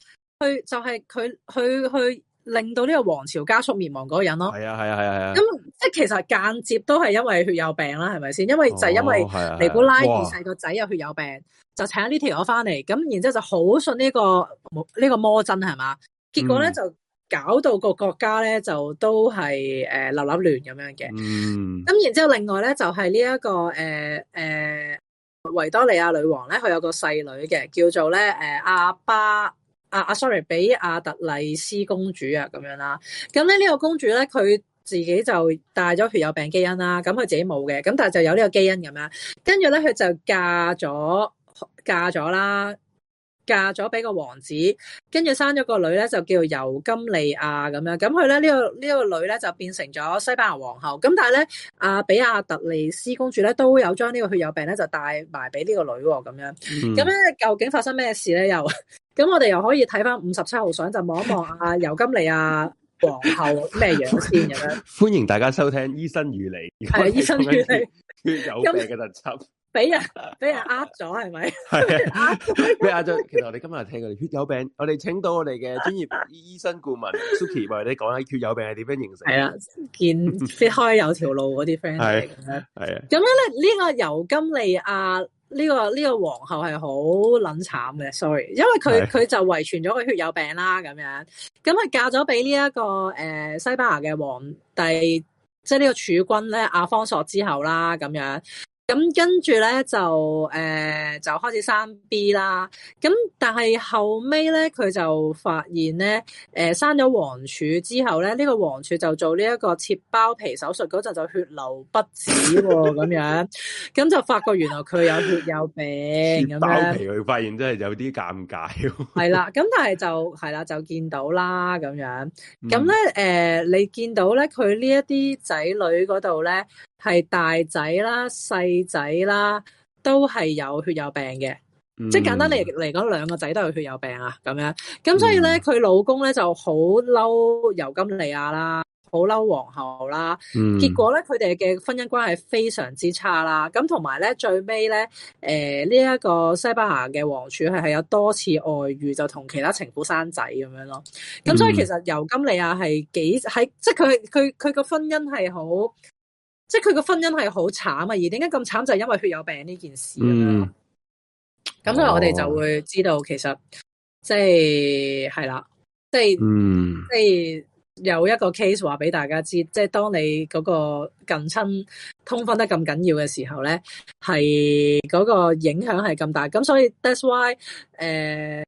佢就係佢佢佢，令到呢個王朝加速滅亡嗰個人咯，係啊係啊係啊係啊。咁即係其實間接都係因為血友病啦，係咪先？因、哦、為就係、是、因為尼古拉二世個仔有血友病，啊啊，就請呢條友翻嚟，咁然之後就好信呢、這個呢、這個魔真係嘛？結果咧、嗯、就搞到個國家咧就都係誒立立亂咁樣嘅。咁、嗯、然之後另外咧就係呢一個誒誒、呃呃、維多利亞女王咧，佢有個細女嘅叫做咧誒、呃、阿巴。啊啊，sorry，比亞特麗斯公主啊咁樣啦，咁咧呢、呢個公主咧佢自己就帶咗血友病基因啦，咁佢自己冇嘅，咁但係就有呢個基因咁樣，跟住咧佢就嫁咗嫁咗啦。嫁咗俾個王子，跟住生咗個女咧就叫尤金利亞咁樣，咁佢咧呢、這個呢、這個女咧就變成咗西班牙皇后，咁但係咧阿比亞特尼斯公主咧都有將呢個血友病咧就帶埋俾呢個女咁樣，咁、嗯、咧究竟發生咩事咧又？咁我哋又可以睇翻五十七號相，就望一望阿尤金利亞皇后咩樣先咁樣。 歡迎大家收聽《醫生與你》，係醫生與你血友病嘅特輯。嗯俾人俾 人呃咗係咪？係啊，俾呃咗。其實我哋今日聽佢哋血友病，我哋請到我哋嘅專業醫生顧問 Suki， 為你講下血友病係點樣形成？係啦、啊，見撇開有條路嗰啲 friend 係係啊。咁、啊、樣咧，呢、這個尤金利亞呢、這個呢、這個皇后係好撚慘嘅，sorry，因為佢佢、啊、就遺傳咗個血友病啦，咁樣。咁佢嫁咗俾呢一個誒、呃、西班牙嘅皇帝，即、就、係、是、呢個儲君咧阿方索之後啦，咁樣。咁跟住咧就誒、呃、就開始生 B 啦，咁但係後尾咧佢就發現咧誒、呃、生咗黃柱之後咧，呢、呢個黃柱就做呢一個切包皮手術嗰陣就血流不止喎，咁 樣咁就發覺原來佢有血友病，切包皮佢發現真係有啲尷尬，啊。係啦，咁 但係就係啦，就見到啦咁樣。咁咧誒，你見到咧佢呢一啲仔女嗰度咧？係大仔啦、細仔啦，都係有血友病嘅、嗯，即簡單嚟嚟講，兩個仔都係血友病啊，咁樣。咁所以咧，佢、嗯、老公咧就好嬲尤金利亞啦，好嬲皇后啦。嗯、結果咧，佢哋嘅婚姻關係非常之差啦。咁同埋咧，最尾咧，呢、呃、一、個西班牙嘅王儲係有多次外遇，就同其他情婦生仔咁樣咯。咁所以其實尤金利亞係幾喺，即佢佢佢個婚姻係好。即係佢個婚姻係好慘啊！而點解咁慘就係、是、因為血友病呢件事啊！咁所以我哋就會知道其實即係係啦，即係、嗯、即係有一個 case 話俾大家知，即係當你嗰個近親通婚得咁緊要嘅時候咧，係嗰個影響係咁大，咁所以 that's why 誒、呃。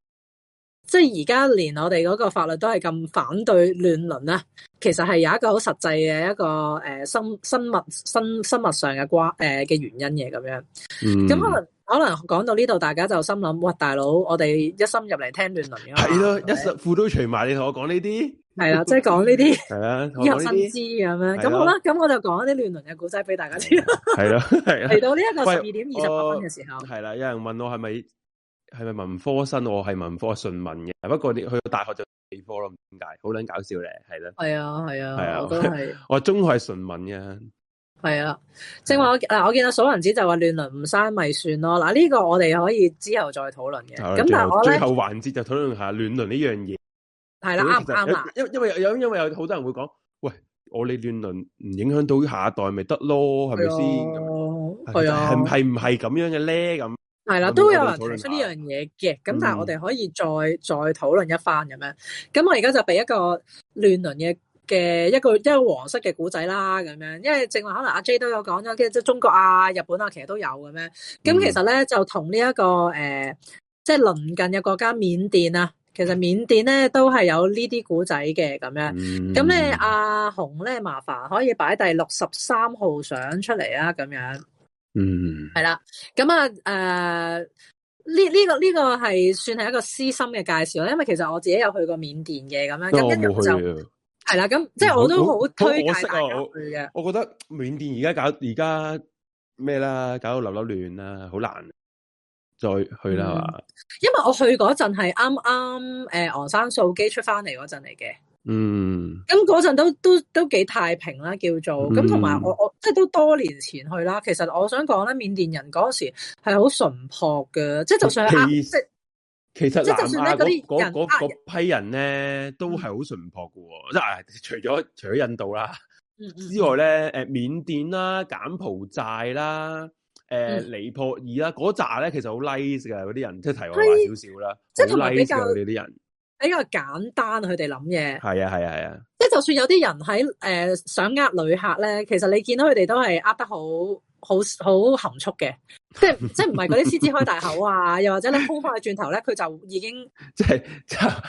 即係而家連我哋嗰個法律都係咁反對亂倫呀，其實係有一個好實際嘅一個誒生生物生生物上嘅關誒嘅原因嘅咁樣。咁可能可能講到呢度，大家就心諗，哇大佬，我哋一心入嚟聽亂倫嘅。係咯，一實褲都除埋，你同我講呢啲。係啦，即係講呢啲，係啦，以身資咁樣。咁好啦，咁我就講一啲亂倫嘅古仔俾大家知。係啦，係啦。嚟到呢一個十二點二十八分嘅時候。係啦，有人問我係咪？係咪文科生？我係文科純文嘅，不過你去到大學就理科咯，點解好捻搞笑咧？係咯，係啊，係啊，我都係。 我中學係純文嘅，係啊。正話嗱，我見到數銀子就話亂倫唔生咪算咯。嗱、這、呢個我哋可以之後再討論嘅。咁但係我最後環節就討論下亂倫呢樣嘢，係啦，啱唔啱啊？因為因，為因為有因為有好多人會講，喂，我哋亂倫唔影響到下一代咪得咯，係咪先？係啊，係唔係唔係咁樣嘅咧？咁。係啦，都有人提出呢樣嘢嘅，咁但係我哋可以再、嗯、再討論一番咁樣。咁我而家就俾一個亂倫嘅嘅一個一個，一個黃色嘅古仔啦，咁樣。因為正話可能阿 J 都有講咗，即係中國啊、日本啊，其實都有咁樣。咁、嗯、其實咧就同呢一個誒，即係鄰近嘅國家緬甸啊，其實緬甸咧都係有呢啲古仔嘅咁樣。咁咧阿紅咧麻煩可以擺第六十三號相出嚟啊，咁樣。嗯，係啦，咁啊，誒、呃，呢、這、呢個呢、這個係算係一個私心嘅介紹，因為其實我自己有去過緬甸嘅，咁樣，就係啦，咁即係我，我，我都好推介大家去嘅。我覺得緬甸而家搞而家咩啦，搞到流流亂啦，好難再去啦嘛、嗯。因為我去嗰陣係啱啱誒昂山素機出翻嚟嗰陣嚟嘅。嗯，咁嗰陣都都都幾太平啦，叫做咁，同、嗯、埋我我即係都多年前去啦。其實我想講咧，緬甸人嗰時係好淳樸嘅，即係就算係，其實就算咧嗰嗰人，嗰批人咧，都係好淳樸嘅，即、嗯、係除咗除咗印度啦之外咧，誒、嗯、緬甸啦、柬埔寨啦、誒、呃嗯、尼泊爾啦，嗰紮咧其實好 nice 嘅嗰啲人，即係題外話少少啦，即係同埋比較呢啲人。.比較簡單的，佢哋諗嘢。係啊，係啊，係啊。即係就算有啲人喺誒、呃、想呃旅客咧，其實你見到佢哋都係呃得好好好含蓄嘅， 即係即係唔係嗰啲獅子開大口啊，又或者你空翻去轉頭咧，佢 就已經即係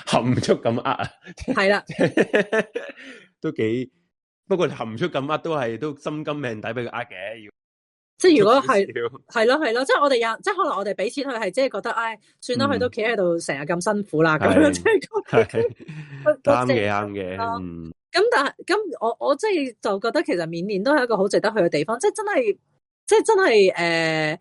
含蓄咁呃啊。係啦、啊， 都幾不過含蓄咁呃都係都心甘命抵俾佢呃嘅要。即係如果係係咯係咯，即係我哋有，即係可能我哋俾錢佢係，即係覺得，唉，算啦，佢都企喺度成日咁辛苦啦，咁樣即係覺得。啱嘅，啱嘅。嗯。咁、嗯那個 嗯、但係，咁我我即係就覺得，其實緬甸都係一個好值得去嘅地方。即係真係，即係真係，誒、呃、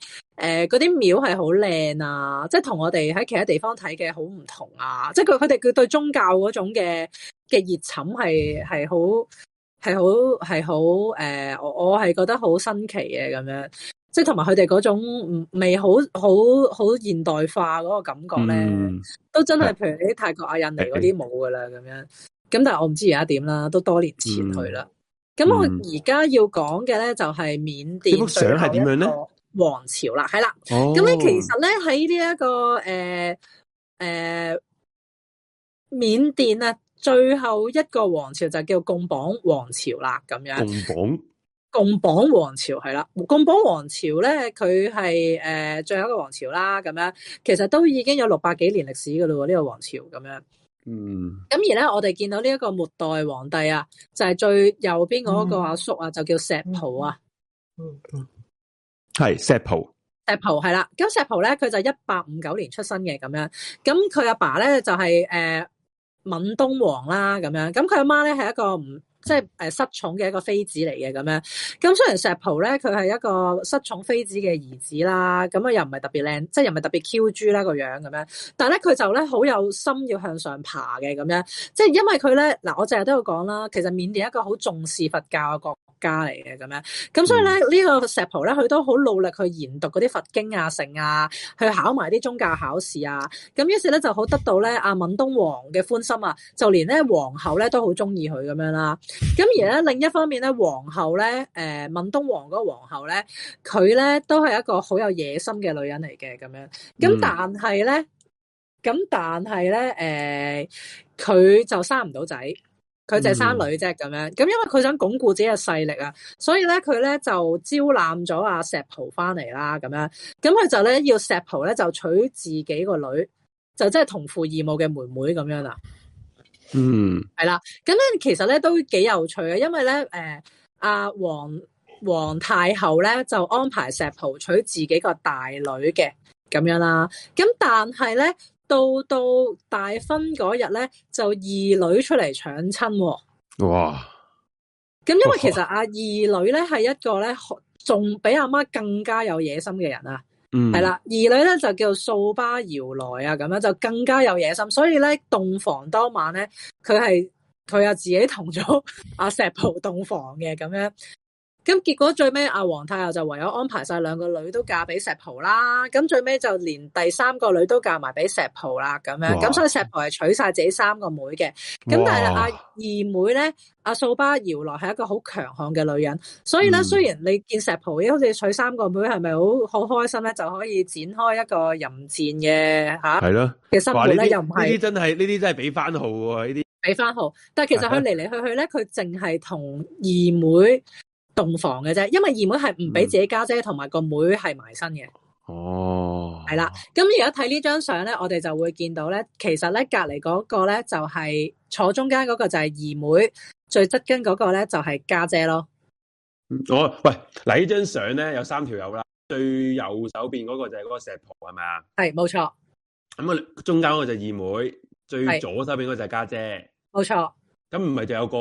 誒，嗰啲廟係好靚啊！即係同我哋喺其他地方睇嘅好唔同啊！即係佢佢哋佢對宗教嗰種嘅嘅熱忱係係好。係好係好誒，我我係覺得好新奇嘅咁樣，即係同埋佢哋嗰種未好好好現代化嗰個感覺咧、嗯，都真係譬如你泰國、阿印尼嗰啲冇噶啦咁樣。咁但係我唔知而家點啦，都多年前去啦。咁、嗯、我而家要講嘅咧就係緬甸張。張相係點樣咧？王朝啦，係啦。咁咧、哦、其實咧喺呢一、呢個誒誒、呃呃、緬甸啊。最後一個王朝就叫貢榜王朝啦，咁樣。貢榜貢榜王朝係啦，貢榜王朝咧，佢係誒最後一個王朝啦，咁樣。其實都已經有六百幾年歷史噶啦，呢個王朝咁樣。嗯。咁而咧，我哋見到呢一個末代皇帝啊，就係最右邊嗰個阿叔啊，就叫石浦啊。係石浦。石浦係啦，咁石浦咧，佢就一八五九年出生嘅咁樣。咁佢阿爸咧就係誒，呃敏東王啦咁樣，咁佢阿媽咧係一個唔即係誒失寵嘅一個妃子嚟嘅咁樣，咁雖然石浦咧佢係一個失寵妃子嘅兒子啦，咁啊又唔係特別靚，即係又唔係特別 Q 豬啦個樣咁樣，但係咧佢就咧好有心要向上爬嘅咁樣，即係因為佢咧嗱，我成日都有講啦，其實緬甸一個好重視佛教嘅國家家嚟嘅咁樣，咁所以咧呢、這個石婆咧，佢都好努力去研讀嗰啲佛經啊、聖啊，去考埋啲宗教考試啊，咁於是咧就好得到咧阿敏東王嘅歡心啊，就連咧皇后咧都好中意佢咁樣啦。咁而咧另一方面咧，皇后咧，誒、呃，敏東王嗰個皇后咧，佢咧都係一個好有野心嘅女人嚟嘅咁樣。咁但係咧，咁、嗯、但係咧，誒，佢、呃、就生唔到仔。佢就係生女啫，咁樣咁，因為佢想鞏固自己嘅勢力啊，所以咧，佢咧就招攬咗阿石浦翻嚟啦，咁樣，咁佢就咧要石浦咧就娶自己個女，就即係同父異母嘅妹妹咁樣啦。嗯，係啦，咁咧其實咧都幾有趣啊，因為咧，誒、啊，阿皇皇太后咧就安排石浦娶自己個大女嘅，咁樣啦，咁但係咧。到到大婚嗰日咧，就二女出嚟搶親。哇！咁因為其實阿二女咧係一個咧，仲比阿媽更加有野心嘅人啊。嗯，係啦，二女咧就叫做掃巴搖來啊，咁樣就更加有野心。所以咧，洞房當晚咧，佢係佢又自己同咗阿石浦洞房嘅咁樣。咁結果最尾阿黃太后就唯有安排晒兩個女都嫁俾石浦啦。咁最尾，就連第三個女都嫁埋俾石浦啦。咁樣，咁所以石浦係娶晒自己三個妹嘅。咁但係阿二妹咧，阿素巴遙來係一個好強悍嘅女人。所以咧，雖然你見石浦好似娶三個妹係咪好好開心咧？就可以展開一個淫賤嘅嚇。係咯。嘅生又唔係呢啲真係呢啲真係俾番號喎呢啲。俾番號，但係其實佢嚟嚟去去咧，佢淨係同二妹。洞房嘅啫，因為二妹係唔俾自己家姐同埋個妹係埋身嘅。哦，係啦，咁而家睇呢張相咧，我哋就會見到咧，其實咧隔籬嗰個咧就係、是、坐中間嗰個就係二妹，最側跟嗰個咧就係家姐，姐咯。哦，喂，嗱呢張相咧有三條友啦，最右手邊嗰個就係嗰個石婆係咪啊？係，冇錯。咁啊，中間嗰個就係二妹，最左手邊嗰個就係家姐，姐。冇錯。咁唔係就有個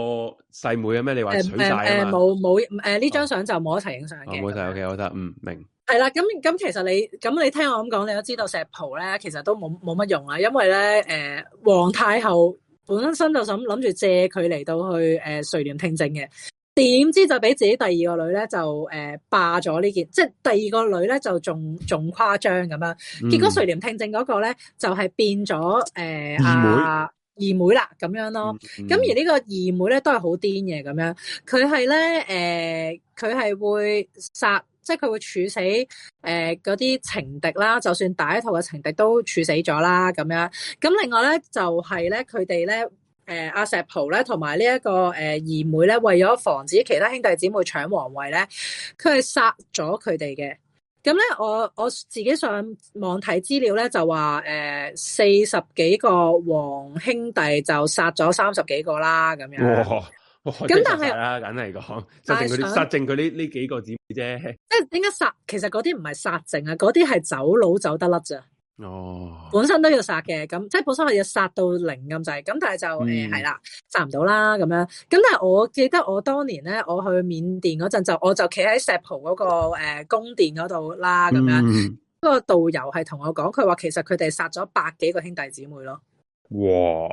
細妹嘅咩？你話娶晒啊嘛？冇冇誒呢張相就冇一齊影相嘅。冇一齊 OK，我得嗯明。係啦，咁咁其實你咁你聽我咁講，你都知道石浦咧其實都冇冇乜用啦。因為咧誒，皇太後本身就諗諗住借佢嚟到去誒垂簾聽政嘅，點知就俾自己第二個女咧就誒霸咗呢件，即係第二個女咧就仲仲誇張咁樣。結果垂簾聽政嗰個咧就係變咗誒二妹。二妹啦，咁樣咯，咁、嗯嗯、而呢個二妹咧都係好癲嘅，咁樣佢係咧，誒，佢、呃、係會殺，即係佢會處死誒嗰啲情敵啦，就算打一套嘅情敵都處死咗啦，咁樣，咁另外咧就係、是、咧，佢哋咧，誒、呃、阿石浦咧，同埋呢一個誒、呃、二妹咧，為咗防止其他兄弟姊妹搶皇位咧，佢係殺咗佢哋嘅。咁咧，我我自己上網睇資料咧，就話誒四十幾個皇兄弟就殺咗三十幾個啦，咁樣哇！咁但係啦，簡單嚟講殺剩佢，殺剩佢呢呢幾個妹啫。即係點解殺？其實嗰啲唔係殺剩啊，嗰啲係走佬走得甩啫。哦，本身都要殺嘅，咁即係本身係要殺到零咁滯，咁但係就誒係啦，殺唔到啦咁樣，咁但係我記得我當年咧，我去緬甸嗰陣就我就企喺石浦嗰、嗰個誒宮、呃、殿嗰度啦，咁樣，嗰、嗯嗰個導遊係同我講，佢話其實佢哋殺咗百幾個兄弟姊妹咯。哇！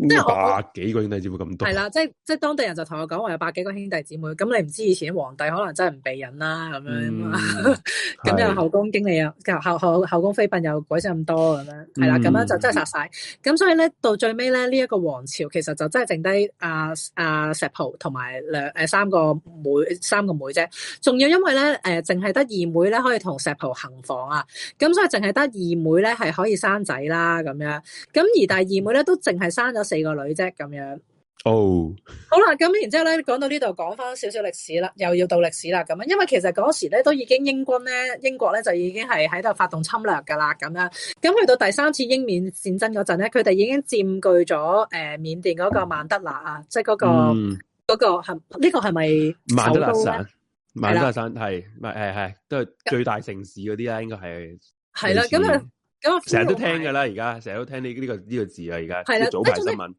即百幾個兄弟姊妹咁多係啦，即係即係當地人就同我講話有百幾個兄弟姊妹，咁你唔知以前皇帝可能真係唔避孕啦咁樣，咁又後宮經理啊，後後後宮妃嬪又鬼死咁多咁樣，係啦，咁樣就真係殺晒，咁、嗯、所以咧到最尾咧呢一、這個皇朝其實就真係剩低阿阿石浦同埋兩誒三個妹三個妹啫，仲要因為咧誒淨係得二妹咧可以同石浦行房啊，咁所以淨係得二妹咧係可以生仔啦咁樣，咁而大二妹咧都淨係生咗。四個女啫咁樣哦，oh. 好啦，咁然之後咧，講到呢度，講翻少少歷史啦，又要到歷史啦咁樣，因為其實嗰時咧都已經英軍咧，英國咧就已經係喺度發動侵略噶啦咁樣，咁去到第三次英緬戰爭嗰陣咧，佢哋已經佔據咗誒緬甸嗰個曼德勒啊，即係嗰、那個嗰、嗯那個係、這個、呢個係咪曼德勒省？曼德勒省係，咪係係都係最大城市嗰啲啊，應該係係啦，咁啊。咁成日都聽噶啦，而家成日都聽呢、這、呢個呢、這個字啊，而家係啦，這個、早係新聞之，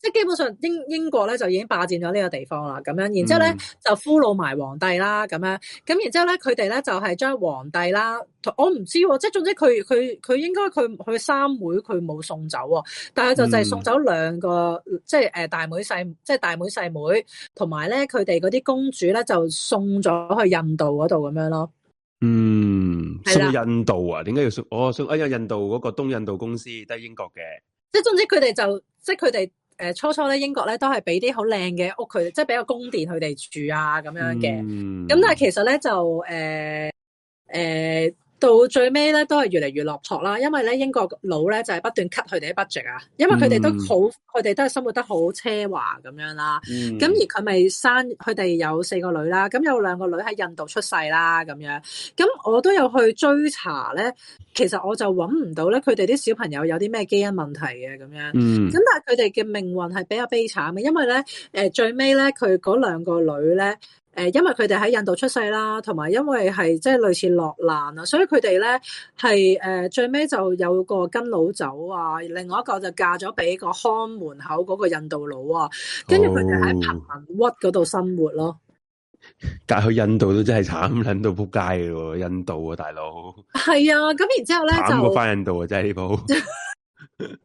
即係基本上英英國咧就已經霸佔咗呢個地方啦，咁樣，然之後咧、嗯、就俘虜埋皇帝啦，咁樣，咁然之後咧佢哋咧就係、是、將皇帝啦，我唔知、喔，即係總之佢佢佢應該佢佢三妹佢冇送走、喔，但係就就係送走兩個，嗯、即係誒大妹細即係大妹細妹，妹，同埋咧佢哋嗰啲公主咧就送咗去印度嗰度咁樣咯。嗯，送印度啊？點解要送我送、哦、哎呀，印度嗰個東印度公司，都係英國嘅。即係總之，佢哋就即係佢哋誒，初初咧，英國咧都係俾啲好靚嘅屋佢，即係俾個宮殿佢哋住啊，咁樣嘅。咁、嗯、但係其實咧就誒誒。呃呃到最尾咧，都係越嚟越落拓啦，因為咧英國佬咧就係、是、不斷 cut 佢哋啲 budget 啊，因為佢哋都好，佢、嗯、哋都係生活得好奢華咁樣啦。咁、嗯、而佢咪生佢哋有四個女啦，咁有兩個女喺印度出世啦咁樣。咁我都有去追查咧，其實我就揾唔到咧，佢哋啲小朋友有啲咩基因問題嘅咁樣。咁、嗯、但係佢哋嘅命運係比較悲慘嘅，因為咧、呃、最尾咧佢嗰兩個女咧。誒，因為佢哋喺印度出世啦，同埋因為係即係類似落難啊，所以佢哋咧係誒最尾就有個跟佬走啊，另外一個就嫁咗俾個看門口嗰個印度佬啊，跟住佢哋喺貧民窟嗰度生活咯。嫁、哦、去印度都真係慘撚到撲街嘅，印度啊大佬。係啊，咁然之後咧就翻印度啊，真係 呢鋪。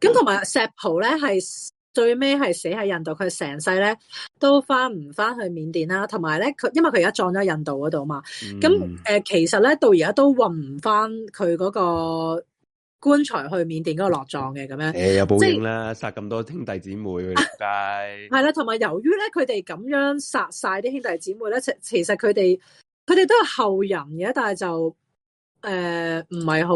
咁同埋《石浦》咧係。最尾係死喺印度，佢成世咧都翻唔翻去緬甸啦。同埋咧，佢因為佢而家撞咗印度嗰度嘛，咁、嗯、誒、呃，其實咧到而家都運唔翻佢嗰個棺材去緬甸嗰度落葬嘅咁樣誒，有、呃、報應啦，殺咁多兄弟姊妹、啊、 妹，梗係係啦。同埋由於咧，佢哋咁樣殺晒啲兄弟姊妹咧，其其實佢哋佢哋都係後人嘅，但係就誒唔係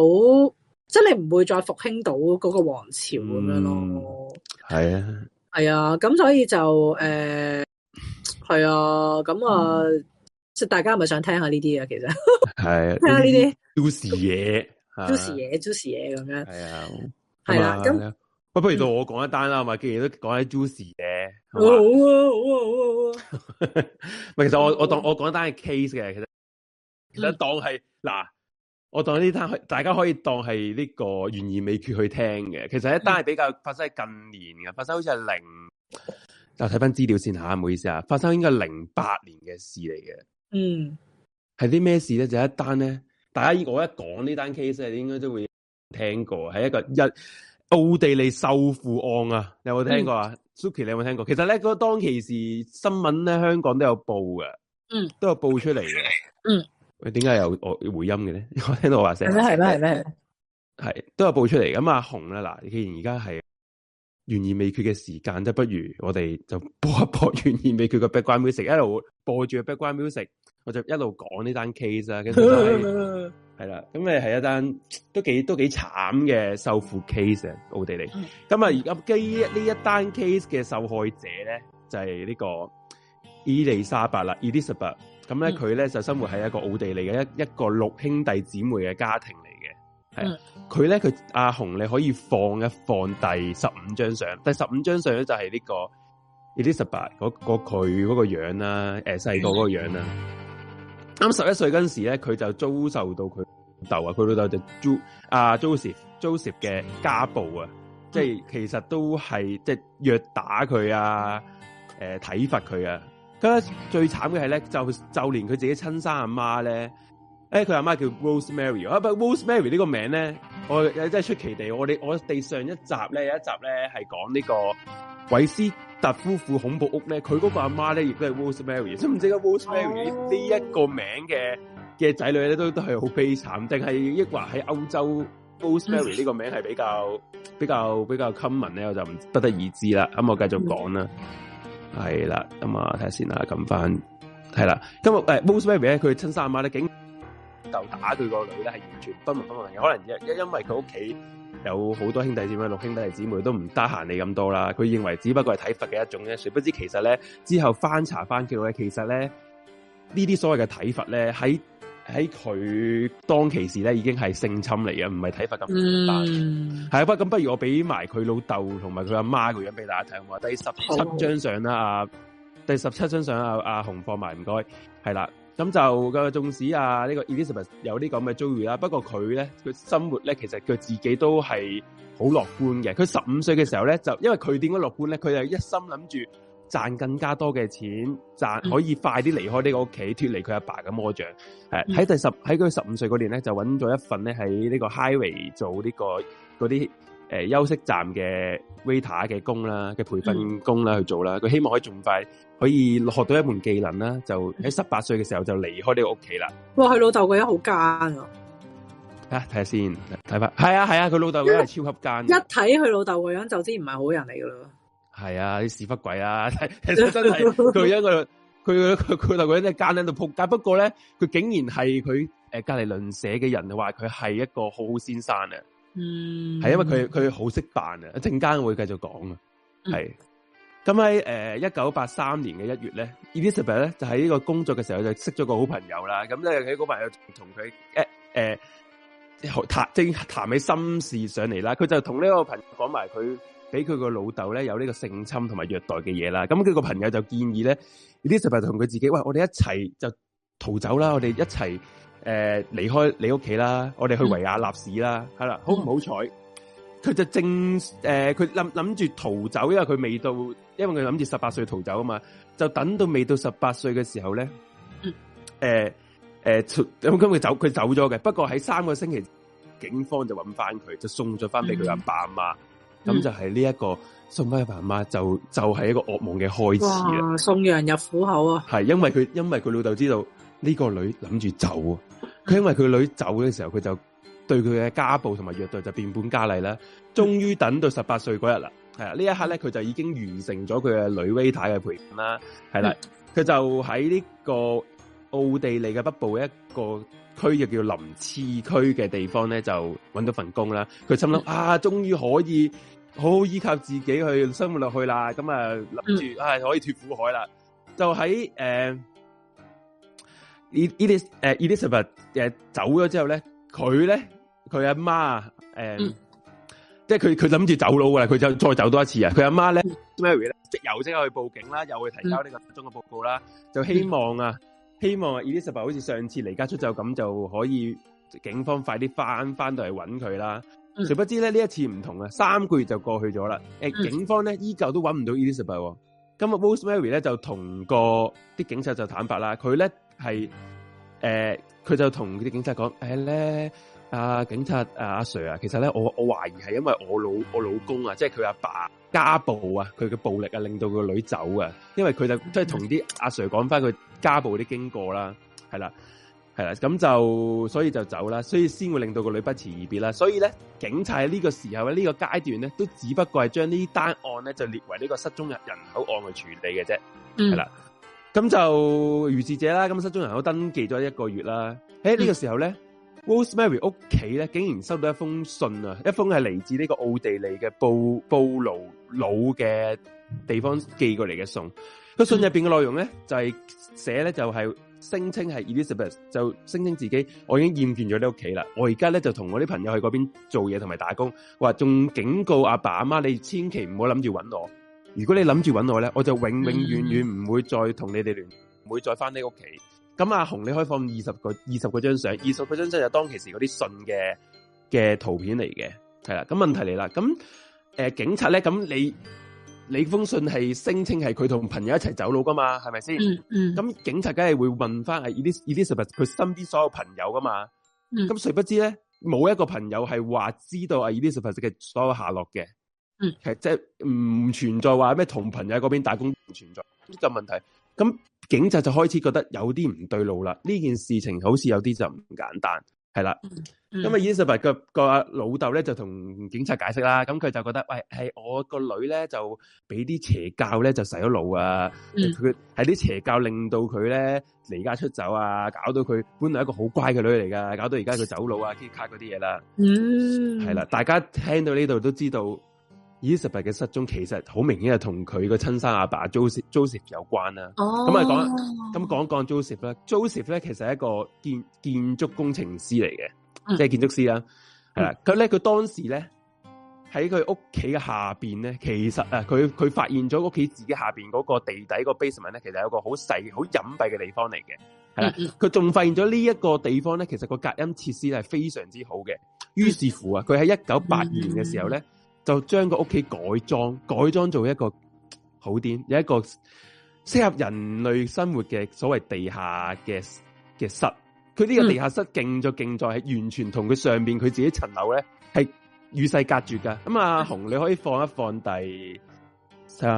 好即係，你唔會再復興到嗰個王朝咁樣咯。嗯係啊，係啊，咁所以就誒，係、呃、啊，咁啊，即、嗯、係大家係咪想聽下呢啲啊？其實係啊，呢啲 Juicy 嘢 Juicy 嘢 Juicy 嘢咁樣，係啊，係啦、啊，咁不、啊嗯啊嗯、不如到我講一單啦，係、嗯、咪？既然都講喺 Juicy 嘢，好啊，好啊，好啊，唔係、啊， 其實我我當我講一單係 case 嘅，其實其實當係嗱。我當呢單，大家可以當係呢個懸而未決去聽嘅。其實一單係比較發生喺近年嘅，發生好似係零。我睇翻資料先吓，唔好意思啊，發生應該零八年嘅事嚟嘅。嗯，係啲咩事咧？就是、一單咧，大家我一講呢單 case，你應該都會聽過，係一個一奧地利獸父案啊，你有冇聽過啊？Suki，、嗯、你有冇聽過？其實咧，那個當其時新聞咧，香港都有報嘅，嗯，都有報出嚟嘅，嗯。喂，點解有我回音嘅咧？我聽到我話聲係咩？係啦，係咩？係都有播出嚟咁、嗯、阿紅了啦，嗱，既然而家係懸而未決嘅時間，就不如我哋就播一播懸而未決嘅 background music，一路播住個 background music，我就一路講呢單 case 啦。跟住係啦，咁你係一單都幾都幾慘嘅受苦 case，奧地利。咁啊，而家基於呢一單 case 嘅受害者咧，就係、是、呢個伊利莎白啦，伊麗莎白。咁、嗯、咧，佢咧就生活喺一個奧地利嘅一一個六兄弟姊妹嘅家庭嚟嘅，係佢咧，佢、嗯、阿紅你可以放一放第十五張相，第十五張相咧就係呢個 Elizabeth 嗰個佢嗰個樣啦、啊，誒細個嗰個樣啦、啊。啱十一歲嗰陣時咧，佢就遭受到佢老豆啊，佢老豆就 Jo 阿 Joseph 嘅家暴啊，嗯、即係其實都係即係虐打佢啊，誒體罰佢啊。最慘嘅係咧，就就連佢自己親生阿媽咧，誒，佢阿媽叫 Rosemary，啊，不 Rosemary 呢個名咧，我真係出奇地，我哋我哋上一集咧有一集咧係講呢個韋斯特夫婦恐怖屋咧，佢嗰個阿媽咧亦都係 Rosemary，知唔知啊？Rosemary 呢一個名嘅嘅仔女咧都都係好悲慘，定係抑或喺歐洲 Rosemary 呢個名係比較比較比較 common 咧，我就不得而知啦。咁我繼續講啦。係啦，咁啊睇下先啦，咁翻係啦。今日誒，Moses baby 咧，佢、嗯、親生阿媽咧，竟就打佢個女咧，係完全不聞不問嘅。可能因因因為佢屋企有好多兄弟姊妹，六兄弟姊妹都唔得閒理咁多啦。佢認為只不過係體罰嘅一種咧，殊不知其實咧之後翻查翻叫咧，其實咧呢啲所謂嘅體罰咧喺喺佢當其時咧，已經係性侵嚟嘅，唔係睇法咁大。係啊，不咁、嗯、不如我俾埋佢老豆同埋佢阿媽個樣俾大家睇，我話第十七張相啦，啊，第十七張相啊，阿、啊、紅放埋，唔該，係啦。咁就個縱使啊呢、這個 Elizabeth 有啲咁嘅遭遇啦，不過佢咧佢生活咧，其實佢自己都係好樂觀嘅。佢十五歲嘅時候咧，就因為佢點解樂觀咧？佢就一心諗住。賺更加多嘅錢，賺可以快啲離開呢個屋企，脫離佢阿爸嘅魔掌。誒、嗯、喺、uh, 第十喺佢十五歲嗰年咧，就揾咗一份咧喺呢個 highway 做呢個嗰啲誒休息站嘅 waiter 嘅工啦，嘅培訓工啦、嗯、去做啦。佢希望可以盡快可以學到一門技能啦，就喺十八歲嘅時候就離開呢個屋企啦。哇，佢老豆個樣好奸啊！啊，睇下先，睇下，係啊，係啊，佢老豆個樣係超級奸。一睇佢老豆個樣就知唔係好人嚟噶啦。係啊，啲屎忽鬼啊！其實真係佢一個佢佢佢頭嗰一間喺度撲街。 撲不過咧，佢竟然係佢誒，隔籬鄰舍嘅人話佢係一個好好先生啊！嗯，係因為佢佢好識扮啊！陣間會繼續講啊，係咁喺誒一九八三年嘅一月咧，Elizabeth 咧就喺呢個工作嘅時候就識咗個好朋友啦。咁、嗯、咧，佢、那、嗰、個、朋友同佢誒誒談正談起心事上嚟啦，佢就同呢個朋友講埋佢。俾佢個老豆咧有呢個性侵同埋虐待嘅嘢啦，咁佢個朋友就建議咧，呢十日同佢自己，喂，我哋一齊就逃走啦，我哋一齊誒離開你屋企啦，我哋去維也納市啦，係、嗯、啦，好唔好彩？佢就正誒，佢諗諗住逃走，因為佢未到，因為佢諗住十八歲逃走啊嘛，就等到未到十八歲嘅時候咧，誒、呃、誒，咁、呃、佢走，佢走咗嘅，不過喺三個星期，警方就揾翻佢，就送咗翻俾佢阿爸阿媽。嗯咁、嗯、就係呢、就是、一個送返去爸媽，媽就就係一個噩夢嘅開始啦。送羊入虎口啊！係因為佢因為佢老豆知道呢個女諗住走啊，佢因為佢女走嘅時候，佢就對佢嘅家暴同埋虐待就變本加厲啦。終於等到十八歲嗰日啦，係啊，呢一刻咧，佢就已經完成咗佢嘅女威太嘅培訓啦。係啦，佢、嗯、就喺呢個奧地利嘅北部一個區域，叫林茨區嘅地方咧，就搵到份工啦。佢心諗、嗯、啊，終於可以。好，好依靠自己去生活落去啦，咁、嗯、啊諗住係可以脫苦海啦。就喺誒，伊 i 迪誒 Elisabeth 誒走咗之後咧，佢咧佢阿媽誒，即係佢佢諗住走佬噶啦，佢就再走多一次啊。佢阿媽咧 Mary 咧，即、嗯、又即去報警啦，又去提交呢個中嘅報告啦，嗯、就希望啊、嗯，希望 Elisabeth 好似上次離家出走咁，就可以警方快啲翻翻到嚟揾佢啦。誰不知咧呢一次唔同啊，三個月就過去咗啦。誒、嗯，警方咧依舊都揾唔到 Elizabeth，啊。今、嗯、日 Rosemary 咧就同個啲警察就坦白啦，佢咧係誒，佢、呃、就同啲警察講，誒、哎、咧、啊，警察阿阿、啊、Sir 啊，其實咧我我懷疑係因為我老我老公啊，即係佢阿爸家暴啊，佢嘅暴力啊，令到個女走啊，因為佢就即係同啲阿 Sir 講翻佢家暴啲經過啦，係啦。係啦，咁就所以就走啦，所以先會令到個女不辭而別啦。所以咧，警察喺呢個時候咧，這個、階呢個階段咧，都只不過係將呢單案咧就列為呢個失蹤人人口案去處理嘅啫。係、嗯、啦，咁就如是者啦，咁失蹤人口登記咗一個月啦。喺、欸、呢、這個時候咧、嗯、，Rosemary 屋企咧，竟然收到一封信啊，一封係嚟自呢個奧地利嘅布布勞魯嘅地方寄過嚟嘅信。個、嗯、信入邊嘅內容咧，就係寫咧，就係、是。聲稱係 Elizabeth 就聲稱自己，我已經厭倦咗呢屋企啦，我而家咧就同我啲朋友去嗰邊做嘢同埋打工，話仲警告阿爸阿媽，你千祈唔好諗住搵我，如果你諗住搵我咧，我就永永遠遠唔會再同你哋聯，唔、嗯、會再翻呢屋企。咁阿紅你可以放二十個二十個張相，二十個張相就當其時嗰啲信嘅嘅圖片嚟嘅，係啦。咁問題嚟啦，咁誒、呃、警察咧，咁你。你封信係聲稱係佢同朋友一齊走佬噶嘛？係咪先？咁、嗯嗯、警察梗係會問翻係 Elias Smith 佢身邊所有朋友噶嘛？咁、嗯、誰不知咧，冇一個朋友係話知道阿 Elias Smith 嘅所有下落嘅。其實即係唔存在話咩同朋友喺嗰邊打工，唔存在呢個問題。咁警察就開始覺得有啲唔對路啦。呢件事情好似有啲就唔簡單。係啦，咁啊 Ensemble 個個阿老豆咧就同警察解釋啦，咁佢就覺得，喂，係我個女咧就俾啲邪教咧就洗咗腦啊，佢係啲邪教令到佢咧離家出走啊，搞到佢本來一個好乖嘅女嚟噶，搞到而家佢走佬啊，激卡嗰啲嘢啦，係啦、嗯，大家聽到呢度都知道。Elizabeth 嘅失蹤其實好明顯係同佢個親生阿爸，爸 Joseph, Joseph 有關啦、啊。哦、oh.，咁啊講，咁講講 Joseph 啦，Joseph 咧其實係一個建建築工程師嚟嘅，即、mm. 係建築師啦，係、mm. 啦。佢咧佢當時咧喺佢屋企嘅下邊咧，其實啊佢佢發現咗屋企自己下邊嗰個地底個 basement 咧，其實有個好細好隱蔽嘅地方嚟嘅。係，佢、mm. 仲發現咗呢一個地方咧，其實個隔音設施咧係非常之好嘅。於是乎啊，佢喺一九八二年嘅時候咧。Mm. 就將個屋企改裝，改裝做一個好啲，有一個適合人類生活嘅所謂地下嘅嘅室。佢呢個地下室勁咗勁在係完全同佢上邊佢自己層樓咧係與世隔絕噶。咁阿、啊、紅，你可以放一放第。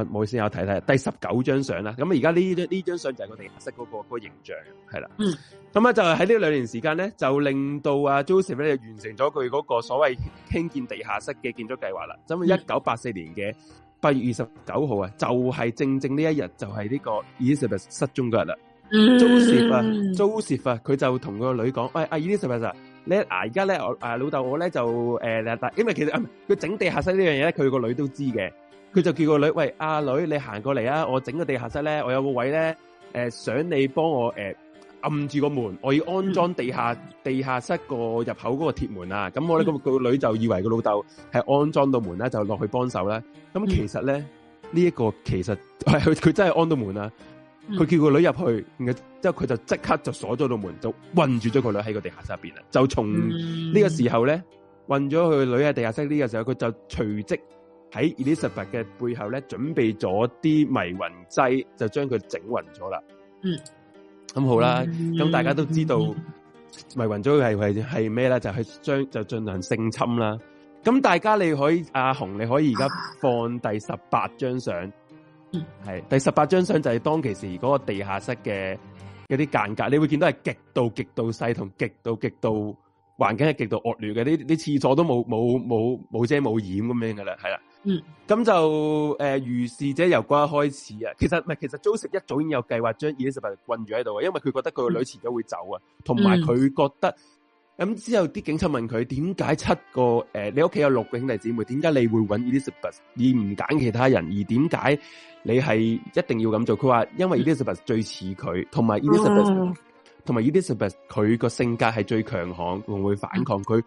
唔好意思，我睇睇第十九張相啦。咁而家呢張呢張相就係個地下室嗰、那個、那個形象，係啦。嗯，咁啊就係喺呢兩年時間咧，就令到阿、啊、Joseph 就完成咗佢嗰個所謂興建地下室嘅建築計劃啦。咁、嗯、啊，一九八四年嘅八月二十九號啊，就係、是、正正呢一日，就係呢個 Elizabeth 失蹤嘅日啦。Joseph 啊，Joseph 啊，佢就同個女講：，喂，阿 Elizabeth 啊，Joseph 啊哎、啊啊你嗱而家咧，阿、啊啊、老豆我咧就誒、呃，因為其實佢整、啊、地下室呢樣嘢咧，佢個女都知嘅。佢就叫個女：，喂，阿、啊、女，你行過嚟啊！我整個地下室咧，我有個位咧，誒、呃，想你幫我誒，呃、按住個門，我要安裝地下、嗯、地下室個入口嗰個鐵門啊！咁我咧個、嗯、那個女就以為個老豆係安裝到門啦、啊，就落去幫手啦。咁其實咧，呢、嗯、一、這個其實係佢佢真係安到門啦、啊。佢、嗯、叫個女入去，之後佢就即刻就鎖咗道門，就困住咗個女喺個地下室入邊啦。就從呢個時候咧、嗯，困咗佢女喺地下室呢個時候，佢就隨即。喺伊麗莎白嘅背後咧，準備咗啲迷魂劑，就將佢整暈咗啦。嗯，咁、嗯、好啦，咁、嗯、大家都知道迷暈咗係係係咩咧？就去將就進行性侵啦。咁、嗯嗯、大家你可以，阿紅你可以而家放第十八張相。嗯，係第十八張相就係當其時嗰個地下室嘅嗰啲間隔，你會見到係極度極度細同極度極度環境係極度惡劣嘅，啲啲廁所都冇冇冇冇遮冇掩咁樣噶啦，係啦。嗯，咁就誒、呃、如是者由嗰一開始啊，其實唔係，其實 Joey 一早已經有計劃將 Elizabeth 困住喺度啊，因為佢覺得佢個女遲咗會走啊，同埋佢覺得咁、嗯嗯、之後啲警察問佢點解七個誒、呃、你屋企有六個兄弟姊妹，點解你會搵 Elizabeth 而唔揀其他人，而點解你係一定要咁做？佢話因為 Elizabeth 最似佢，同埋 Elizabeth 同埋 Elizabeth 佢個性格係最強悍，我會，會反抗佢。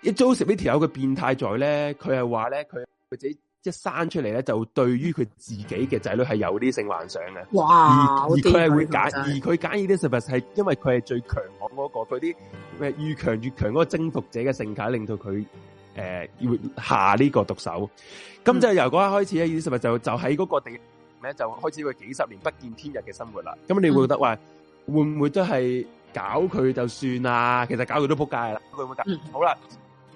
一 Joey 呢條友嘅變態在咧，佢係話咧佢。佢自己一生出嚟咧，就對於佢自己嘅仔女係有啲性幻想嘅。哇！而佢係會揀，而佢揀呢啲食物係因為佢係最強悍嗰個，佢啲咩越強越強嗰個征服者嘅性格，令到佢誒會下呢個毒手。咁就由嗰一刻開始咧，呢啲食物就就喺嗰個地咩就開始佢幾十年不見天日嘅生活啦。咁你會覺得話、嗯、會唔會都係搞佢就算啊？其實搞佢都撲街啦。佢會搞，嗯、好啦。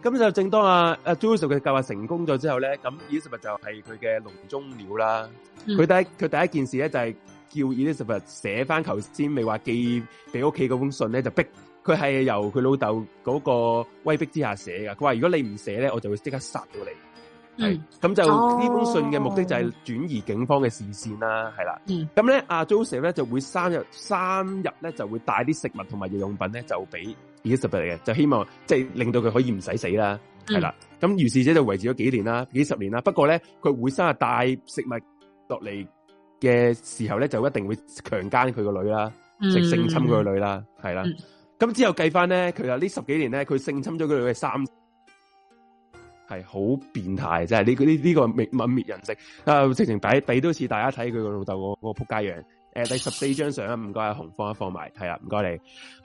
咁就正當阿阿 Joseph 嘅計劃成功咗之後咧，咁 Elizabeth 就係佢嘅籠中鳥啦。佢、嗯、第佢第一件事咧，就係叫 Elizabeth 寫翻頭先未話寄俾屋企嗰封信咧，就逼佢係由佢老豆嗰個威逼之下寫嘅。佢話：如果你唔寫咧，我就會即刻殺咗你。係咁、嗯、就呢封信嘅目的就係轉移警方嘅視線啦。係、嗯、啦，咁咧阿 Joseph 咧就會三日呢，三日咧就會帶啲食物同埋日用品咧就俾。已家十敗嚟嘅，就希望即係、就是、令到佢可以唔使死啦，係啦。咁、嗯、於是者就維持咗幾年啦，幾十年啦。不過咧，佢會生日帶食物落嚟嘅時候咧，就一定會強姦佢個女啦，即、嗯、性侵佢個女啦，係啦。咁、嗯、之後計翻咧，佢啊呢十幾年咧，佢性侵咗佢女嘅三，係好變態即係。呢、這個呢呢、這個滅泯滅人性啊，直情抵抵到似大家睇佢個老豆個個仆街樣。誒，第十四張相唔該，阿雄放一放埋，係啦，唔該你，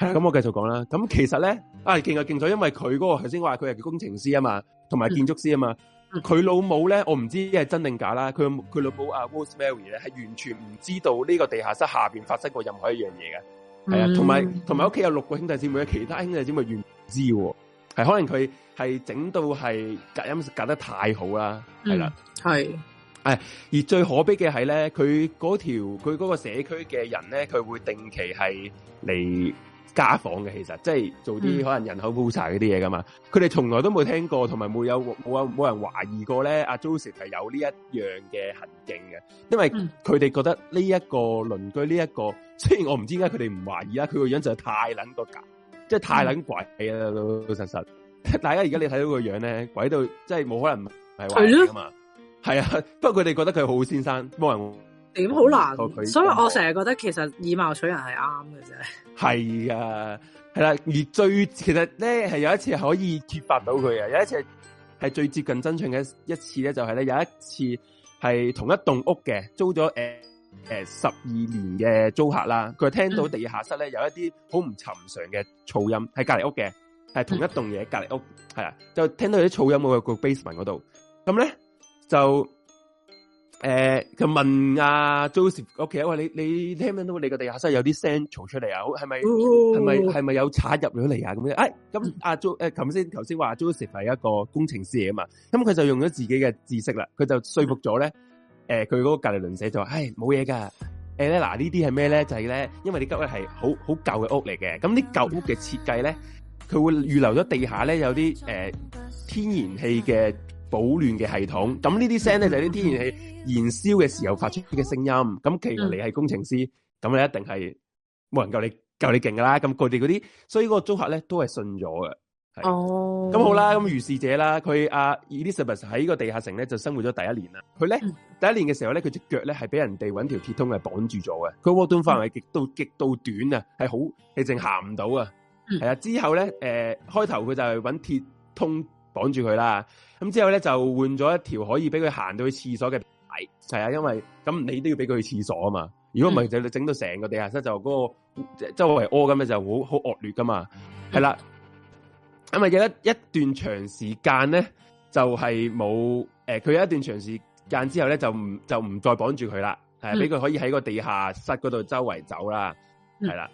係啦，咁我繼續講啦。咁其實咧，啊，勁啊勁咗，因為佢嗰、嗰個頭先話佢係工程師啊嘛，同埋建築師啊嘛，佢、嗯、老母咧，我唔知係真定假啦。佢佢老母阿 Rosemarie 咧係完全唔知道呢個地下室下邊發生過任何一樣嘢嘅，係啊，同埋同埋屋企有六個兄弟姊妹，其他兄弟姊妹完全唔知喎，係可能佢係整到係隔音隔得太好啦，係啦，係、嗯。誒，而最可悲嘅係咧，佢嗰條佢嗰個社區嘅人咧，佢會定期係嚟家訪嘅，其實即係做啲可能人口普查嗰啲嘢噶嘛。佢、嗯、哋從來都冇聽過，同埋冇有冇有冇人懷疑過咧？阿、啊、Joseph 係有呢一樣嘅行徑嘅，因為佢哋覺得呢一個鄰居呢一、這個，雖然我唔知點解佢哋唔懷疑啊，佢個樣就是太撚個架，即、嗯、係太撚鬼啊。老老實實。大家而家你睇到個樣咧，鬼到即係冇可能係懷疑噶嘛。係啊，不過佢哋覺得佢好先生，冇人點好難，難，所以我成日覺得其實以貌取人係啱嘅啫。係啊，係啦、啊，而最其實咧係有一次可以揭發到佢啊，有一次係最接近真相嘅一次咧，就係、是、咧有一次係同一棟屋嘅租咗誒誒十二年嘅租客啦，佢聽到地下室咧有一啲好唔尋常嘅噪音，喺隔籬屋嘅，係同一棟嘢隔籬屋，係 啊，就聽到啲噪音喺個 basement 嗰度，咁咧。就誒，就、呃、問阿、啊、Joseph 屋企喂，你你聽唔聽到你個地下室有啲聲嘈出嚟啊？好係咪係咪係咪有賊入咗嚟啊？咁樣，哎，咁阿 Jo 誒，頭先頭先話 Joseph 係一個工程師嚟啊嘛，咁、嗯、佢就用咗自己嘅知識啦，佢就說服咗咧，誒、呃，佢嗰個隔離鄰舍就話，唉、哎，冇嘢噶，誒、呃，嗱呢啲係咩咧？就係、是、咧，因為你今日係好好舊嘅屋嚟嘅，咁啲舊屋嘅設計咧，佢會預留咗地下咧有啲誒、呃、天然氣嘅。保暖嘅系統，咁呢啲聲咧就係啲天然氣燃燒嘅時候發出嘅聲音。咁其實你係工程師，咁你一定係冇人夠你夠你勁噶啦。咁佢哋嗰啲，所以嗰個租客咧都係信咗嘅。哦，咁、oh. 好啦，咁如是者啦，佢啊 Elisabeth 喺個地下城咧就生活咗第一年啦。佢咧、mm. 第一年嘅時候咧，佢、mm. 隻腳咧係俾人哋揾條鐵通係綁住咗嘅。佢活動範圍極到極到短啊，係好你淨行唔到啊。係啊，之後咧誒開頭佢就係揾鐵通綁住佢啦。咁、嗯、之後咧就換咗一條可以俾佢行到去廁所嘅牌，係啊，因為咁你都要俾佢去廁所啊嘛。如果唔係就你整到成個地下室就嗰、那個周圍屙咁咧就好好惡劣噶嘛。係啦、啊，咁啊有一一段長時間咧就係冇誒，佢、呃、有一段長時間之後咧就唔就唔再綁住佢啦，係俾佢可以喺個地下室嗰度周圍走啦，係啦、啊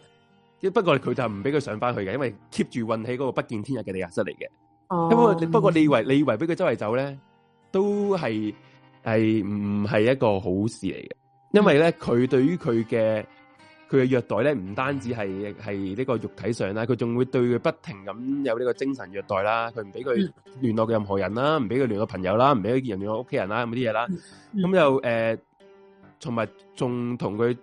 嗯。不過佢就唔俾佢上翻去嘅，因為 keep 住運起嗰個不見天日嘅地下室嚟嘅。因、哦、為、嗯、不過你以為你以為俾佢周圍走咧，都係係唔係一個好事嚟嘅？因為咧佢對於佢嘅佢嘅虐待咧，唔單止係係呢個肉體上啦，佢仲會對佢不停咁有呢個精神虐待啦，佢唔俾佢聯絡嘅任何人啦，唔俾佢聯絡朋友啦，唔俾佢人聯絡屋企人啦，咁啲嘢啦？咁又誒，同埋仲同佢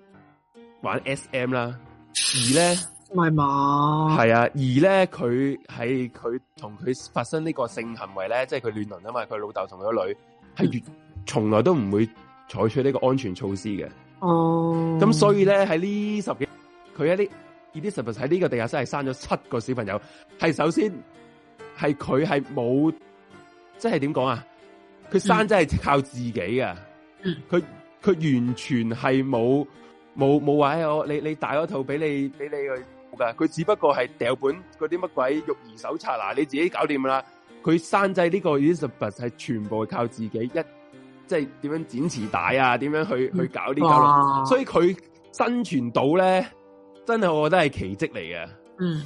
玩 SM 啦，而咧。係嘛？係啊，而咧佢係佢同佢發生呢個性行為咧，即係佢亂倫啊嘛！佢老豆同佢個女係越從來都唔會採取呢個安全措施嘅。哦，咁所以咧喺呢十幾年，佢一啲 Elisabeth 喺呢個地下室係生咗七個小朋友。係首先係佢係冇，即係點講啊？佢生真係靠自己啊！佢、嗯、佢完全係冇冇冇話我你你大嗰套俾你俾你，你噶，佢只不過係掉本嗰啲乜鬼育兒手冊嗱，你自己搞掂啦。佢生仔呢個 Elizabeth 係全部靠自己一，即係點樣剪臍帶啊，點樣去、嗯、去搞啲咁咯。所以佢生存到咧，真係我覺得係奇迹嚟嘅。嗯，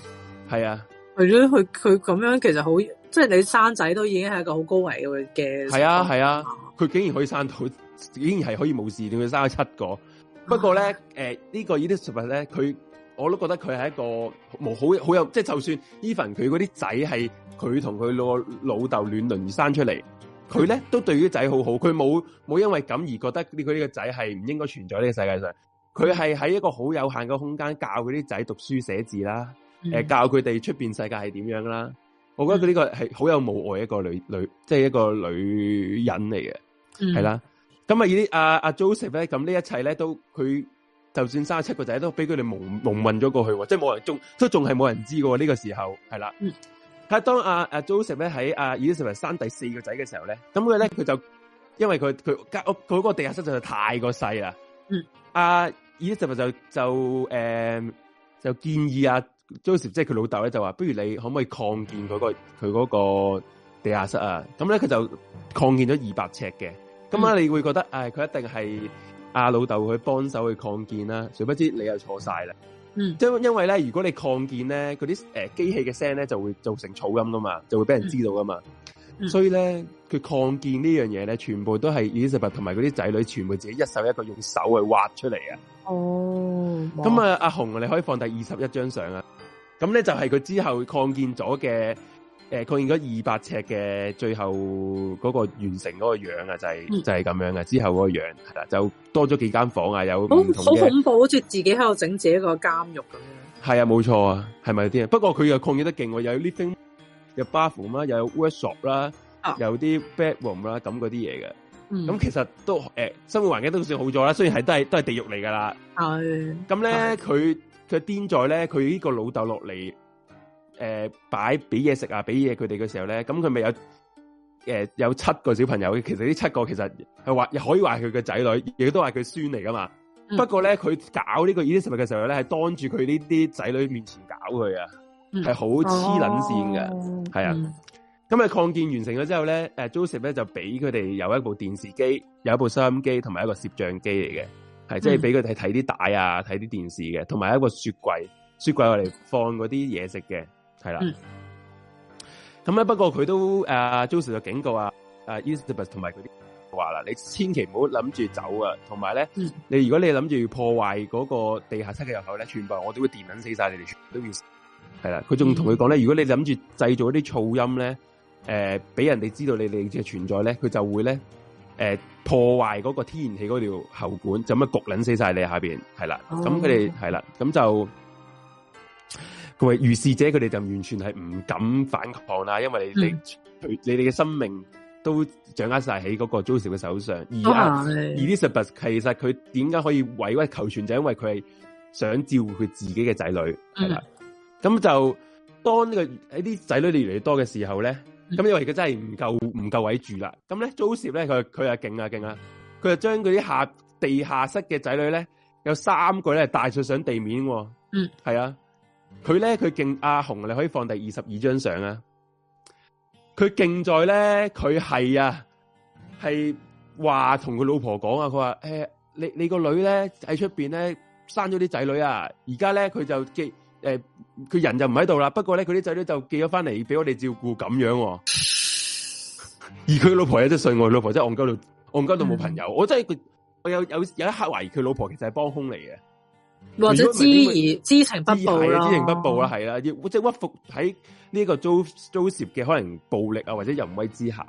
係啊。為咗佢佢咁樣，其實好即係你生仔都已經係一個好高危嘅嘅。係啊係啊，佢、啊、竟然可以生到，竟然係可以冇事，仲要生咗七個。不過咧，誒、啊呃這個、呢個 Elizabeth 咧，佢。我都覺得佢係一個冇好好有，即、就、係、是、就算 Even 佢嗰啲仔係佢同佢老老豆亂倫而生出嚟，佢咧都對啲仔好好，佢冇冇因為咁而覺得呢呢個仔係唔應該存在呢個世界上。佢係喺一個好有限嘅空間教佢啲仔讀書寫字啦，嗯、教佢哋出面世界係點樣啦。我覺得佢呢個係好有母愛一個女女，即、就、係、是、一個女人嚟嘅，係、嗯、啦。咁啊，啊、Joseph、呢阿阿 Joseph 咧，咁呢一切咧都佢。就算生七個仔都俾佢哋蒙蒙混咗過去，即係冇人中，都仲係冇人知喎。呢、這個時候係啦。係、嗯、當阿、啊、阿、啊、Joseph 咧，喺、啊、阿 Elizabeth 生第四個仔嘅時候咧，咁佢咧佢就因為佢佢間屋佢嗰個地下室實在太過細啦。阿、嗯、Elizabeth、啊、就就誒、呃、就建議阿、啊、Joseph 即係佢老豆咧就話，就不如你可唔可以擴建佢嗰佢嗰個地下室啊？咁咧佢就擴建咗二百尺嘅。咁啊你會覺得誒佢、哎、一定係。阿老豆去幫手去擴建啦，誰不知你又錯晒啦。嗯，因因為咧，如果你擴建咧，嗰啲誒機器嘅聲咧就會造成噪音噶嘛，就會俾人知道噶嘛、嗯。所以咧，佢擴建呢樣嘢咧，全部都係 Elizabeth 同埋嗰啲仔女，全部自己一手一個用手去挖出嚟啊。哦。咁啊，阿紅，你可以放第二十一張相啊。咁咧就係佢之後擴建咗嘅。誒、呃，擴建咗二百尺嘅，最後嗰個完成嗰個樣啊、就是，就係就係咁樣嘅，嗯。之後嗰個樣係啦，就多咗幾間房啊，有好恐怖，好似自己喺度整自己一個監獄咁樣。係啊，冇錯啊，係咪啲啊？不過佢又擴建得勁喎，啊，有 living room, 有 bathroom 啦，啊，有 workshop 啦，啊啊，有啲 bedroom 啦，啊，咁嗰啲嘢嘅。咁，嗯、其實都誒、呃，生活環境都算好咗啦。雖然係都係都係地獄嚟㗎喇。係。咁咧，佢佢癲在咧，佢呢個老豆落嚟。誒、呃，擺俾嘢食啊，俾嘢佢哋嘅時候咧，咁佢咪有誒、呃、有七個小朋友嘅？其實呢七個其實係話，可以話係佢嘅仔女，亦都係佢孫嚟㗎嘛、嗯。不過咧，佢搞呢個 Elisabeth 食物嘅時候咧，係當住佢呢啲仔女面前搞佢、嗯哦哦哦哦哦、啊，係好黐撚線㗎。係、嗯、啊。咁啊，擴建完成咗之後咧，誒、呃、，Joseph 咧就俾佢哋有一部電視機，有一部收音機，同埋一個攝像機嚟嘅，係、嗯、即係俾佢哋睇啲帶啊，睇啲電視嘅，同埋一個雪櫃，雪櫃我哋放嗰啲嘢食嘅。係啦，咁、嗯、咧、嗯、不過佢都誒、呃、，Joseph 嘅警告啊，誒 Eustace 同埋佢啲話啦，你千祈唔好諗住走啊，同埋咧，你如果你諗住破壞嗰個地下室嘅入口咧，全部我都會電撚死晒你哋，全部都要係啦。佢仲同佢講咧，如果你諗住製造一啲噪音咧，誒、呃，俾人哋知道你哋嘅存在咧，佢就會咧，誒、呃，破壞嗰個天然氣嗰條喉管，就咁樣焗撚死晒你下邊，係啦，咁佢哋係啦，咁就。佢話遇是者佢哋就完全係唔敢反抗啦，因為你、嗯、你你哋嘅生命都掌握晒喺嗰個 z 涉嘅手上。而而、啊、e l i a b e t h 其實佢點解可以委屈求全，就因為佢係想照顧佢自己嘅仔女係啦。咁、嗯、就當呢、這個呢啲仔女越嚟越多嘅時候咧，咁、嗯、因為佢真係唔夠唔夠位住啦。咁咧 z o s 咧佢佢啊勁啊勁啊，佢就將佢啲下地下室嘅仔女咧有三個咧帶出上地面，哦。嗯，係啊。佢咧，佢勁阿雄，你可以放第二十二張相啊！佢勁在咧，佢係啊，係話同佢老婆講啊，佢話誒，你你個女咧喺出邊咧生咗啲仔女啊，而家咧佢就寄誒，佢、呃、人就唔喺度啦，不過咧佢啲仔女就寄咗翻嚟俾我哋照顧，咁樣、啊。 而佢老婆有啲信我，老婆真係戇鳩到，戇鳩到冇朋友，我真係我有有有一刻懷疑佢老婆其實係幫凶嚟嘅。或者知而知情不報啦，知情不報啦，係啦，要即屈服喺呢個 Joseph 嘅可能暴力啊，或者淫威之下，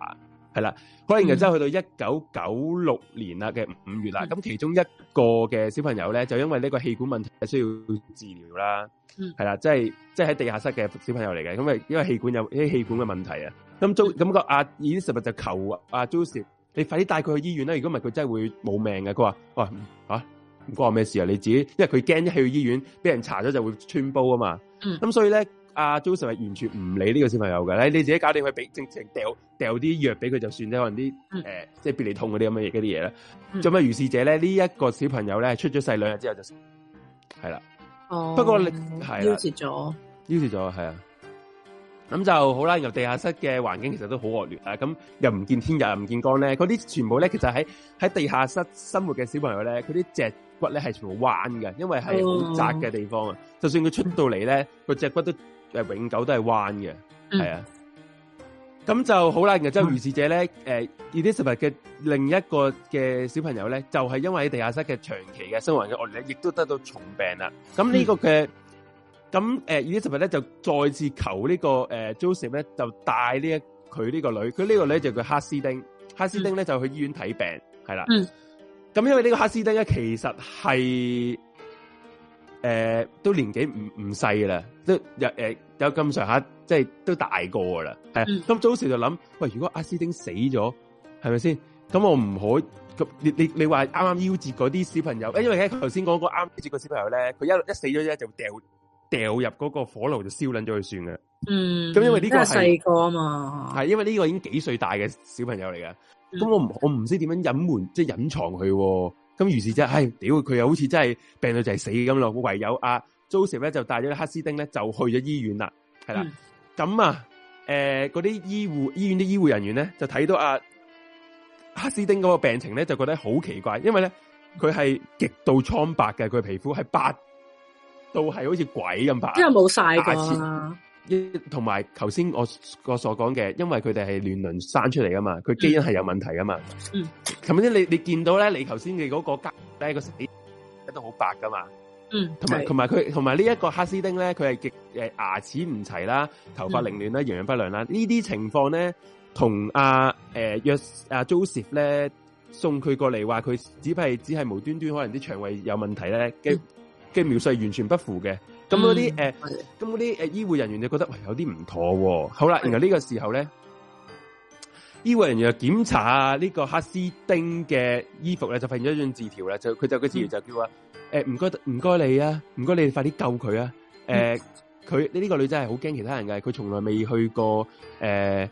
係啦，可能然之後去到一九九六年啦嘅五月啦，咁、嗯、其中一個嘅小朋友咧，就因為呢個氣管問題需要治療啦，係、嗯、啦，即係即係喺地下室嘅小朋友嚟嘅。咁因為因為氣管有啲氣管嘅問題那 Joseph, 那啊，啊，咁 Joseph 咁個阿演食物就求阿 Joseph 你快啲帶佢去醫院啦，如果唔係佢真係會冇命嘅，佢話喂啊。啊唔關我咩事啊？你自己，因為佢驚一去醫院俾人查咗就會穿煲啊嘛。咁、嗯、所以咧，阿 Joseph 係完全唔理呢個小朋友嘅。你你自己搞掂佢，俾直情掉掉啲藥俾佢就算啦。可能啲誒，即係別離痛嗰啲咁嘅嘢，嗰啲嘢啦。做、嗯、咩？如是者咧，呢、這、一個小朋友咧出咗世兩日之後就係啦。哦、嗯，不過你係啦，夭折咗，夭折咗係啊。咁就好啦，由地下室嘅環境其實都好惡劣啊！咁又唔見天日，又唔見光咧，嗰啲全部咧，其實喺喺地下室生活嘅小朋友咧，佢啲脊骨咧係全部彎嘅，因為係好窄嘅地方啊、嗯！就算佢出到嚟咧，佢脊骨都誒，永久都係彎嘅，係、嗯、啊！咁就好啦，然之後即係如是者咧，誒 Elisabeth 嘅另一個嘅小朋友咧，就係、是、因為喺地下室嘅長期嘅生活嘅惡劣，亦都得到重病啦。咁呢個嘅。嗯咁誒，二月十日咧就再次求，這個呃 Joseph，呢個誒，Joseph 咧就帶呢一佢呢個女，佢呢個女就叫哈斯丁，哈、嗯、斯丁咧就去醫院睇病，係啦。咁、嗯、因為呢個哈斯丁咧其實係誒、呃、都年紀唔唔細啦，都、呃、有誒有咁上下，即係都大個噶啦。係啊，咁、嗯、Joseph 就諗，喂，如果阿斯丁死咗，係咪先？咁我唔可以，你你你話啱啱夭折啲小朋友，誒，因為咧頭先講嗰啱夭折個小朋友咧，佢一一死咗咧就掉。掉入嗰個火爐就燒捻咗佢算啦，嗯，咁、嗯、因為呢個係細個啊嘛，係因為呢個已經幾歲大嘅小朋友嚟嘅，咁、嗯嗯、我唔我唔知點樣隱瞞即係隱藏佢、啊，咁於是即係，唉，屌佢又好似真係病到就係死咁咯，唯有阿 Joseph 咧就帶咗黑斯丁咧就去咗醫院啦，係、嗯、啦，咁啊，誒、呃，嗰啲醫護醫院啲醫護人員咧就睇到阿、啊、黑斯丁嗰個病情咧就覺得好奇怪，因為咧佢係極度蒼白嘅，佢皮膚係白。都係好似鬼咁白，啲人冇晒噶。同埋頭先我我所講嘅，因為佢哋係亂倫生出嚟噶嘛，佢基因係有問題噶嘛。咁啲你你見到咧，你頭先嘅嗰個家咧個死睇好白噶嘛。嗯，同埋同埋佢同埋呢一、那個那個嗯、個黑斯丁咧，佢係極誒牙齒唔齊啦，頭髮凌亂啦，營、嗯、養不良啦，況呢啲情況咧，同阿誒約阿、啊、Joseph 咧送佢過嚟話佢只係只係無端端可能啲腸胃有問題咧。嗯嘅描述完全不符嘅，咁嗰啲誒，咁啲誒，醫護人員就覺得喂有啲唔妥，喔，好啦，然後呢個時候咧，醫護人員就檢查啊呢個黑斯丁嘅衣服咧，就發現咗一張字條啦，就佢就個字條就叫話，誒唔該唔該你啊，唔該你快啲救佢啊，誒、呃，佢呢呢個女仔係好驚其他人嘅，佢從來未去過誒。呃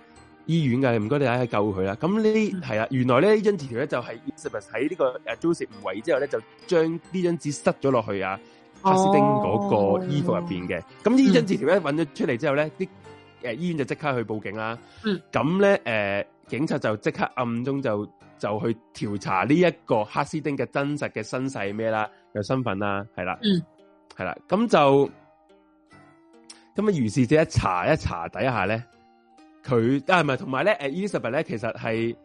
醫院嘅，唔該，你睇下救佢啦。咁呢係啊，原來咧呢張字條咧就係 e n 喺呢個誒 Joseph 唔位之後咧，就將呢張紙塞咗落去啊，黑斯丁嗰個衣服入邊嘅。咁呢張字條咧揾咗出嚟之後咧，啲、嗯、誒醫院就即刻去報警啦、啊。咁咧誒，警察就即刻暗中就就去調查呢一個黑斯丁嘅真實嘅身世咩啦，又身份啦，係啦，係啦。咁就咁啊，於是、啊嗯是，啊、是者一查一查底下咧。佢但係唔係，同埋咧，誒，Elizabeth 咧，其實係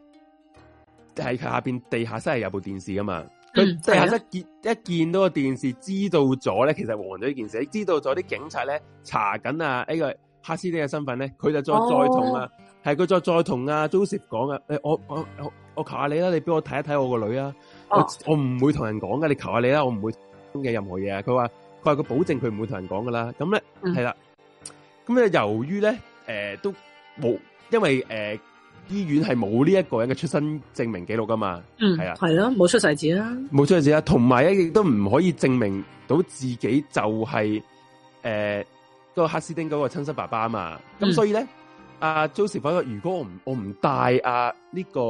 係下邊地下室係有部電視噶嘛。佢、嗯、地下室見一見到個電視，知道咗咧，其實黃咗呢件事，知道咗啲警察咧查緊啊、哎、哈的呢個哈斯丁嘅身份咧，佢就再再同啊，係、哦、佢再再同阿 Joseph 講啊，誒，我我我求下你啦，你俾我睇一睇我個女啊，我我唔、啊哦、會同人講噶，你求下你啦，我唔會嘅任何嘢、啊。佢話佢話佢保證佢唔會同人講噶啦。咁咧係啦，咁、嗯、咧由於咧誒都。冇，因為誒、呃，醫院係冇呢一個人嘅出生證明記錄噶嘛，係、嗯啊、啦，係啦冇出世紙啦，冇出世紙啦，同埋咧亦都唔可以證明到自己就係、是、誒、呃那個黑斯丁嗰個親生爸爸啊嘛，咁所以咧，阿、嗯啊、Joan 話如果我唔我唔帶阿呢個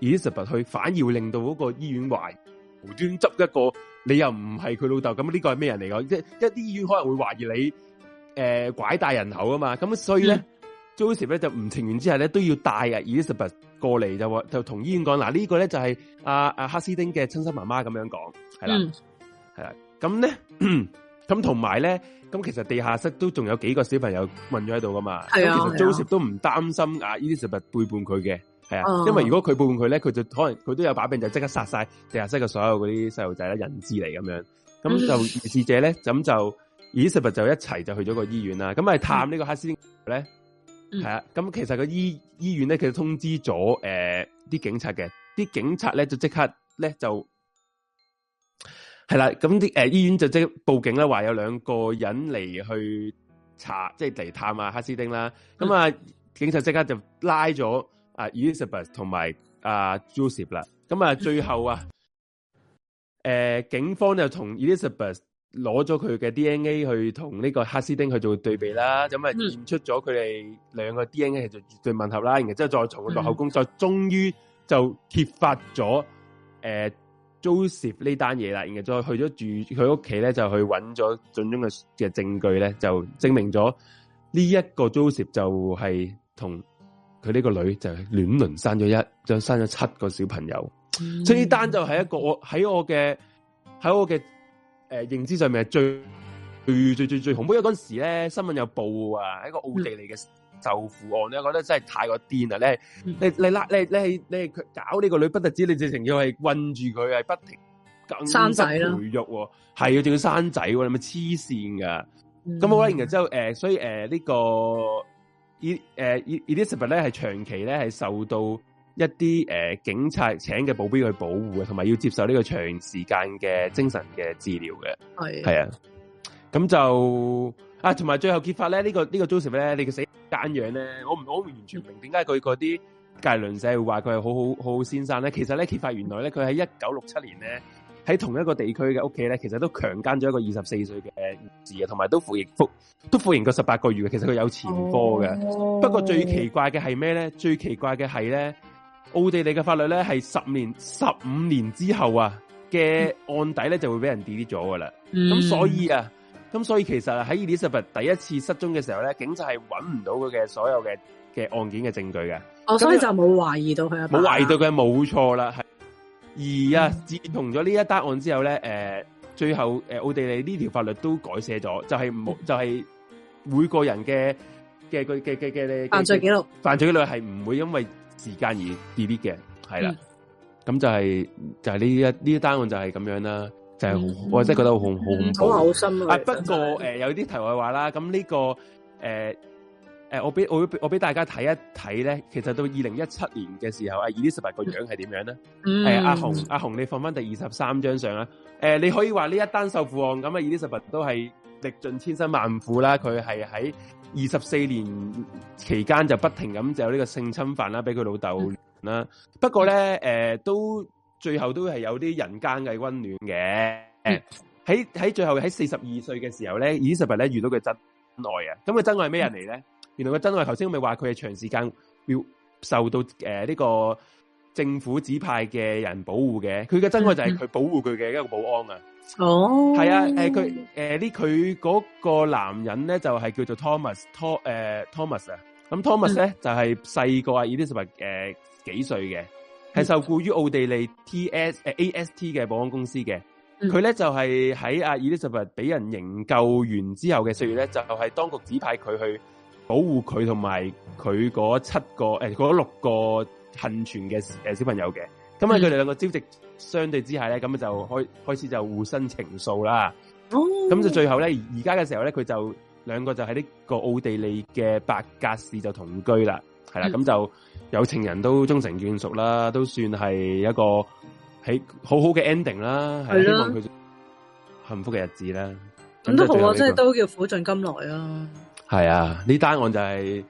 Elizabeth 去，反而會令到嗰個醫院懷，無端執一個你又唔係佢老豆，咁呢個係咩人嚟噶？即係一啲醫院可能會懷疑你誒、呃、拐帶人口啊嘛，咁所以咧。嗯 Joseph 咧就唔情願之下咧都要帶啊 Elizabeth 過嚟就話就同醫院講嗱、啊、這個、呢個咧就係阿阿哈斯丁嘅親生媽媽，咁樣講，係啦係啊，咁咧咁，同埋咧咁，其實地下室都仲有幾個小朋友困咗喺度噶嘛係啊、嗯、，Joseph 都唔擔心啊 Elizabeth 背叛佢嘅，係啊，因為如果佢背叛佢咧佢就可能佢都有把柄就即刻殺晒地下室嘅所有嗰啲細路仔啦人質嚟咁樣，咁就事、嗯、者咧咁就，就 Elizabeth 就一齊就去咗個醫院啦咁係探呢個哈斯丁咧。係、嗯、啊，咁其實個醫醫院咧，其實通知咗誒啲警察嘅，啲警察咧就即刻咧就係啦，咁啲誒醫院就即報警啦，話有兩個人嚟去查，即係嚟探啊哈斯丁啦，咁、嗯、啊、嗯、警察即刻就拉咗啊 Elizabeth 同埋啊 Joseph 啦，咁啊最後啊誒、嗯嗯呃、警方就同 Elizabeth。攞咗佢嘅 DNA 去同呢個哈斯丁去做對比啦，咁啊驗出咗佢哋兩個 DNA 係絕對吻合啦。然後之後再從個後宮，再、嗯、終於就揭發咗誒 Joseph 呢單嘢啦。然後再去咗住佢屋企咧，就去揾咗最終嘅嘅證據咧，就證明咗呢一個 Joseph 就係同佢呢個女就係亂倫生咗一，就生咗七個小朋友、嗯。所以單就係一個喺我嘅喺我嘅。誒、呃，認知上面係最最最最最恐怖，因為嗰陣時咧新聞有報啊，一個奧地利嘅就父案咧，嗯、我覺得真係太過癲啦！你、嗯、你你你你係搞呢個女不特止，你直情要係困住佢，係不停、啊、生仔回培育，係啊，仲要生仔、啊，你咪黐線噶！咁好啦，然之後誒、呃，所以誒、呃這個呃、呢個呢誒伊伊啲特別咧係長期咧係受到。一啲誒、呃，警察請嘅保鏢去保護嘅，同埋要接受呢個長時間嘅精神嘅治療嘅，係係啊，咁就啊，同埋最後揭發咧，呢、這個呢、這個 Joseph 咧，你嘅死奸樣咧，我唔我完全唔明點解佢嗰啲介倫社會，話佢係好好好好先生咧，其實咧揭發原來咧，佢喺一九六七年咧喺同一個地區嘅屋企咧，其實都強奸咗一個二十四歲嘅事啊，同埋都服刑服都服刑過十八個月嘅，其實佢有前科嘅、哎，不過最奇怪嘅係咩咧？最奇怪嘅係咧？奧地利嘅法律咧，係十年、十五年之後啊嘅案底咧， 就會俾人 delete 咗噶啦。咁、嗯、所以啊，咁所以其實喺 Elizabeth 第一次失蹤嘅時候咧，警察係揾唔到佢嘅所有嘅嘅案件嘅證據嘅。哦，所以就冇懷疑到佢啊，冇懷疑到佢冇錯啦。係而啊，嗯、自同咗呢一單案之後咧，誒、呃，最後誒，奧地利呢條法律都改寫咗，就係、是、冇，就係、是、每個人嘅嘅嘅嘅嘅犯罪記錄，犯罪記錄係唔會因為。時間而 delete 嘅，係啦，咁、嗯、就係、是、就係、是、呢一呢一單案就係咁樣啦，就是嗯、我真係覺得好恐好恐怖，好心啊！不過誒、呃，有啲題外話啦，咁呢、這個誒誒、呃呃，我俾我我俾大家睇一睇咧，其實到二零一七年嘅時候，阿 Elizabeth 個樣係點樣咧？係阿雄，阿雄，阿你放翻第二十三張相啊！誒、呃，你可以話呢一單受付案咁啊 Elizabeth 都係。歷盡千辛萬苦啦，佢係喺二十四年期間就不停咁就有呢個性侵犯啦，俾佢老豆啦。不過咧，誒、呃、都最後都係有啲人間嘅溫暖嘅。喺喺最後喺四十二歲嘅時候咧，Elizabeth 咧遇到佢真愛啊！咁佢真愛係咩人嚟咧？ 原來個真愛，頭先咪話佢係長時間要受到誒呢、呃這個。政府指派嘅人保護嘅，佢嘅真愛就係佢保護佢嘅一個保安，嗯、啊！哦、呃，係啊，誒、呃，佢誒，呢佢嗰個男人咧就係、是、叫做 Thomas 托誒、呃、Thomas 啊，咁、嗯嗯、Thomas 咧就係細個啊，Elizabeth 誒、呃、幾歲嘅，係受雇於奧地利 TS 誒、呃、AST 嘅保安公司嘅，佢、嗯、咧就係喺啊 Elizabeth 俾人營救完之後嘅歲月咧，就係、是、當局指派佢去保護佢同埋佢嗰七個誒嗰、呃、六個。幸存嘅誒小朋友嘅，咁喺佢哋兩個朝夕相對之下咧，咁、嗯、就開開始就互生情愫啦。咁、哦、就最後咧而家嘅時候咧，佢就兩個就喺呢個奧地利嘅白格市就同居啦，係啦，咁、嗯、就有情人都終成眷屬啦，都算係一個喺好好嘅 ending 啦，係、啊、希望佢幸福嘅日子啦。咁都好喎真係都叫苦盡甘來啦。係啊，呢單案就係、是。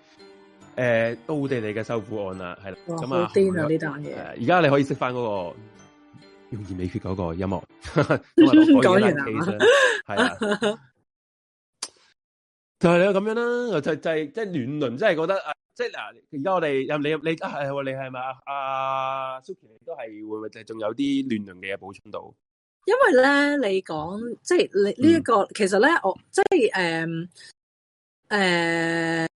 誒、欸，奧地利嘅修苦案啦，係啦，咁啊，好癲啊呢單嘢！而、嗯、家、呃、你可以識翻、那、嗰個容易美血嗰個音樂，講完啦，係 啊，就係你咁樣啦，就是、就係即係亂倫，即係、就是、覺得、就是、啊，即係嗱，而家我哋，你你係你係咪，阿、啊啊、Suki 你都係會唔會仲有啲亂倫嘅嘢補充到？因為咧，你講即係你呢一、這個、嗯，其實咧，我即係誒誒。呃呃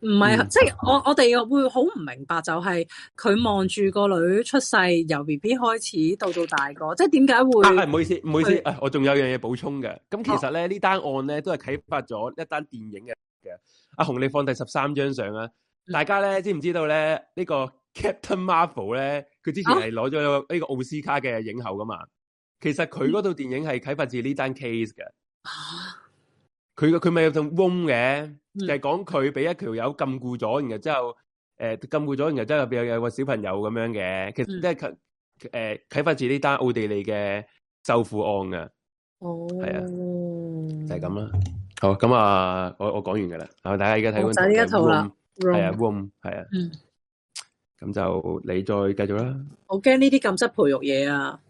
唔係、嗯，即係我我哋會好唔明白，就係佢望住個女出世，由 B B 開始到到大個，即係點解會？啊、唔好意思，唔好意思，哎、我仲有樣嘢補充嘅。咁其實咧呢單、啊、案咧都係啟發咗一單電影嘅嘅。阿紅，你放第十三張相啊。大家咧知唔知道咧呢、呢個 Captain Marvel 咧，佢之前係攞咗呢個奧斯卡嘅影後噶嘛、啊？其實佢嗰套電影係啟發自呢單 case 嘅。啊.佢佢咪有套 Room 嘅，就係講佢俾一條友禁錮咗，然後之後誒、呃、禁錮咗，然後之後有有個小朋友咁樣嘅，其實即係啟誒啟發自呢單奧地利嘅獸父案嘅，係、哦、啊，就係咁啦。好，咁啊，我我講完噶啦，大家而家睇緊呢一套啦，係啊 Room，係啊，咁、啊啊嗯、就你再繼續啦。我驚呢啲禁室培慾嘢啊，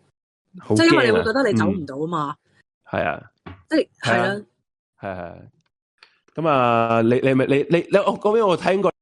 即、嗯、係因為你會覺得你走唔到啊嘛。係啊，即係係啊。係係，咁、嗯、啊，你你咪你你你，我嗰邊我聽過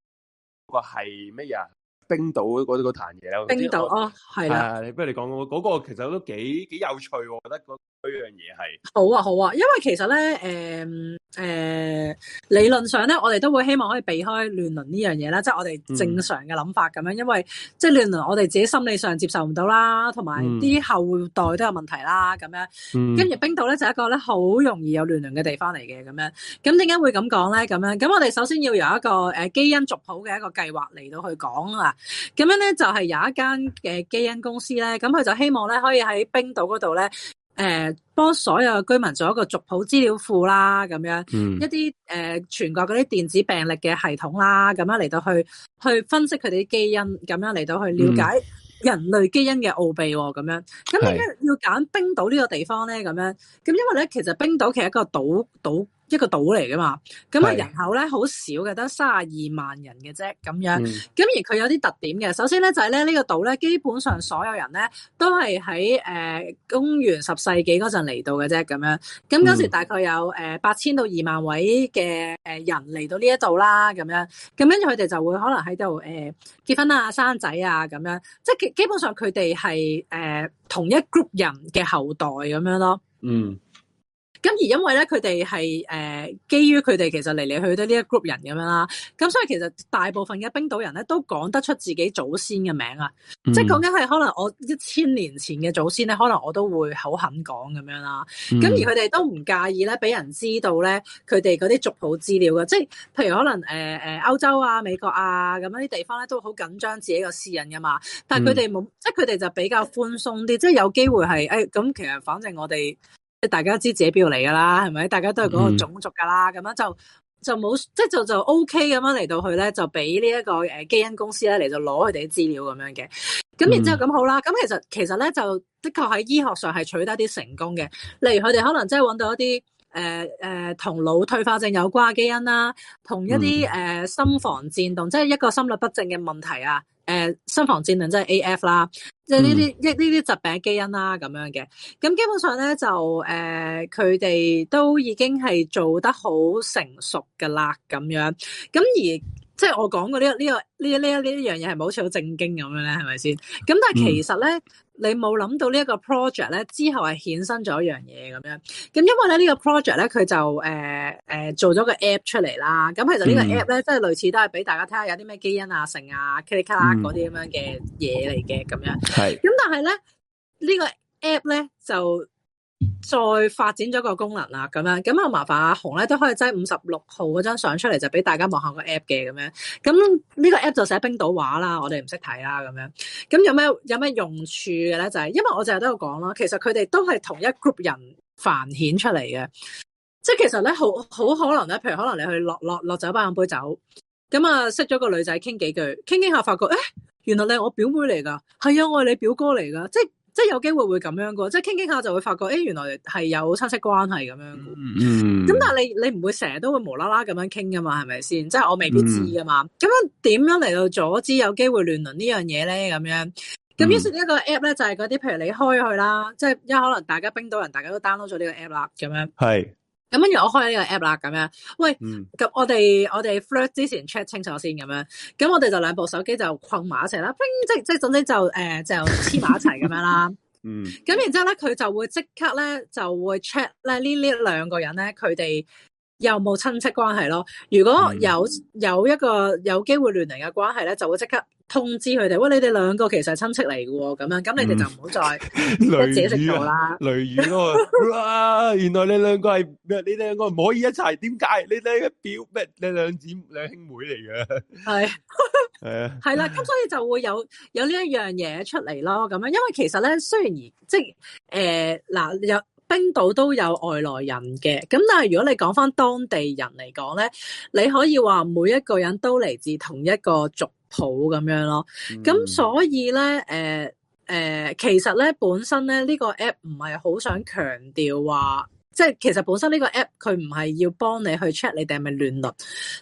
嗰個係咩呀？冰島嗰啲嗰壇嘢。冰島哦，係、啊、你不如你講嗰個，嗰、嗰個其實都幾幾有趣，我覺得嗰嗰樣嘢係。好啊好啊，因為其實咧，誒、呃。誒，理論上咧，我哋都會希望可以避開亂倫呢樣嘢啦，即係我哋正常嘅諗法咁樣，因為即係亂倫，我哋自己心理上接受唔到啦，同埋啲後代都有問題啦，咁樣。嗯，跟住冰島咧就係一個咧好容易有亂倫嘅地方嚟嘅，咁樣。咁點解會咁講咧？咁樣，咁我哋首先要由一個誒基因族譜嘅一個計劃嚟到去講啊。咁樣咧就係有一間嘅基因公司咧，咁佢就希望咧可以喺冰島嗰度咧。誒、呃，幫所有居民做一個族譜資料庫啦，咁樣，嗯、一啲誒、呃、全國嗰啲電子病歷嘅系統啦，咁樣嚟到去去分析佢哋啲基因，咁樣嚟到去了解人類基因嘅奧秘，咁樣，咁點解要揀冰島呢個地方咧？咁樣，咁因為咧，其實冰島其實一個島島。島一個島嚟噶嘛，咁啊人口咧好少嘅，得三十二萬人嘅啫咁樣。咁、嗯、而佢有啲特點嘅，首先咧就係咧呢個島咧，基本上所有人咧都係喺誒公元十世紀嗰陣嚟到嘅啫咁樣。咁嗰時大概有誒八千到二萬位嘅誒人嚟到呢一度啦咁樣。咁跟住佢哋就會可能喺度誒結婚啊、生仔啊咁樣。即係基基本上佢哋係誒同一 group 人嘅後代咁樣咯。嗯。咁而因為咧，佢哋係誒基於佢哋其實嚟嚟去去都呢一 group 人咁樣啦，咁所以其實大部分嘅冰島人咧都講得出自己祖先嘅名啊、嗯，即係講緊係可能我一千年前嘅祖先咧，可能我都會好肯講咁樣啦。咁、嗯、而佢哋都唔介意咧，俾人知道咧佢哋嗰啲族譜資料嘅，即譬如可能誒誒、呃、歐洲啊、美國啊咁樣啲地方咧，都好緊張自己個私隱噶嘛。但佢哋冇，即佢哋就比較寬鬆啲，即有機會係誒咁。哎、其實反正我哋。即係大家知自己邊度嚟噶啦，係咪？大家都係嗰個種族噶啦，咁、嗯、樣就就冇即係就是、就 O K 咁樣嚟到去咧，就俾呢一個誒基因公司咧嚟就攞佢哋啲資料咁樣嘅。咁、嗯、然之後咁好啦，咁其實其實咧就的確喺醫學上係取得啲成功嘅。例如佢哋可能真係搵到一啲誒誒同腦退化症有關嘅基因啦，同一啲誒、嗯呃、心房顫動，即、就、係、是、一個心律不正嘅問題啊。誒、呃，身防戰盾即係 A.F 啦，即係呢啲一呢啲疾病基因啦咁樣嘅，咁基本上咧就誒，佢、呃、哋都已經係做得好成熟噶啦，咁樣，咁而即係我講過呢個呢、這個呢呢呢一樣嘢係唔係好似好正經咁樣咧，係咪先？咁但係其實咧。嗯你冇諗到呢一個 project 咧，之後係衍生咗一樣嘢咁樣。咁因為咧呢個 project 咧，佢就誒誒做咗個 app 出嚟啦。咁其實呢個 app 咧，即係類似都係俾大家睇下有啲咩基因啊、性啊、卡里卡啦嗰啲咁樣嘅嘢嚟嘅咁樣。係。咁但係咧，呢個 app 咧就。再發展咗個功能啦，咁樣咁啊，麻煩阿紅咧都可以擠五十六號嗰張相出嚟，就俾大家望下個 app 嘅咁樣。咁呢個 app 就寫冰島話啦，我哋唔識睇啦咁樣。咁有咩有咩用處嘅咧？就係、是、因為我成日都有講咯，其實佢哋都係同一 group 人繁衍出嚟嘅。即係其實咧，好好可能咧，譬如可能你去落落落酒吧飲杯酒，咁啊，識咗個女仔傾幾句，傾傾下發覺，誒、欸，原來你係我表妹嚟噶，係啊，我係你表哥嚟噶，即係。即係有機會會咁樣嘅，即係傾傾下就會發覺，誒、欸、原來係有親戚關係咁樣，嗯，咁但係你你唔會成日都會無啦啦咁樣傾㗎嘛，係咪先？即係我未必知㗎嘛。咁、嗯、點樣嚟到阻止有機會亂倫呢樣嘢咧？咁樣咁於是一個 app 咧，就係嗰啲譬如你開去佢啦，即係可能大家冰島人大家都 download 咗呢個 app 啦，咁樣。係。咁跟住我開呢個 app 啦，咁樣，喂，咁、嗯、我哋我哋 flirt 之前 check、嗯、清楚先，咁樣，咁我哋就兩部手機就困埋一齊啦，即即總之就誒、呃、就黐埋一齊咁 樣啦，嗯，咁然之後咧佢就會即刻咧就會 check 咧呢呢兩個人咧佢哋。又冇親戚關係咯。如果有有一個有機會亂嚟嘅關係咧，就會即刻通知佢哋。喂，你哋兩個其實係親戚嚟嘅咁樣，咁你哋就唔好再雷雨啦。雷雨啊！原來你兩個係你哋兩個唔可以一齊。點解你哋表妹、你兩子、兩兄妹嚟嘅？係係啊，係啦。咁所以就會有有呢一樣嘢出嚟咯。咁樣，因為其實咧，雖然而即係誒嗱有。冰島都有外來人嘅，咁但係如果你講翻當地人嚟講咧，你可以話每一個人都嚟自同一個族譜咁樣咯，咁、嗯、所以咧，誒、呃、誒、呃，其實咧本身咧呢個 app 唔係好想強調話。即係其實本身呢個 app 佢唔係要幫你去 check 你哋係咪亂倫，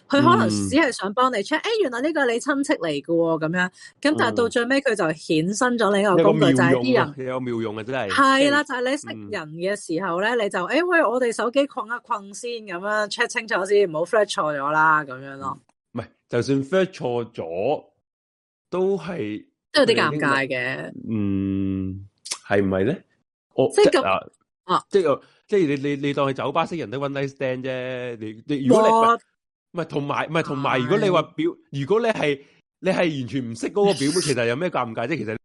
佢可能只係想幫你 check。誒、嗯哎、原來呢個係你親戚嚟嘅喎，咁樣。咁但係到最尾佢就衍生咗呢個工具，就係啲人有妙用嘅真係。係啦，就係、是就是、你識人嘅時候咧、嗯，你就誒、哎、喂，我哋手機困一困先，咁樣 check 清楚先，唔好 flash 錯咗啦，咁樣咯。唔、嗯、係，就算 flash 錯咗，都係都有啲尷尬嘅。嗯，係唔係咧？Oh，即係咁啊！即係、啊啊即係你你你，你當係酒吧識人都 one night stand 啫，你你如果你唔係同埋唔係同埋，如果你話表，如果你係你係完全唔識嗰個表妹， 其實有咩尷尬啫？其實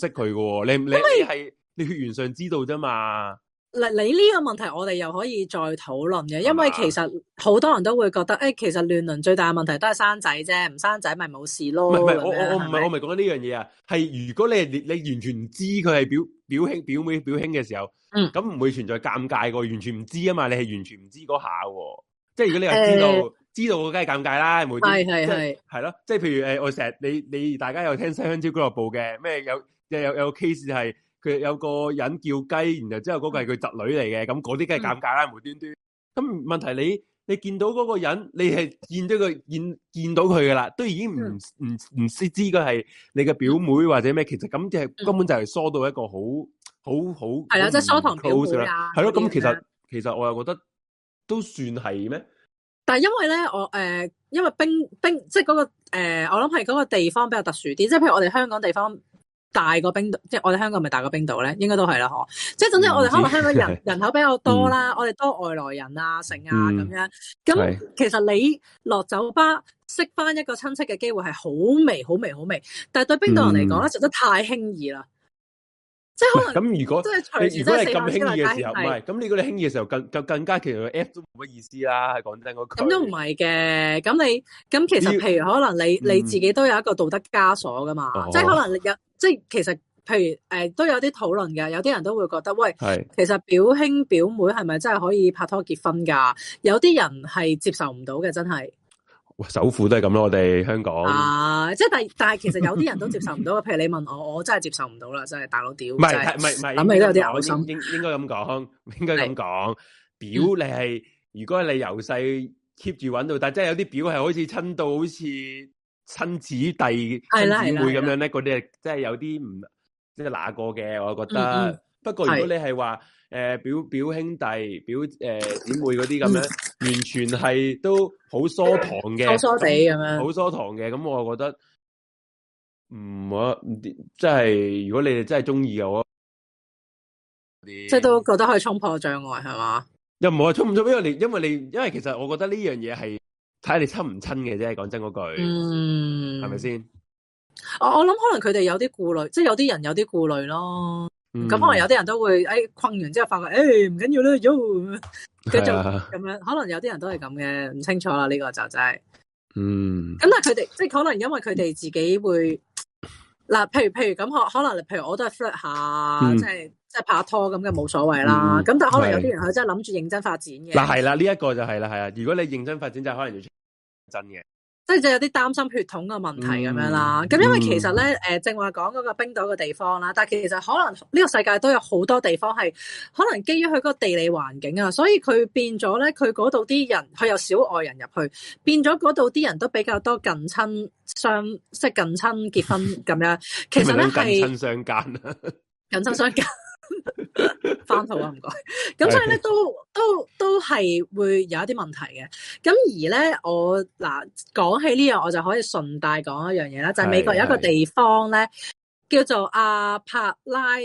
識佢嘅，你你係你，你，你血緣上知道啫嘛。嗱，你呢個問題我哋又可以再討論嘅，因為其實好多人都會覺得，誒、欸，其實亂倫最大嘅問題都係生仔啫，唔生仔咪冇事咯。唔係，唔係，我我我唔係，我咪講緊呢樣嘢啊。係如果你係你，完全唔知佢係表表兄、表妹、表兄嘅時候，嗯，咁唔會存在尷尬個，完全唔知啊嘛。你係完全唔知嗰下喎，即、就、係、是、如果你又知道、欸，知道我梗係尷尬啦，冇。係係係，係咯。即係譬如誒，我成日你你,你大家有聽西香蕉俱樂部嘅咩？有有有 case 係。佢有個人叫雞，然後之後嗰個係佢侄女嚟嘅，咁嗰啲梗係尷尬啦，mm. 無端端。咁問題係你你見到嗰個人，你係見到佢見見到佢噶啦，都已經唔唔唔識知佢係你嘅表妹或者咩？其實咁即係根本就係疏到一個好好好係啦，即係疏堂表妹啦、啊。係、嗯、咯，咁其實其實我又覺得都算係咩？但係因為咧，我誒、呃、因為冰冰即係、那、嗰個、呃、我諗係嗰個地方比較特殊啲，即係譬如我哋香港地方。大過冰島，即係我哋香港咪大過冰島咧？應該都係啦，嗬！即係總之我哋可能香港人、嗯、人口比較多啦、嗯，我哋多外來人啊、成啊咁樣。咁、嗯、其實你落酒吧識翻一個親戚嘅機會係好微、好微、好微，但係對冰島人嚟講咧，實在太輕易啦。即係可能，咁如，如果你如果你咁輕易嘅時候，唔係咁你個你輕易嘅時候，更更更加其實 A P P 都冇乜意思啦。講真嗰句。咁都唔係嘅，咁你咁其實譬如可能你你自己都有一個道德枷鎖噶嘛，嗯、即係可能你有即係其實譬如誒、呃、都有啲討論嘅，有啲人都會覺得喂，其實表兄表妹係咪真係可以拍拖結婚噶？有啲人係接受唔到嘅，真係。首富都係咁咯，我哋香港。啊，即係但但係，其實有啲人都接受唔到 譬如你問我，我真係接受唔到啦，真係大佬屌，唔係唔係唔係，諗起都有啲心，應應該咁講，應該咁講表，你係如果你由細 keep 住揾到，但係真係有啲表係好似親到，好似親子弟、親姊妹咁樣咧，嗰啲真係有啲唔即係哪個嘅，我覺得。不過如果你係話。是誒、呃，表表兄弟、表誒表、呃、姊妹嗰啲咁樣， 完全係都好疏堂嘅，疏疏咁樣，好疏堂嘅。咁我、嗯、我覺得，唔好。即係如果你哋真係中意嘅，我即係都覺得可以衝破障礙，係嘛？又唔好話衝唔衝？因為你，因為你因為其實我覺得呢樣嘢係睇你親唔親嘅啫。講真嗰句，係咪先？我我諗可能佢哋有啲顧慮，即、就、係、是、有啲人有啲顧慮咯。咁、嗯、可能有啲人都會，哎困完之後發覺，哎唔緊要啦，又繼續咁樣、啊。可能有啲人都係咁嘅，唔清楚啦，呢個就真係。嗯。咁但係佢哋，即係可能因為佢哋自己會，嗱，譬如譬如咁可，可能譬，譬如我都係 flat 下，嗯、即係即係拍拖咁嘅冇所謂啦。咁、嗯、但係可能有啲人佢真係諗住認真發展嘅。嗱係啦，呢一個就係啦，係啊。如果你認真發展就可能要真嘅。即係就有啲擔心血統嘅問題咁樣啦，咁、嗯、因為其實咧，誒、嗯，正話講嗰個冰島嘅地方啦，但係其實可能呢個世界都有好多地方係可能基於佢個地理環境啊，所以佢變咗咧，佢嗰度啲人，佢有少外人入去，變咗嗰度啲人都比較多近親相，即係近親結婚咁樣。其實咧係 近親相間啊，近親相間。 翻 頭啊，唔該。咁所以咧，okay，都都都係會有一啲問題嘅。咁而咧，我嗱講起呢樣，我就可以順帶講一樣嘢啦。就係美國有一個地方咧， 叫做阿帕拉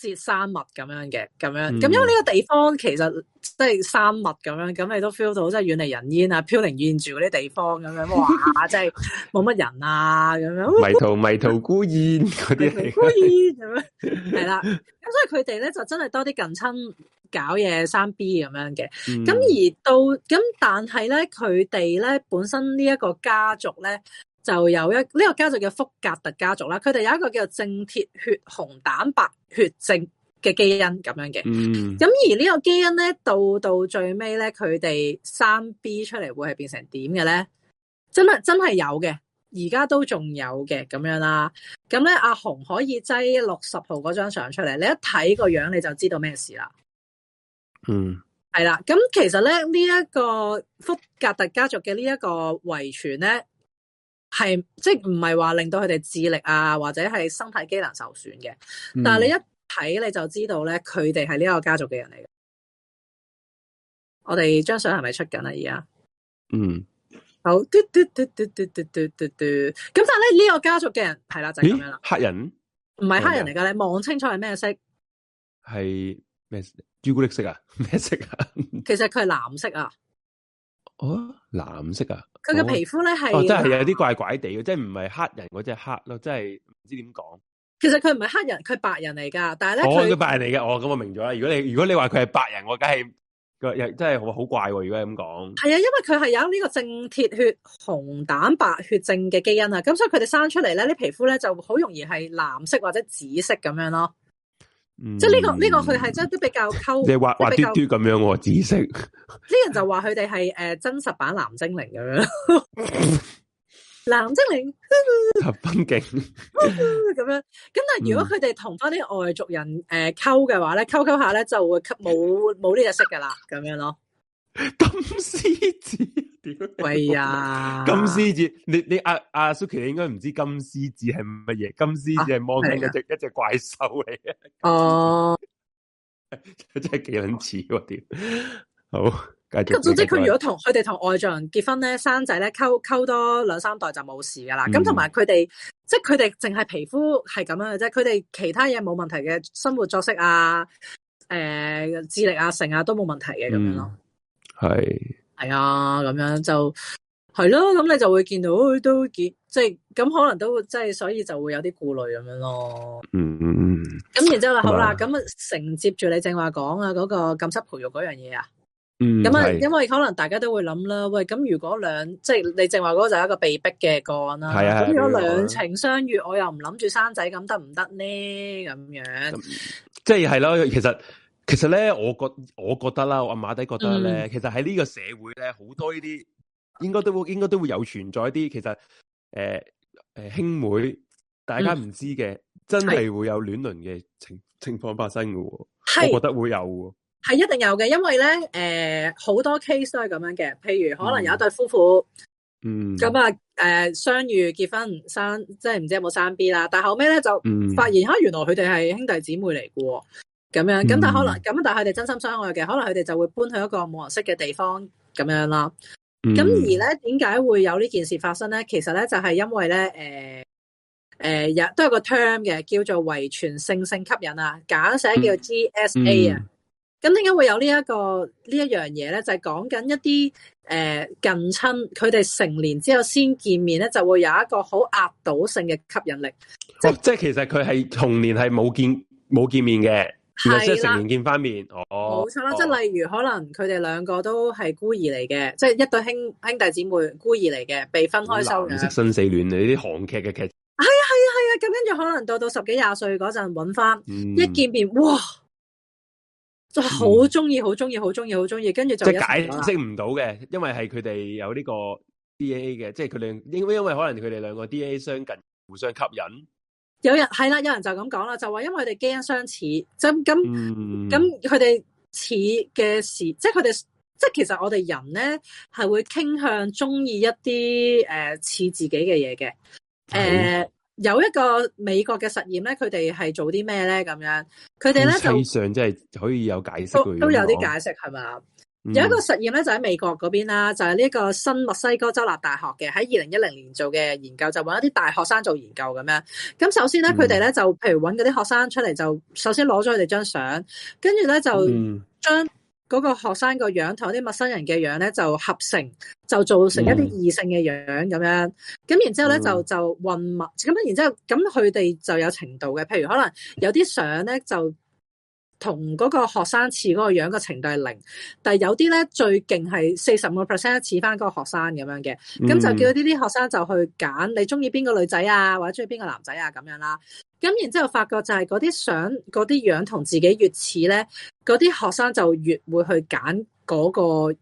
涉山密咁樣嘅，咁樣，咁因為呢個地方其實即係山密咁樣，咁、嗯、你都 feel 到即係遠離人煙啊，飄零燕住嗰啲地方咁樣，哇， 真係冇乜人啊，咁樣 迷途迷途孤燕嗰啲，迷途孤燕咁樣，係 啦，咁所以佢哋咧就真係多啲近親搞嘢生 B 咁樣嘅，咁、嗯、而到咁，但係咧佢哋咧本身呢一個家族咧。就有一呢、這個家族叫福格特家族啦，佢哋有一個叫做正鐵血紅蛋白血症嘅基因咁樣嘅，咁、嗯、而呢個基因咧到到最尾咧，佢哋生 B 出嚟會係變成點嘅咧？真係真係有嘅，而家都仲有嘅咁樣啦。咁咧，阿紅可以擠六十號嗰張相出嚟，你一睇個樣你就知道咩事啦。嗯，係啦。咁其實咧呢一、這個福格特家族嘅呢一個遺傳咧，係即係唔係話令到佢哋智力啊或者係身體機能受損嘅，嗯，但係你一睇你就知道咧，佢哋係呢一個家族嘅人嚟嘅。我哋張相係咪出緊啊，而家？嗯，好嘟嘟嘟嘟嘟嘟嘟嘟，咁但係咧呢個家族嘅人係啦，啊，就係咁樣啦。人唔係黑人？唔係黑人嚟噶，你望清楚係咩色？係咩？朱古力色啊？咩色啊？其實佢係藍色啊。哦，藍色啊！佢嘅皮膚咧係真係有啲怪怪地嘅，即係唔係黑人嗰隻黑咯，即係唔知點講。其實佢唔係黑人，佢係白人嚟噶。但係咧，佢白人嚟嘅。哦、咁、哦、我明咗啦。如果你如果你話佢係白人，我梗係個又真係好好怪的。如果係咁講，係啊，因為佢係有呢個正鐵血紅蛋白血症嘅基因啊。咁所以佢哋生出嚟咧，啲皮膚咧就好容易係藍色或者紫色咁樣咯。嗯、即係、這、呢個呢、這個佢係真係都比較溝，你畫畫嘟嘟咁樣喎，紫色。呢人就話佢哋係誒真實版藍精靈咁樣， 藍精靈靈，分鏡咁樣。咁但係如果佢哋同翻啲外族人誒溝嘅話咧，溝溝下咧就會吸冇冇呢隻色噶啦，咁樣咯。金獅子。喂啊！金獅子，你你阿阿 Suki 你應該唔知金獅子係乜嘢？金獅子係魔境一隻一隻怪獸嚟嘅。哦，真係幾卵似喎！屌，好，繼續。咁總之，佢如果同佢哋同外族人結婚咧，生仔咧，溝溝多兩三代就冇事噶啦。咁同埋佢哋，即係佢哋淨係皮膚係咁樣嘅啫，佢哋其他嘢冇問題嘅生活作息啊，誒、呃，智力啊，成啊，都冇問題嘅咁樣咯。係、嗯。係啊，咁樣就係咯，咁你就會見到都幾即係，咁可能都即係，所以就會有啲顧慮咁樣咯。嗯嗯嗯。咁然之後啦，好啦，咁承接住你正話講啊，嗰個禁室培欲嗰樣嘢。啊。嗯。咁啊，因為可能大家都會諗啦，喂，咁如果兩即係你正話嗰個就係一個被逼嘅個案啦。係啊係啊。咁如果兩情相悅，我又唔諗住生仔咁得唔得呢？咁樣。即係係咯，其實。其實咧，我覺我覺得啦，我阿馬底覺得咧、嗯，其實喺呢個社會咧，好多呢啲應該都會，應該都會有存在一啲其實誒誒、呃啊、兄妹，大家唔知嘅、嗯，真係會有亂倫嘅，情情況發生嘅，我覺得會有，係一定有嘅，因為咧誒好多 case 都係咁樣嘅，譬如，可能有一對夫婦，嗯，咁啊誒相遇結婚生，即係唔知有冇生 B 啦，但後尾咧就發現吓、嗯，原來佢哋係兄弟姊妹嚟嘅。咁樣咁，但可能咁、嗯，但係佢哋真心相愛嘅，可能佢哋就會搬去一個冇人識嘅地方咁樣啦。咁、嗯、而咧，點解會有呢件事發生咧？其實咧，就係、是、因為咧，誒、呃、誒，呃、都有都係個 term 嘅，叫做遺傳性性吸引啊，簡寫叫做 GSA 啊、嗯。咁點解會有、這個這個、呢一個呢一樣嘢咧？就係講緊一啲誒、呃、近親，佢哋成年之後先見面咧，就會有一個好壓倒性嘅吸引力。就是哦、即即係其實佢係童年係冇見冇見面嘅。係啦，即係成年見翻面，哦，冇錯啦。即係例如，可能佢哋兩個都係孤兒嚟嘅，即、哦、係、就係、一對兄兄弟姊妹，孤兒嚟嘅，被分開收養，藍色生死戀呢啲韓劇嘅劇。係啊係啊係啊，咁跟住可能到到十幾廿歲嗰陣，揾、嗯、翻一見面，哇，就好中意，好中意，好中意，好中意，跟住就。就係、解釋唔到嘅，因為係佢哋有呢個 DNA 嘅，即係佢哋因因為可能佢哋兩個 DNA 相近，互相吸引。有人係啦，有人就咁講啦，就話因為佢哋基因相似，咁咁咁佢哋似嘅事，即係佢哋，即係其實我哋人咧係會傾向中意一啲誒、呃、似自己嘅嘢嘅。誒、呃，有一個美國嘅實驗咧，佢哋係做啲咩咧？咁樣，佢哋咧就上即係可以有解釋，都有啲解釋係嘛。有一個實驗咧，就喺美國嗰邊啦，就係呢一個新墨西哥州立大學嘅，喺二零一零年做嘅研究，就揾一啲大學生做研究咁樣。咁首先咧，佢哋咧就譬如揾嗰啲學生出嚟，就首先攞咗佢哋張相，跟住咧就將嗰個學生個樣同啲陌生人嘅樣咧就合成，就做成一啲異性嘅樣咁樣。咁然之後咧就就混物，咁然之後咁佢哋就有程度嘅，譬如可能有啲相咧就，同嗰個學生似嗰個樣嘅程度係零，但係有啲咧最勁係四十五個 percent 似翻嗰個學生咁樣嘅，咁就叫呢啲學生就去揀你中意邊個女仔啊，或者中意邊個男仔啊咁樣啦。咁然後之後發覺就係嗰啲相嗰啲樣同自己越似咧，嗰啲學生就越會去揀嗰、嗰個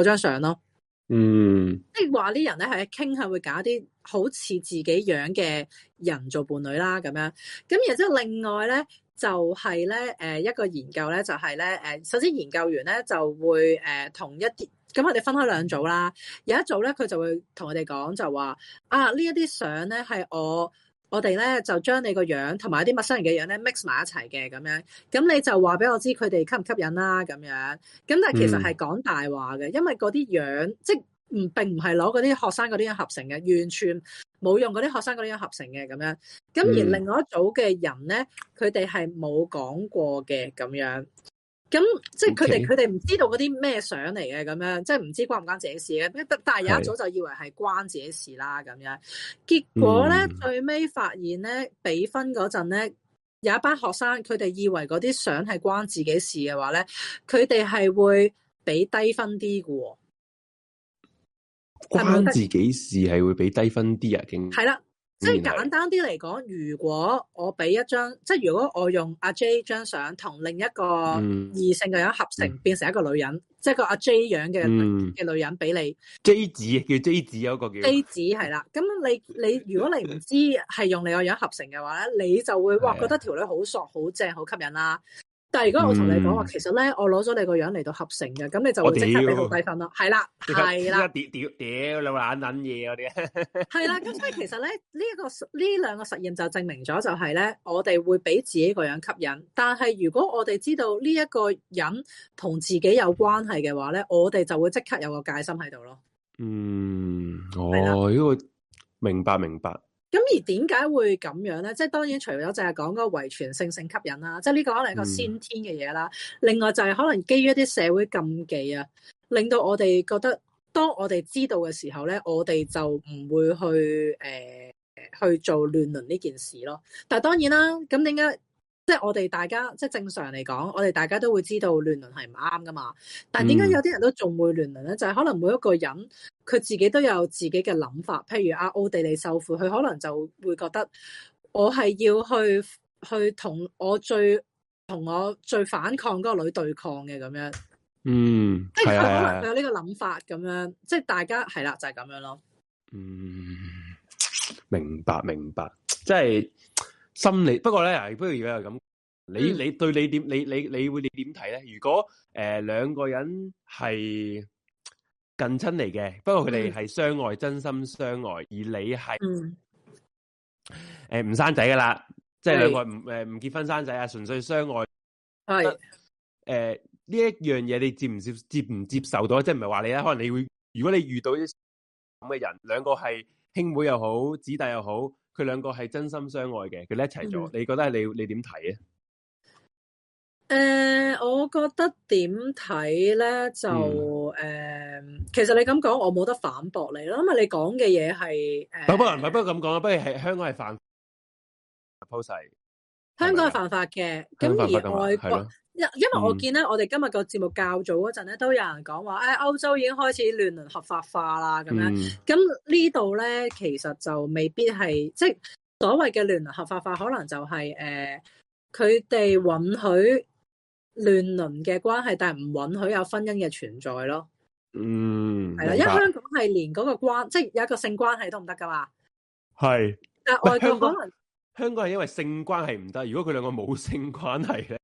嗰張相咯。嗯，即係話啲人咧係傾向會揀一啲好似自己樣嘅人做伴侶啦，咁樣。咁然後之後另外咧。就係、是、咧，誒、呃，一個研究咧，就係、是、咧，誒、呃，首先研究員咧就會誒、呃、同一啲，咁我哋分開兩組啦，有一組咧佢就會同我哋講就話，啊呢，呢一啲相咧係我我哋咧就將你個樣同埋一啲陌生人嘅樣咧 mix 埋一齊嘅，咁樣，咁你就話俾我知佢哋吸唔吸引啦，啊，咁樣，咁但係其實係講大話嘅，因為嗰啲樣即唔並唔係攞嗰啲學生嗰啲合成嘅，完全冇用嗰啲學生嗰啲合成嘅咁樣。咁而另外一組嘅人咧，佢哋係冇講過嘅咁樣。咁即係佢哋佢哋唔知道嗰啲咩相嚟嘅咁樣，即係唔、okay。知，知關唔關自己事嘅。但係係有一組就以為係關自己事啦咁樣。結果咧、嗯、最尾發現咧，比分嗰陣咧，有一班學生佢哋以為嗰啲相係關自己事嘅話咧，佢哋係會俾低分啲喎。是是關自己事係會俾低分啲啊，係啦，即、就、係、是、簡單啲嚟講，如果我俾一張，即係如果我用阿 J 張相同另一個異性嘅樣合成、嗯，變成一個女人，即係個阿 J 樣嘅嘅女,、嗯、女人俾你，J 子叫 J 子有一個叫 J 子係啦，咁你你如果你唔知係用你個樣合成嘅話咧， 你就會哇覺得條女好索好正好吸引啦、啊。但係如果我同你講話，嗯、其實咧我攞咗你個樣嚟到合成嘅，咁你就會即刻俾好低分咯。係啦，係啦。即刻屌屌屌你話眼撚嘢嗰啲。係啦，咁所以其實咧呢一、呢個呢兩個實驗就證明咗就係咧我哋會俾自己個樣吸引，但係如果我哋知道呢一個人同自己有關係嘅話咧，我哋就會即刻有個戒心喺度咯。嗯，哦，呢個明白明白。明白明白。咁而點解會咁樣咧？即係當然除咗就係講嗰個遺傳性性吸引啦，即係呢個可能係一個先天嘅嘢啦。另外就係可能基於一啲社會禁忌啊，令到我哋覺得，當我哋知道嘅時候咧，我哋就唔會去、呃、去做亂倫呢件事咯。但係當然啦，咁點解？即係我哋大家，即係正常嚟講，我哋大家都會知道亂倫係唔啱噶嘛。但係點解有啲人都仲會亂倫咧？就係、是、可能每一個人，佢自己都有自己嘅諗法。譬如阿奧地利受苦，佢可能就會覺得我係要去去同我最同我最反抗嗰個女對抗嘅咁樣。嗯，即係佢可能有呢個諗法咁樣。即係大家係啦，就係、是、咁樣咯。嗯，明白明白，即係。心理不過咧，不如果又咁，你、嗯、你對你點你你你，你會你點睇咧？如果誒兩、呃、個人係近親嚟嘅，不過佢哋係相愛、嗯、真心相愛，而你係誒唔生仔噶啦，是即係兩個唔誒唔結婚生仔啊，純粹相愛係誒呢一樣嘢你接唔接接唔接受到？即係唔係話你咧，可能你會如果你遇到啲咁嘅人，兩個係兄妹又好，姊弟又好。佢兩個係真心相愛嘅，佢哋一齊咗、嗯。你覺得係你你點睇啊？誒，我覺得點睇咧？就、嗯呃、其實你咁講，我冇得反駁你咯，因為你講嘅嘢係誒。不過，唔係，不如咁講啦，不如係香港係犯法。p o 香港係犯法嘅，咁而外國。因為我見咧，我哋今日個節目較早嗰陣咧，都有人講話，誒、哎，歐洲已經開始亂倫合法化啦，咁樣。咁、嗯、呢度咧，其實就未必係，即係所謂嘅亂倫合法化，可能就係、是、誒，佢、呃、哋允許亂倫嘅關係，但係唔允許有婚姻嘅存在咯。嗯，係啦，因為香港係連嗰個關，即係有一個性關係都唔得噶嘛。係，但係外國可能香港係因為性關係唔得，如果佢兩個冇性關係咧？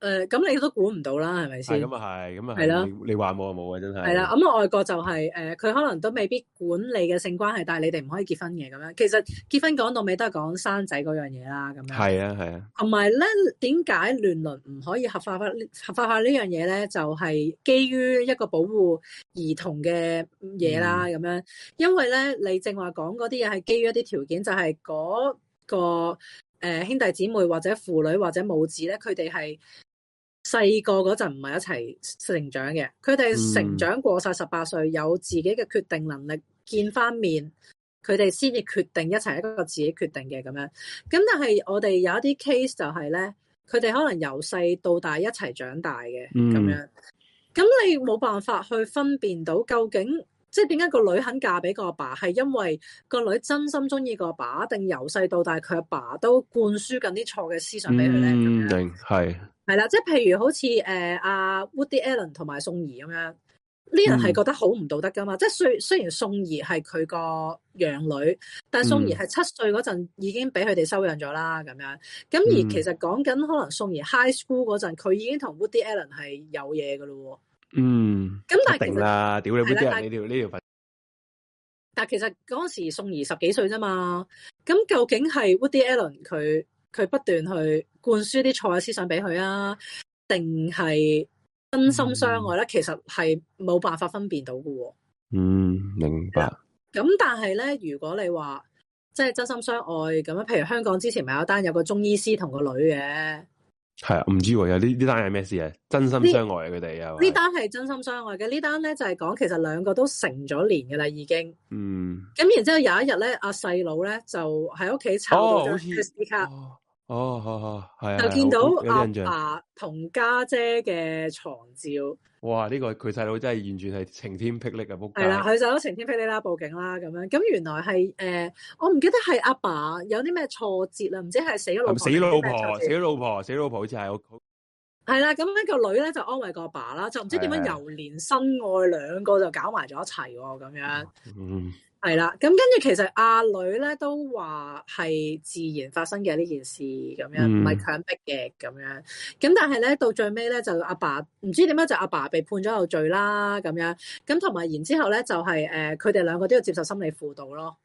誒、呃，咁你都估唔到啦，係咪先？咁啊，係咁啊，係咯，你話冇就冇啊，真係。係啦，咁、嗯、外國就係、是，誒、呃，佢可能都未必管你嘅性關係，但係你哋唔可以結婚嘅，咁樣。其實結婚講到尾都係講生仔嗰樣嘢啦，咁樣。係啊，係啊。同埋咧，點解亂倫唔可以合法化？合法化呢樣嘢咧，就係、是、基於一個保護兒童嘅嘢啦，咁、嗯、樣。因為咧，你正話講嗰啲嘢係基於一啲條件，就係、是、嗰、那個誒、呃、兄弟姊妹或者父女或者母子咧，佢哋係。細個嗰陣唔係一齊成長嘅，佢哋成長過晒十八歲，有自己嘅決定能力，見翻面，佢哋先至決定一齊一個自己決定嘅咁樣。咁但係我哋有一啲 case 就係、是、咧，佢哋可能由細到大一齊長大嘅咁樣，咁、嗯、你冇辦法去分辨到究竟。即係點解個女肯嫁俾個阿爸，爸，係因為個女真心中意個阿爸，爸，定由細到大佢阿爸，爸都灌輸緊啲錯嘅思想俾佢咧？定明係係啦，即係譬如好似誒阿 Woody Allen 同埋宋儀咁樣，呢人係覺得好唔道德噶嘛？嗯、即係雖雖然宋儀係佢個養女，但係宋儀係七歲嗰陣已經俾佢哋收養咗啦，咁、嗯、樣咁而其實講緊可能宋儀 high school 陣，佢已經同 Woody Allen 係有嘢噶咯。嗯，咁但係定啦，屌你烏迪啊！呢條呢條粉，但係其實嗰時宋怡十幾歲啫嘛，咁究竟係 Woody Allen 佢佢不斷去灌輸啲錯嘅思想俾佢啊，定係真心相愛咧？其實係冇辦法分辨到嘅、啊。嗯，明白。咁但係咧，如果你話即係真心相愛，咁樣，譬如香港之前咪有單有個中醫師同個女嘅。係啊，唔知有呢呢單係咩事啊？真心相愛佢哋啊，呢單係真心相愛嘅。這呢單咧就係、是、講其實兩個都成咗年嘅啦，已經。嗯。咁然之後有一日咧，阿細佬咧就喺屋企抽到張哦，好好係，就見到阿爸同家姐嘅床照。哇！呢、這個佢細佬真係完全係晴天霹靂啊！係啦，佢細佬晴天霹靂啦，報警啦咁樣。咁原來係誒、呃，我唔記得係阿爸，爸有啲咩挫折啦，唔知係死咗老死咗老婆，死咗老婆，死老婆，死老婆死老婆好似係好好。係啦，咁樣、那個女咧就安慰個阿爸啦，就唔知點樣由憐生愛兩個就搞埋咗一齊喎，咁樣。哦，嗯。係啦，咁跟住，其實阿女咧都話係自然發生嘅呢件事咁樣，唔係強迫嘅咁樣。咁但係咧到最尾咧就阿爸唔知點解就阿爸被判咗有罪啦咁樣。咁同埋然之後咧就係佢哋兩個都要接受心理輔導咯。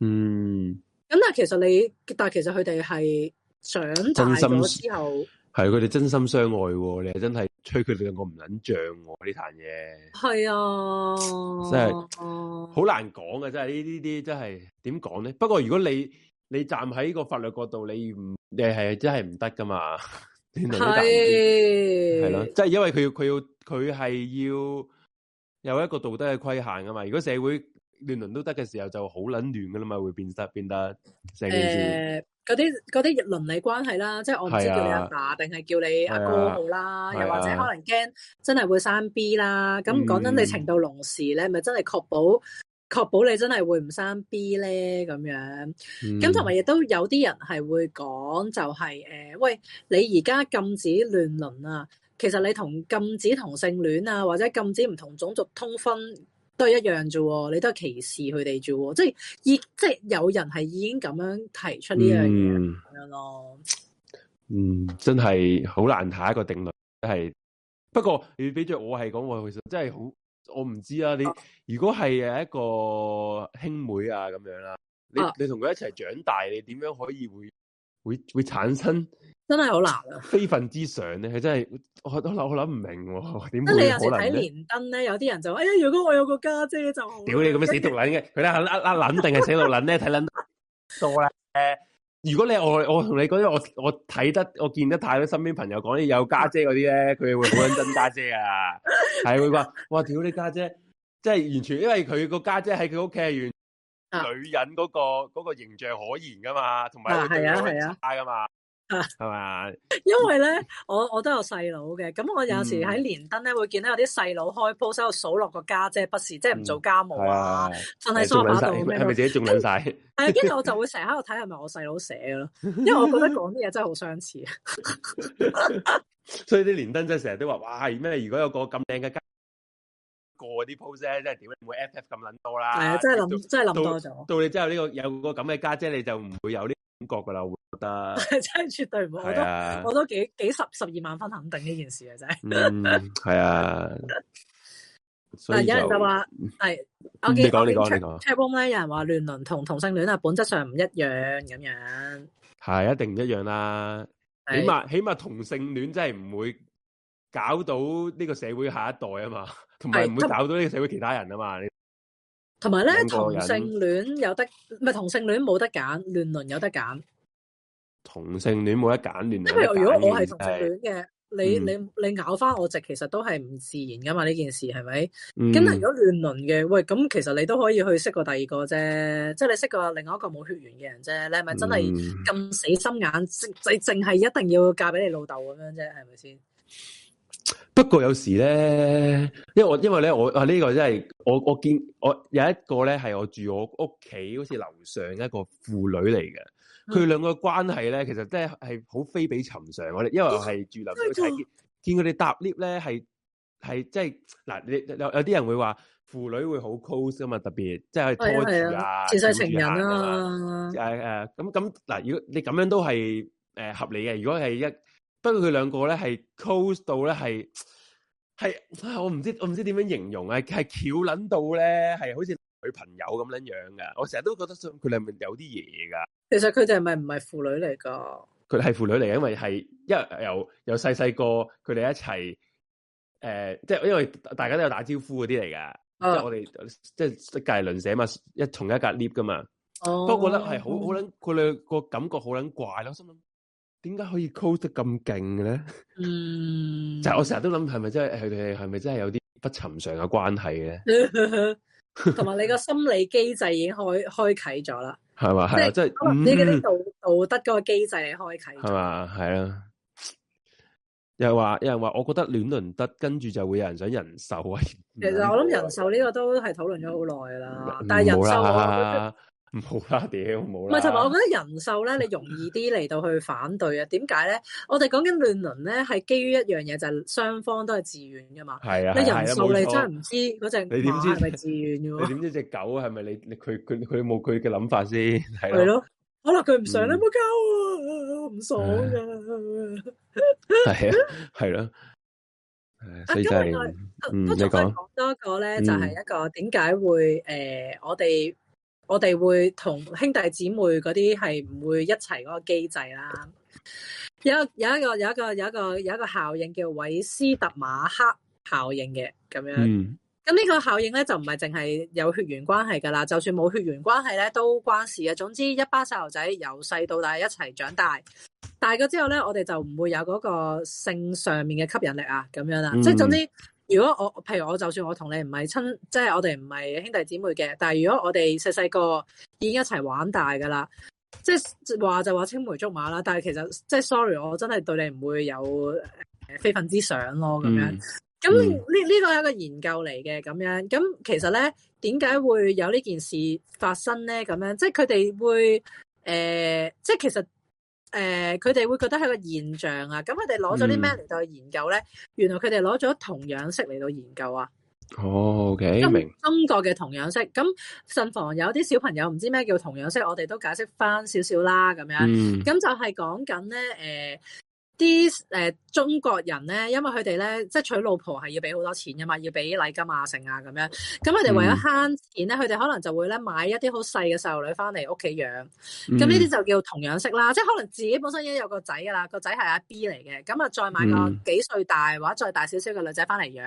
嗯。咁但係其實你，但係其實佢哋係長大咗之後，係佢哋真心相愛。哦，你係真係催佢哋我唔捻脹我呢壇嘢。係啊，真係好難講嘅，真係呢啲啲真係點講咧？不過如果你你站喺個法律角度，你唔你係真係唔得噶嘛？亂倫都得係咯，即係因為佢要佢要佢係要有一個道德嘅規限噶嘛。如果社會亂倫都得嘅時候，就好捻亂噶啦嘛，會變得變得成件事。呃嗰啲嗰啲倫理關係啦，即係我唔知叫你阿爸定係、啊、叫你阿哥好啦、啊，又或者可能驚真係會生 B 啦，咁講、啊、真，你程度隆時情到濃時咧，咪、嗯、真係確保確保你真係會唔生 B 咧咁樣，咁同埋亦都有啲人係會講就係、是欸、喂，你而家禁止亂倫啊，其實你同禁止同性戀啊，或者禁止唔同種族通婚。都係一樣啫喎，你都係歧視佢哋啫喎，即係已即係有人係已經咁樣提出呢樣嘢咁樣咯。嗯，真係好難下一個定律係。不過，你畀著我係講話，我其實真係好，我唔知啊，你如果係有一個兄妹啊咁樣啦，你你同佢一齊長大，你點樣可以會會會產生？ 真係好難啊！ 非分之常咧，佢真係我我都諗我諗唔明喎、哦。點都你有時睇《連登》咧， 有啲人就哎呀，如果我有個家姐，姐就……屌你咁樣死毒捻嘅，佢咧係阿阿捻定係死毒捻咧？睇捻多啦。如果你我我同你講，我我睇得我見得太多身邊朋友講啲有家姐嗰啲咧，佢會好憎家姐啊，係、 就是、會話哇！屌你家姐，即係、 就是、完全因為佢個家姐喺佢屋企係完全女人嗰、那個、啊那個形象可言噶嘛，同埋佢啊，嘅啊，差啊。嘛。係嘛？因為咧，我我都有細佬嘅，咁我有時喺連登咧會見到有啲細佬開鋪，喺度數落個家姐,姐不是，即係唔做家務啊，瞓喺梳化度，係咪自己仲撚晒？係，跟住我就會成日喺度睇係咪我細佬寫嘅咯，因為我覺得講啲嘢真係好相似。 所以啲連登真係成日都話，哇咩？如果有個咁靚嘅家姐過啲 post 咧，真係點會 F F 咁撚多啦？係啊，真係諗真係諗多咗。到你之後呢個有個咁嘅家姐，你就唔會有呢、這個。感覺噶啦，我覺得係真係絕對唔會，我都我都幾幾十十二萬分肯定呢件事嘅，真係。嗯，係啊。所以有人就話係，我見 chat chat room 咧，有人話亂倫同同性戀啊，本質上唔一樣咁樣。係一定唔一樣啦，起碼起碼同性戀真係唔會搞到呢個社會下一代啊嘛，同埋唔會搞到呢個社會其他人啊嘛。同埋咧，同性戀有得，唔係同性戀冇得揀，亂倫有得揀。同性戀冇得揀，亂。即係譬如，如果我係同性戀嘅，就是，你你你咬翻我只，其實都係唔自然噶嘛？呢、嗯、件事係咪？咁但如果亂倫嘅，喂，咁其實你都可以去識個第二個啫，即、就、係、是、你識個另外一個冇血緣嘅人啫。你係咪真係咁死心眼？即係淨係一定要嫁俾你老豆咁樣啫？係咪先？不過有時咧，因為我因為咧我啊呢、這個真、就、係、是、我我見我有一個咧係我住我屋企，好似樓上一個父女嚟嘅。佢、嗯、兩個關係咧，其實真係係好非比尋常。我哋因為係住樓上，睇、欸、見佢哋搭 lift 咧，係係即係嗱，有有啲人會話父女會好 close 啊嘛，特別即係拖住啊，前世情人啊，誒、啊、誒，咁咁嗱，如果你咁樣都係誒、呃、合理嘅，如果係一。不過佢兩個咧係 close 到咧係係，我唔知我唔知點樣形容啊，係巧捻到咧係好似女朋友咁捻樣噶。我成日都覺得佢哋係咪有啲嘢噶？其實佢哋係咪唔係父女嚟噶？佢係父女嚟嘅，因為係因為由由細細個佢哋一齊誒、呃，即係因為大家都有打招呼嗰啲嚟噶。即係我哋即係隔籬鄰舍嘛，一同一格 lift 噶嘛。Oh. 不過咧係好好捻，佢哋個感覺好捻怪咯。心諗。點解可以 call 得咁勁嘅咧？嗯，就我成日都諗，係咪真係係咪真係有啲不尋常嘅關係嘅？同 埋你個心理機制已經開開啟咗啦，係嘛？即係即係啲道道德個機制你開啟，係嘛？係啊，又話有人話，我覺得亂倫得，跟住就會有人想人獸啊。其實我諗人獸呢個都係討論咗好耐啦，但係人獸、啊。 唔好啦，屌冇啦！唔係，同埋我覺得人獸咧，你容易啲嚟到去反對啊？點解咧？我哋講緊亂倫咧，係基於一樣嘢，就係雙方都係自願嘅嘛。係啊，啲人獸你真係唔知嗰隻，你點知係咪自願嘅？你點知隻狗係咪你？你佢佢佢冇佢嘅諗法先係咪咯？可能，佢唔想啦，冇交啊，唔爽噶。係啊，係咯。所以就係，都仲係講多個咧，就係一個點解會誒，我哋。我哋會同兄弟姊妹嗰啲係唔會一齊嗰個機制啦。有有一個有一個有一個有一個效應，叫韋斯特馬克效應嘅咁樣。咁、嗯、呢個效應咧，就唔係淨係有血緣關係噶啦，就算冇血緣關係咧都關事嘅。總之一班細路仔由細到大一齊長大，長大個之後咧，我哋就唔會有嗰個性上面嘅吸引力啊咁樣啊、嗯，即係總之。如果我，譬如我就算我同你唔係親，即係我哋唔係兄弟姊妹嘅，但係如果我哋細細個已經一齊玩大噶啦，即係話就話青梅竹馬啦，但係其實即係 sorry，我真係對你唔會有誒非分之想咯咁樣。咁呢呢個係一個研究嚟嘅咁樣。咁其實咧，點解會有呢件事發生咧？咁樣即係佢哋會誒，即係、呃、其實。誒，佢哋會覺得係個現象啊！咁佢哋攞咗啲咩嚟到研究咧、嗯？原來佢哋攞咗童養媳嚟到研究啊！哦，OK，明中國嘅童養媳。咁慎防有啲小朋友唔知咩叫童養媳，我哋都解釋返少少啦，咁、嗯、樣。咁就係講緊咧，誒、呃。啲誒、呃、中國人咧，因為佢哋咧，即係娶老婆係要俾好多錢噶嘛，要俾禮金啊、成啊咁樣。咁佢哋為咗慳錢咧，佢、嗯、哋可能就會咧買一啲好細嘅細路女翻嚟屋企養。咁呢啲就叫童養媳啦，即係可能自己本身已經有個仔啦，個仔係阿 B 嚟嘅，咁啊再買個幾歲大、嗯、或者再大少少嘅女仔翻嚟養。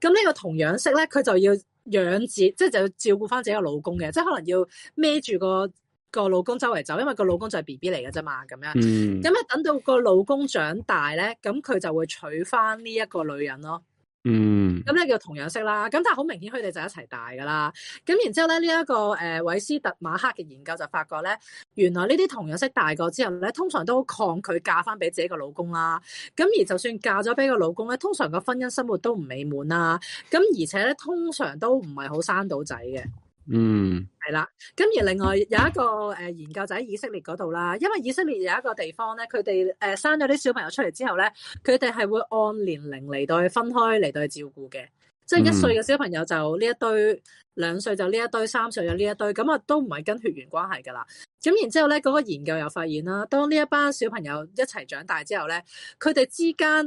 咁呢個童養媳咧，佢就要養子，即係就要照顧翻自己個老公嘅，即係可能要孭住個個老公周圍走，因為個老公就係 B B 嚟嘅啫嘛，咁樣。咁、嗯、咧等到個老公長大咧，咁佢就會娶翻呢一個女人咯。嗯。咁咧叫童養媳啦。咁但係好明顯佢哋就一齊大噶啦。咁然之後咧呢一個誒韋斯特馬克嘅研究就發覺咧，原來呢啲童養媳大個之後咧，通常都好抗拒嫁翻俾自己個老公啦。咁而就算嫁咗俾個老公咧，通常個婚姻生活都唔美滿啦。咁而且咧，通常都唔係好生到仔嘅。嗯，係啦，咁而另外有一個誒研究就喺以色列嗰度啦，因為以色列有一個地方咧，佢哋誒生咗啲小朋友出嚟之後咧，佢哋係會按年齡嚟對分開嚟對照顧嘅，即、嗯、係、就是、一歲嘅小朋友就呢一堆，兩歲就呢一堆，三歲就呢一堆，咁啊都唔係跟血緣關係噶啦。咁然之後咧，嗰、那個研究又發現啦，當呢一班小朋友一齊長大之後咧，佢哋之間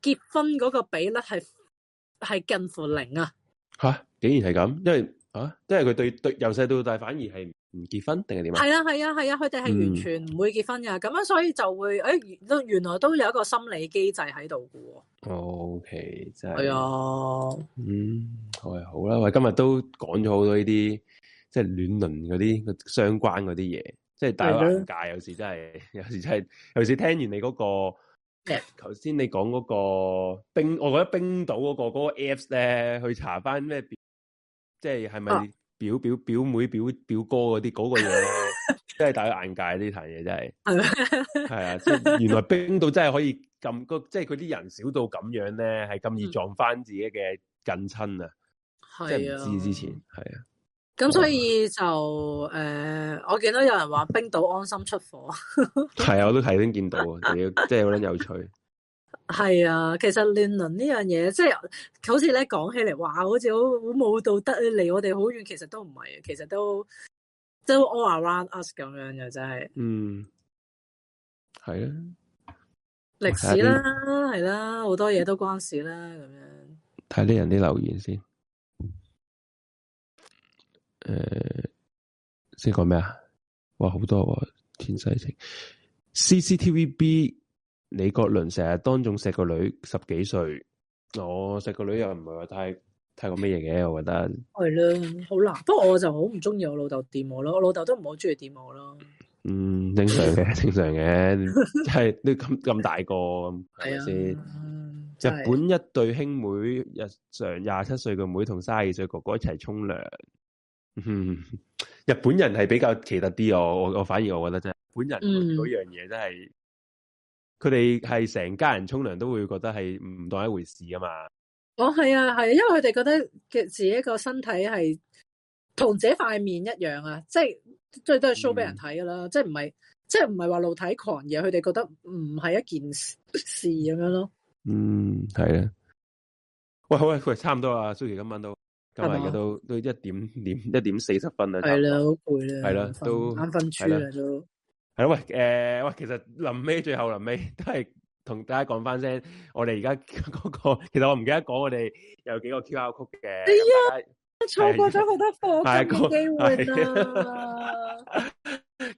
結婚嗰個比率係係近乎零啊吓、啊，竟然係咁，因為。啊，即係佢對對由細到大反而係唔結婚定係點樣？係啊係啊係啊，佢哋係完全唔會結婚噶，咁、嗯、樣所以就會誒，都、欸、原來都有一個心理機制喺度噶。O、okay, K，真係係啊，嗯，好係好啦，我今日都講咗好多呢啲即係亂倫嗰啲相關嗰啲嘢，即係大世界有時真係， 有時真係，尤其是聽完你嗰、那個 app 頭先你講嗰、那個冰，我覺得冰島嗰、那個嗰、那個 apps 咧去查翻咩？即係係咪表表表妹表表哥嗰啲嗰個人咧， 真係大開眼界，呢壇嘢真係係啊！ 即係原來冰島真係可以咁，即係佢啲人少到咁樣咧，係咁易撞返自己嘅近親、嗯、啊！即係唔知之前係啊，咁所以就誒、 呃，我見到有人話冰島安心出火，係 啊，我都睇先見到啊， 即係好撚有趣。係啊，其實亂倫呢樣嘢，即係好似咧講起嚟話，好似好好冇道德啊，離我哋好遠。其實都唔係，其實都即係 all around us 咁樣嘅，真、就、係、是。嗯，係啊，歷、嗯、史啦，係啦，好、啊啊、多嘢都關事啦，咁樣。睇呢人啲留言先。誒、嗯，先講咩啊？哇，好多喎、哦，天細晴，CCTV B。CCTVB。李國麟成日當眾錫個女十幾歲，我錫個女又唔係話太太過乜嘢嘅，我覺得係啦，好難。不過我就好唔中意我老豆掂我咯，我老豆都唔好中意掂我咯。嗯，正常嘅，正常嘅，係你咁咁大個，係咪先？日本一對兄妹，日常廿七歲個妹同卅二歲哥哥一齊沖涼。嗯，日本人係比較奇特啲，我我我反而我覺得真係，本人嗰樣嘢真係。嗯佢哋係成家人沖涼都會覺得係唔當一回事啊嘛！哦，係啊，係啊，因為佢哋覺得嘅自己個身體係同自己塊面一樣啊，即係即係都係 show 俾人睇噶啦。嗯、即係唔係即係唔係話露體狂嘢，佢哋覺得唔係一件事事咁樣咯。嗯，係啊。喂，喂，喂，差唔多啊！Suki 今晚都今日而家都都一點點一點四十分了了啊。係啦，好攰啦，係啦，都啱分出啦、啊、都。係喂，誒、呃，喂，其實臨尾最後臨尾都係同大家講返聲，我哋而家嗰個，其實我唔記得講，我哋有幾個 QR Code 嘅。哎呀，錯過咗好多課金嘅機會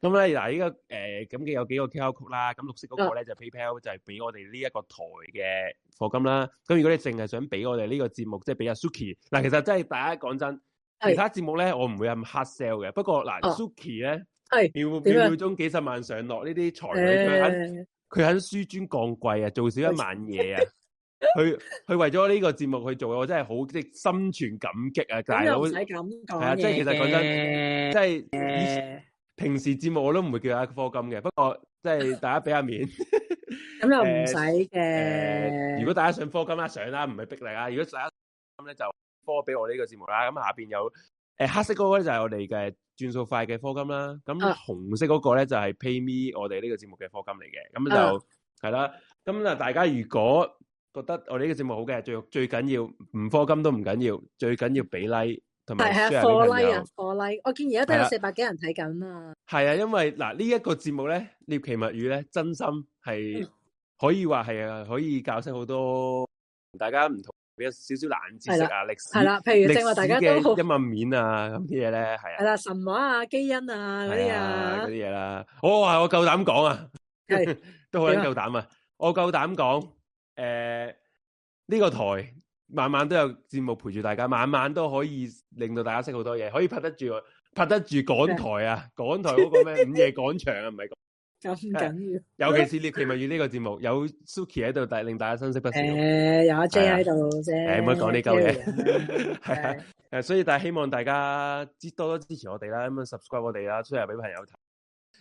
咁咧嗱，依個誒，咁嘅、哎 嗯 嗯呃、有幾個 QR Code 啦。咁綠色嗰個咧、嗯、就是、PayPal 就係俾我哋呢一個台嘅課金啦。咁如果你淨係想俾我哋呢個節目，即係俾阿 Suki，嗱，其實真、就、係、是、大家講真，其他節目咧我唔會咁 hard sell 嘅。不過嗱，Suki 咧。呃啊係秒秒秒鐘幾十萬上落呢啲財佢肯佢肯屈尊降貴啊做少一晚嘢啊，佢佢、啊、 為咗呢個節目去做我真係好即心存感激啊大佬唔使咁講即係其實講真即係、就是欸、平時節目我都唔會叫阿課金嘅，不過即係、就是、大家俾下面咁又唔使嘅，如果大家想課金啦上啦，唔係逼你啊，如果大家想課金咧、啊、就課俾我呢個節目啦、啊，咁下邊有。誒，黑色嗰個咧就係我哋嘅轉數快嘅科金啦，咁紅色嗰個咧就係 pay me 我哋呢個節目嘅科金嚟嘅，咁就係啦。咁啊，大家如果覺得我哋呢個節目好嘅，最最緊要唔科金都唔緊要緊，最緊要俾 like 同埋 s h 係啊，科 like 啊，科 like。我見而家都有四百幾人睇緊啊是。係啊，因為嗱、這個、呢一個節目咧，獵奇物語咧，真心係可以話係啊，可以教識好多大家唔同。俾少少冷知識啊，歷史係啦，譬如正話大家都陰暗面啊，咁啲嘢咧係係啦神話啊，基因啊嗰啲啊啲嘢啦。我話我夠膽講啊，都好捻夠膽啊。我夠膽講誒，呢、呃這個台晚晚都有節目陪住大家，晚晚都可以令到大家識好多嘢，可以拍得住，拍得住港台啊，港台嗰個咩午 夜廣場啊，唔係。咁緊要，尤其是獵奇物語呢、這個節目， 有 Suki 喺度，令大家欣喜不？誒、欸，有阿 J 喺度啫，唔好講呢嚿嘢。係啊，誒、欸啊啊啊啊啊啊，所以但係希望大家支多多支持我哋啦，咁樣 subscribe 我哋啦，出嚟俾朋友睇。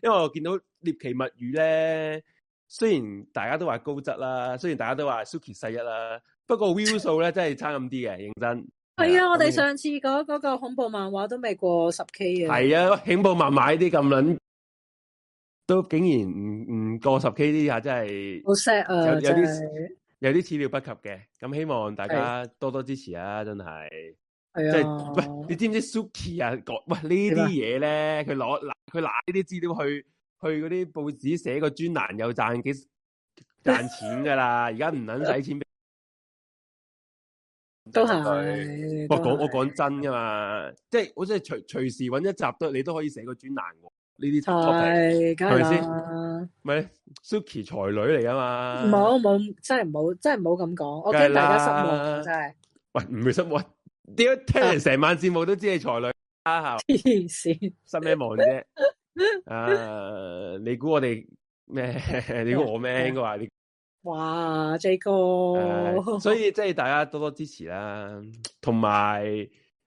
因為我見到獵奇物語咧，雖然大家都話高質啦，雖然大家都話 Suki 細一啦，不過 view 數咧真係差咁啲嘅，認真。係啊，啊，我哋上次嗰、那、嗰、個那個恐怖漫畫都未過十 K 嘅。係啊，恐怖漫畫啲咁撚。都竟然唔唔過十 k 啲啊！真係好 sad 啊！有啲有啲資料不及嘅，咁希望大家多多支持啊！真係，即係、哎、喂，你知唔知道 Suki 啊？講喂這些呢啲嘢咧，佢攞嗱佢攞呢啲資料去去嗰啲報紙寫個專欄，又賺幾賺錢噶啦！而家唔肯使錢俾，都係我講我講真噶嘛，即係好似隨隨時揾一集都你都可以寫個專欄。呢啲係，係咪先？咪 Suki 才女嚟噶嘛？冇冇，真係唔好，真係唔好咁講。我驚大家失望，真係。喂，唔會失望？點解聽人成晚節目都知你才女啊？黐線，失咩望啫？啊， uh, 你估我哋咩？ 你估我咩？應該話你？哇最高！所以即係大家多多支持啦。同埋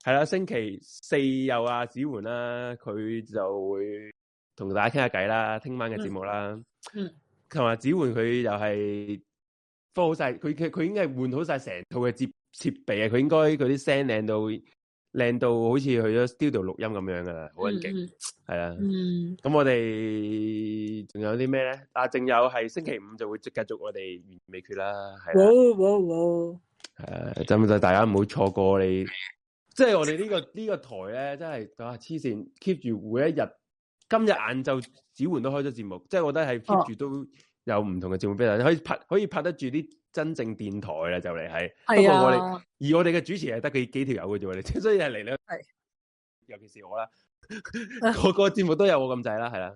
係啦，星期四又阿、啊、子煥啦、啊，佢就會。同大家傾下偈啦，聽晚嘅節目啦。同、嗯、埋、嗯、指換佢又係放好晒，佢佢佢應該係換好晒成套嘅設設備啊！佢應該佢啲聲靚到靚到好似去咗 studio 錄音咁樣噶啦，好勁係啦。咁、嗯嗯、我哋仲有啲咩咧？啊，仲有係星期五就會繼續我哋完未決啦，係啊，就唔大家唔好錯過你，即、就、係、是、我哋呢、這個呢、這個台咧，真係啊黐線，keep 住每一日。今日晏晝子煥都開咗節目，即係我覺得係 keep 住都有唔同嘅節目俾大可以拍可以拍得住啲真正電台啦就嚟係，不過我哋而我哋嘅主持係得佢幾條友嘅啫喎，所以係嚟兩係， 尤其是我啦， 個個節目都有我咁仔啦，係啦。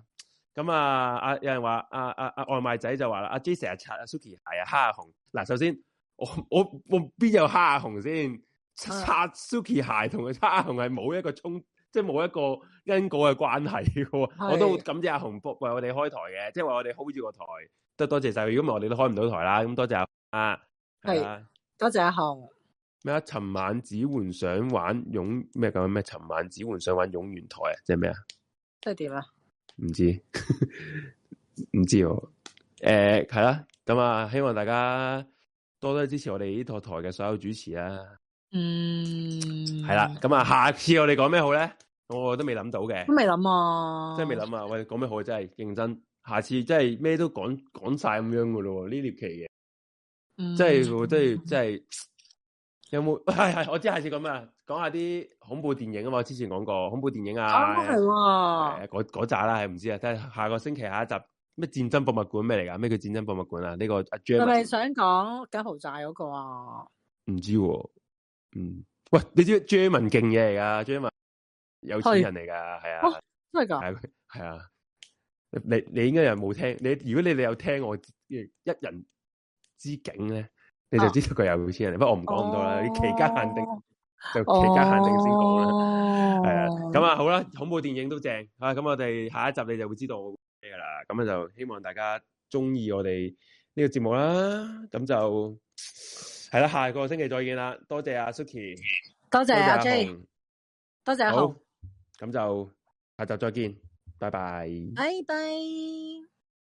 咁啊，阿有人話啊，阿阿外賣仔就話啦，阿 J 成日擦阿 Suki 鞋啊，蝦 sung 紅。嗱，首先我我我邊有蝦紅先？擦 Suki 鞋同佢蝦紅係冇一個衝。即係冇一個因果嘅關係，我都感謝阿雄為我哋開台嘅，即係話我哋 hold 住個台，都多謝晒。如果唔係我哋都開唔到台啦，咁多謝阿啊，係多謝阿雄。咩啊？尋晚只煥想玩勇咩？講 咩？尋晚只煥想玩勇元台啊？即係咩啊？即係點啊？唔知唔知喎。誒，係啦，咁啊，希望大家多多支持我哋呢套台嘅所有主持啊！嗯，係啦，咁啊，下次我哋講咩好咧？我都未諗到嘅，都未諗啊，即係未諗啊。喂，講咩好？真係認真，下次真係咩都講講晒咁樣噶咯。呢啲獵奇嘅，嗯，真係，真係，真、嗯、係有冇？係、哎、係，我知下次講咩，講下啲恐怖電影啊嘛。我之前講過恐怖電影啊，係、嗯，係嗰集啦，係唔知啊。睇下、啊啊啊啊啊、下個星期下一集咩戰爭博物館咩嚟噶？咩叫戰爭博物館啊？呢、這個阿 Jam 係咪想講九豪寨嗰個啊？唔知、啊。嗯，喂，你知 Jermen 勁嘢嚟噶，Jermen 有錢人嚟噶，係啊，真係噶，係啊，啊，你你應該又冇聽，你如果你哋有聽我一人之境咧，你就知道佢有錢人，啊、不過我唔講咁多啦，你、啊、期間限定就期間限定先講啦，係啊，咁啊，啊好啦，恐怖電影都正，啊，咁我哋下一集你就會知道嘅啦，咁就希望大家中意我哋呢個節目啦，咁就。係啦，下個星期再見啦，多謝阿 Suki，多謝阿 J，多謝阿 H，多謝阿 H，好，咁就下集再見，拜拜，拜拜。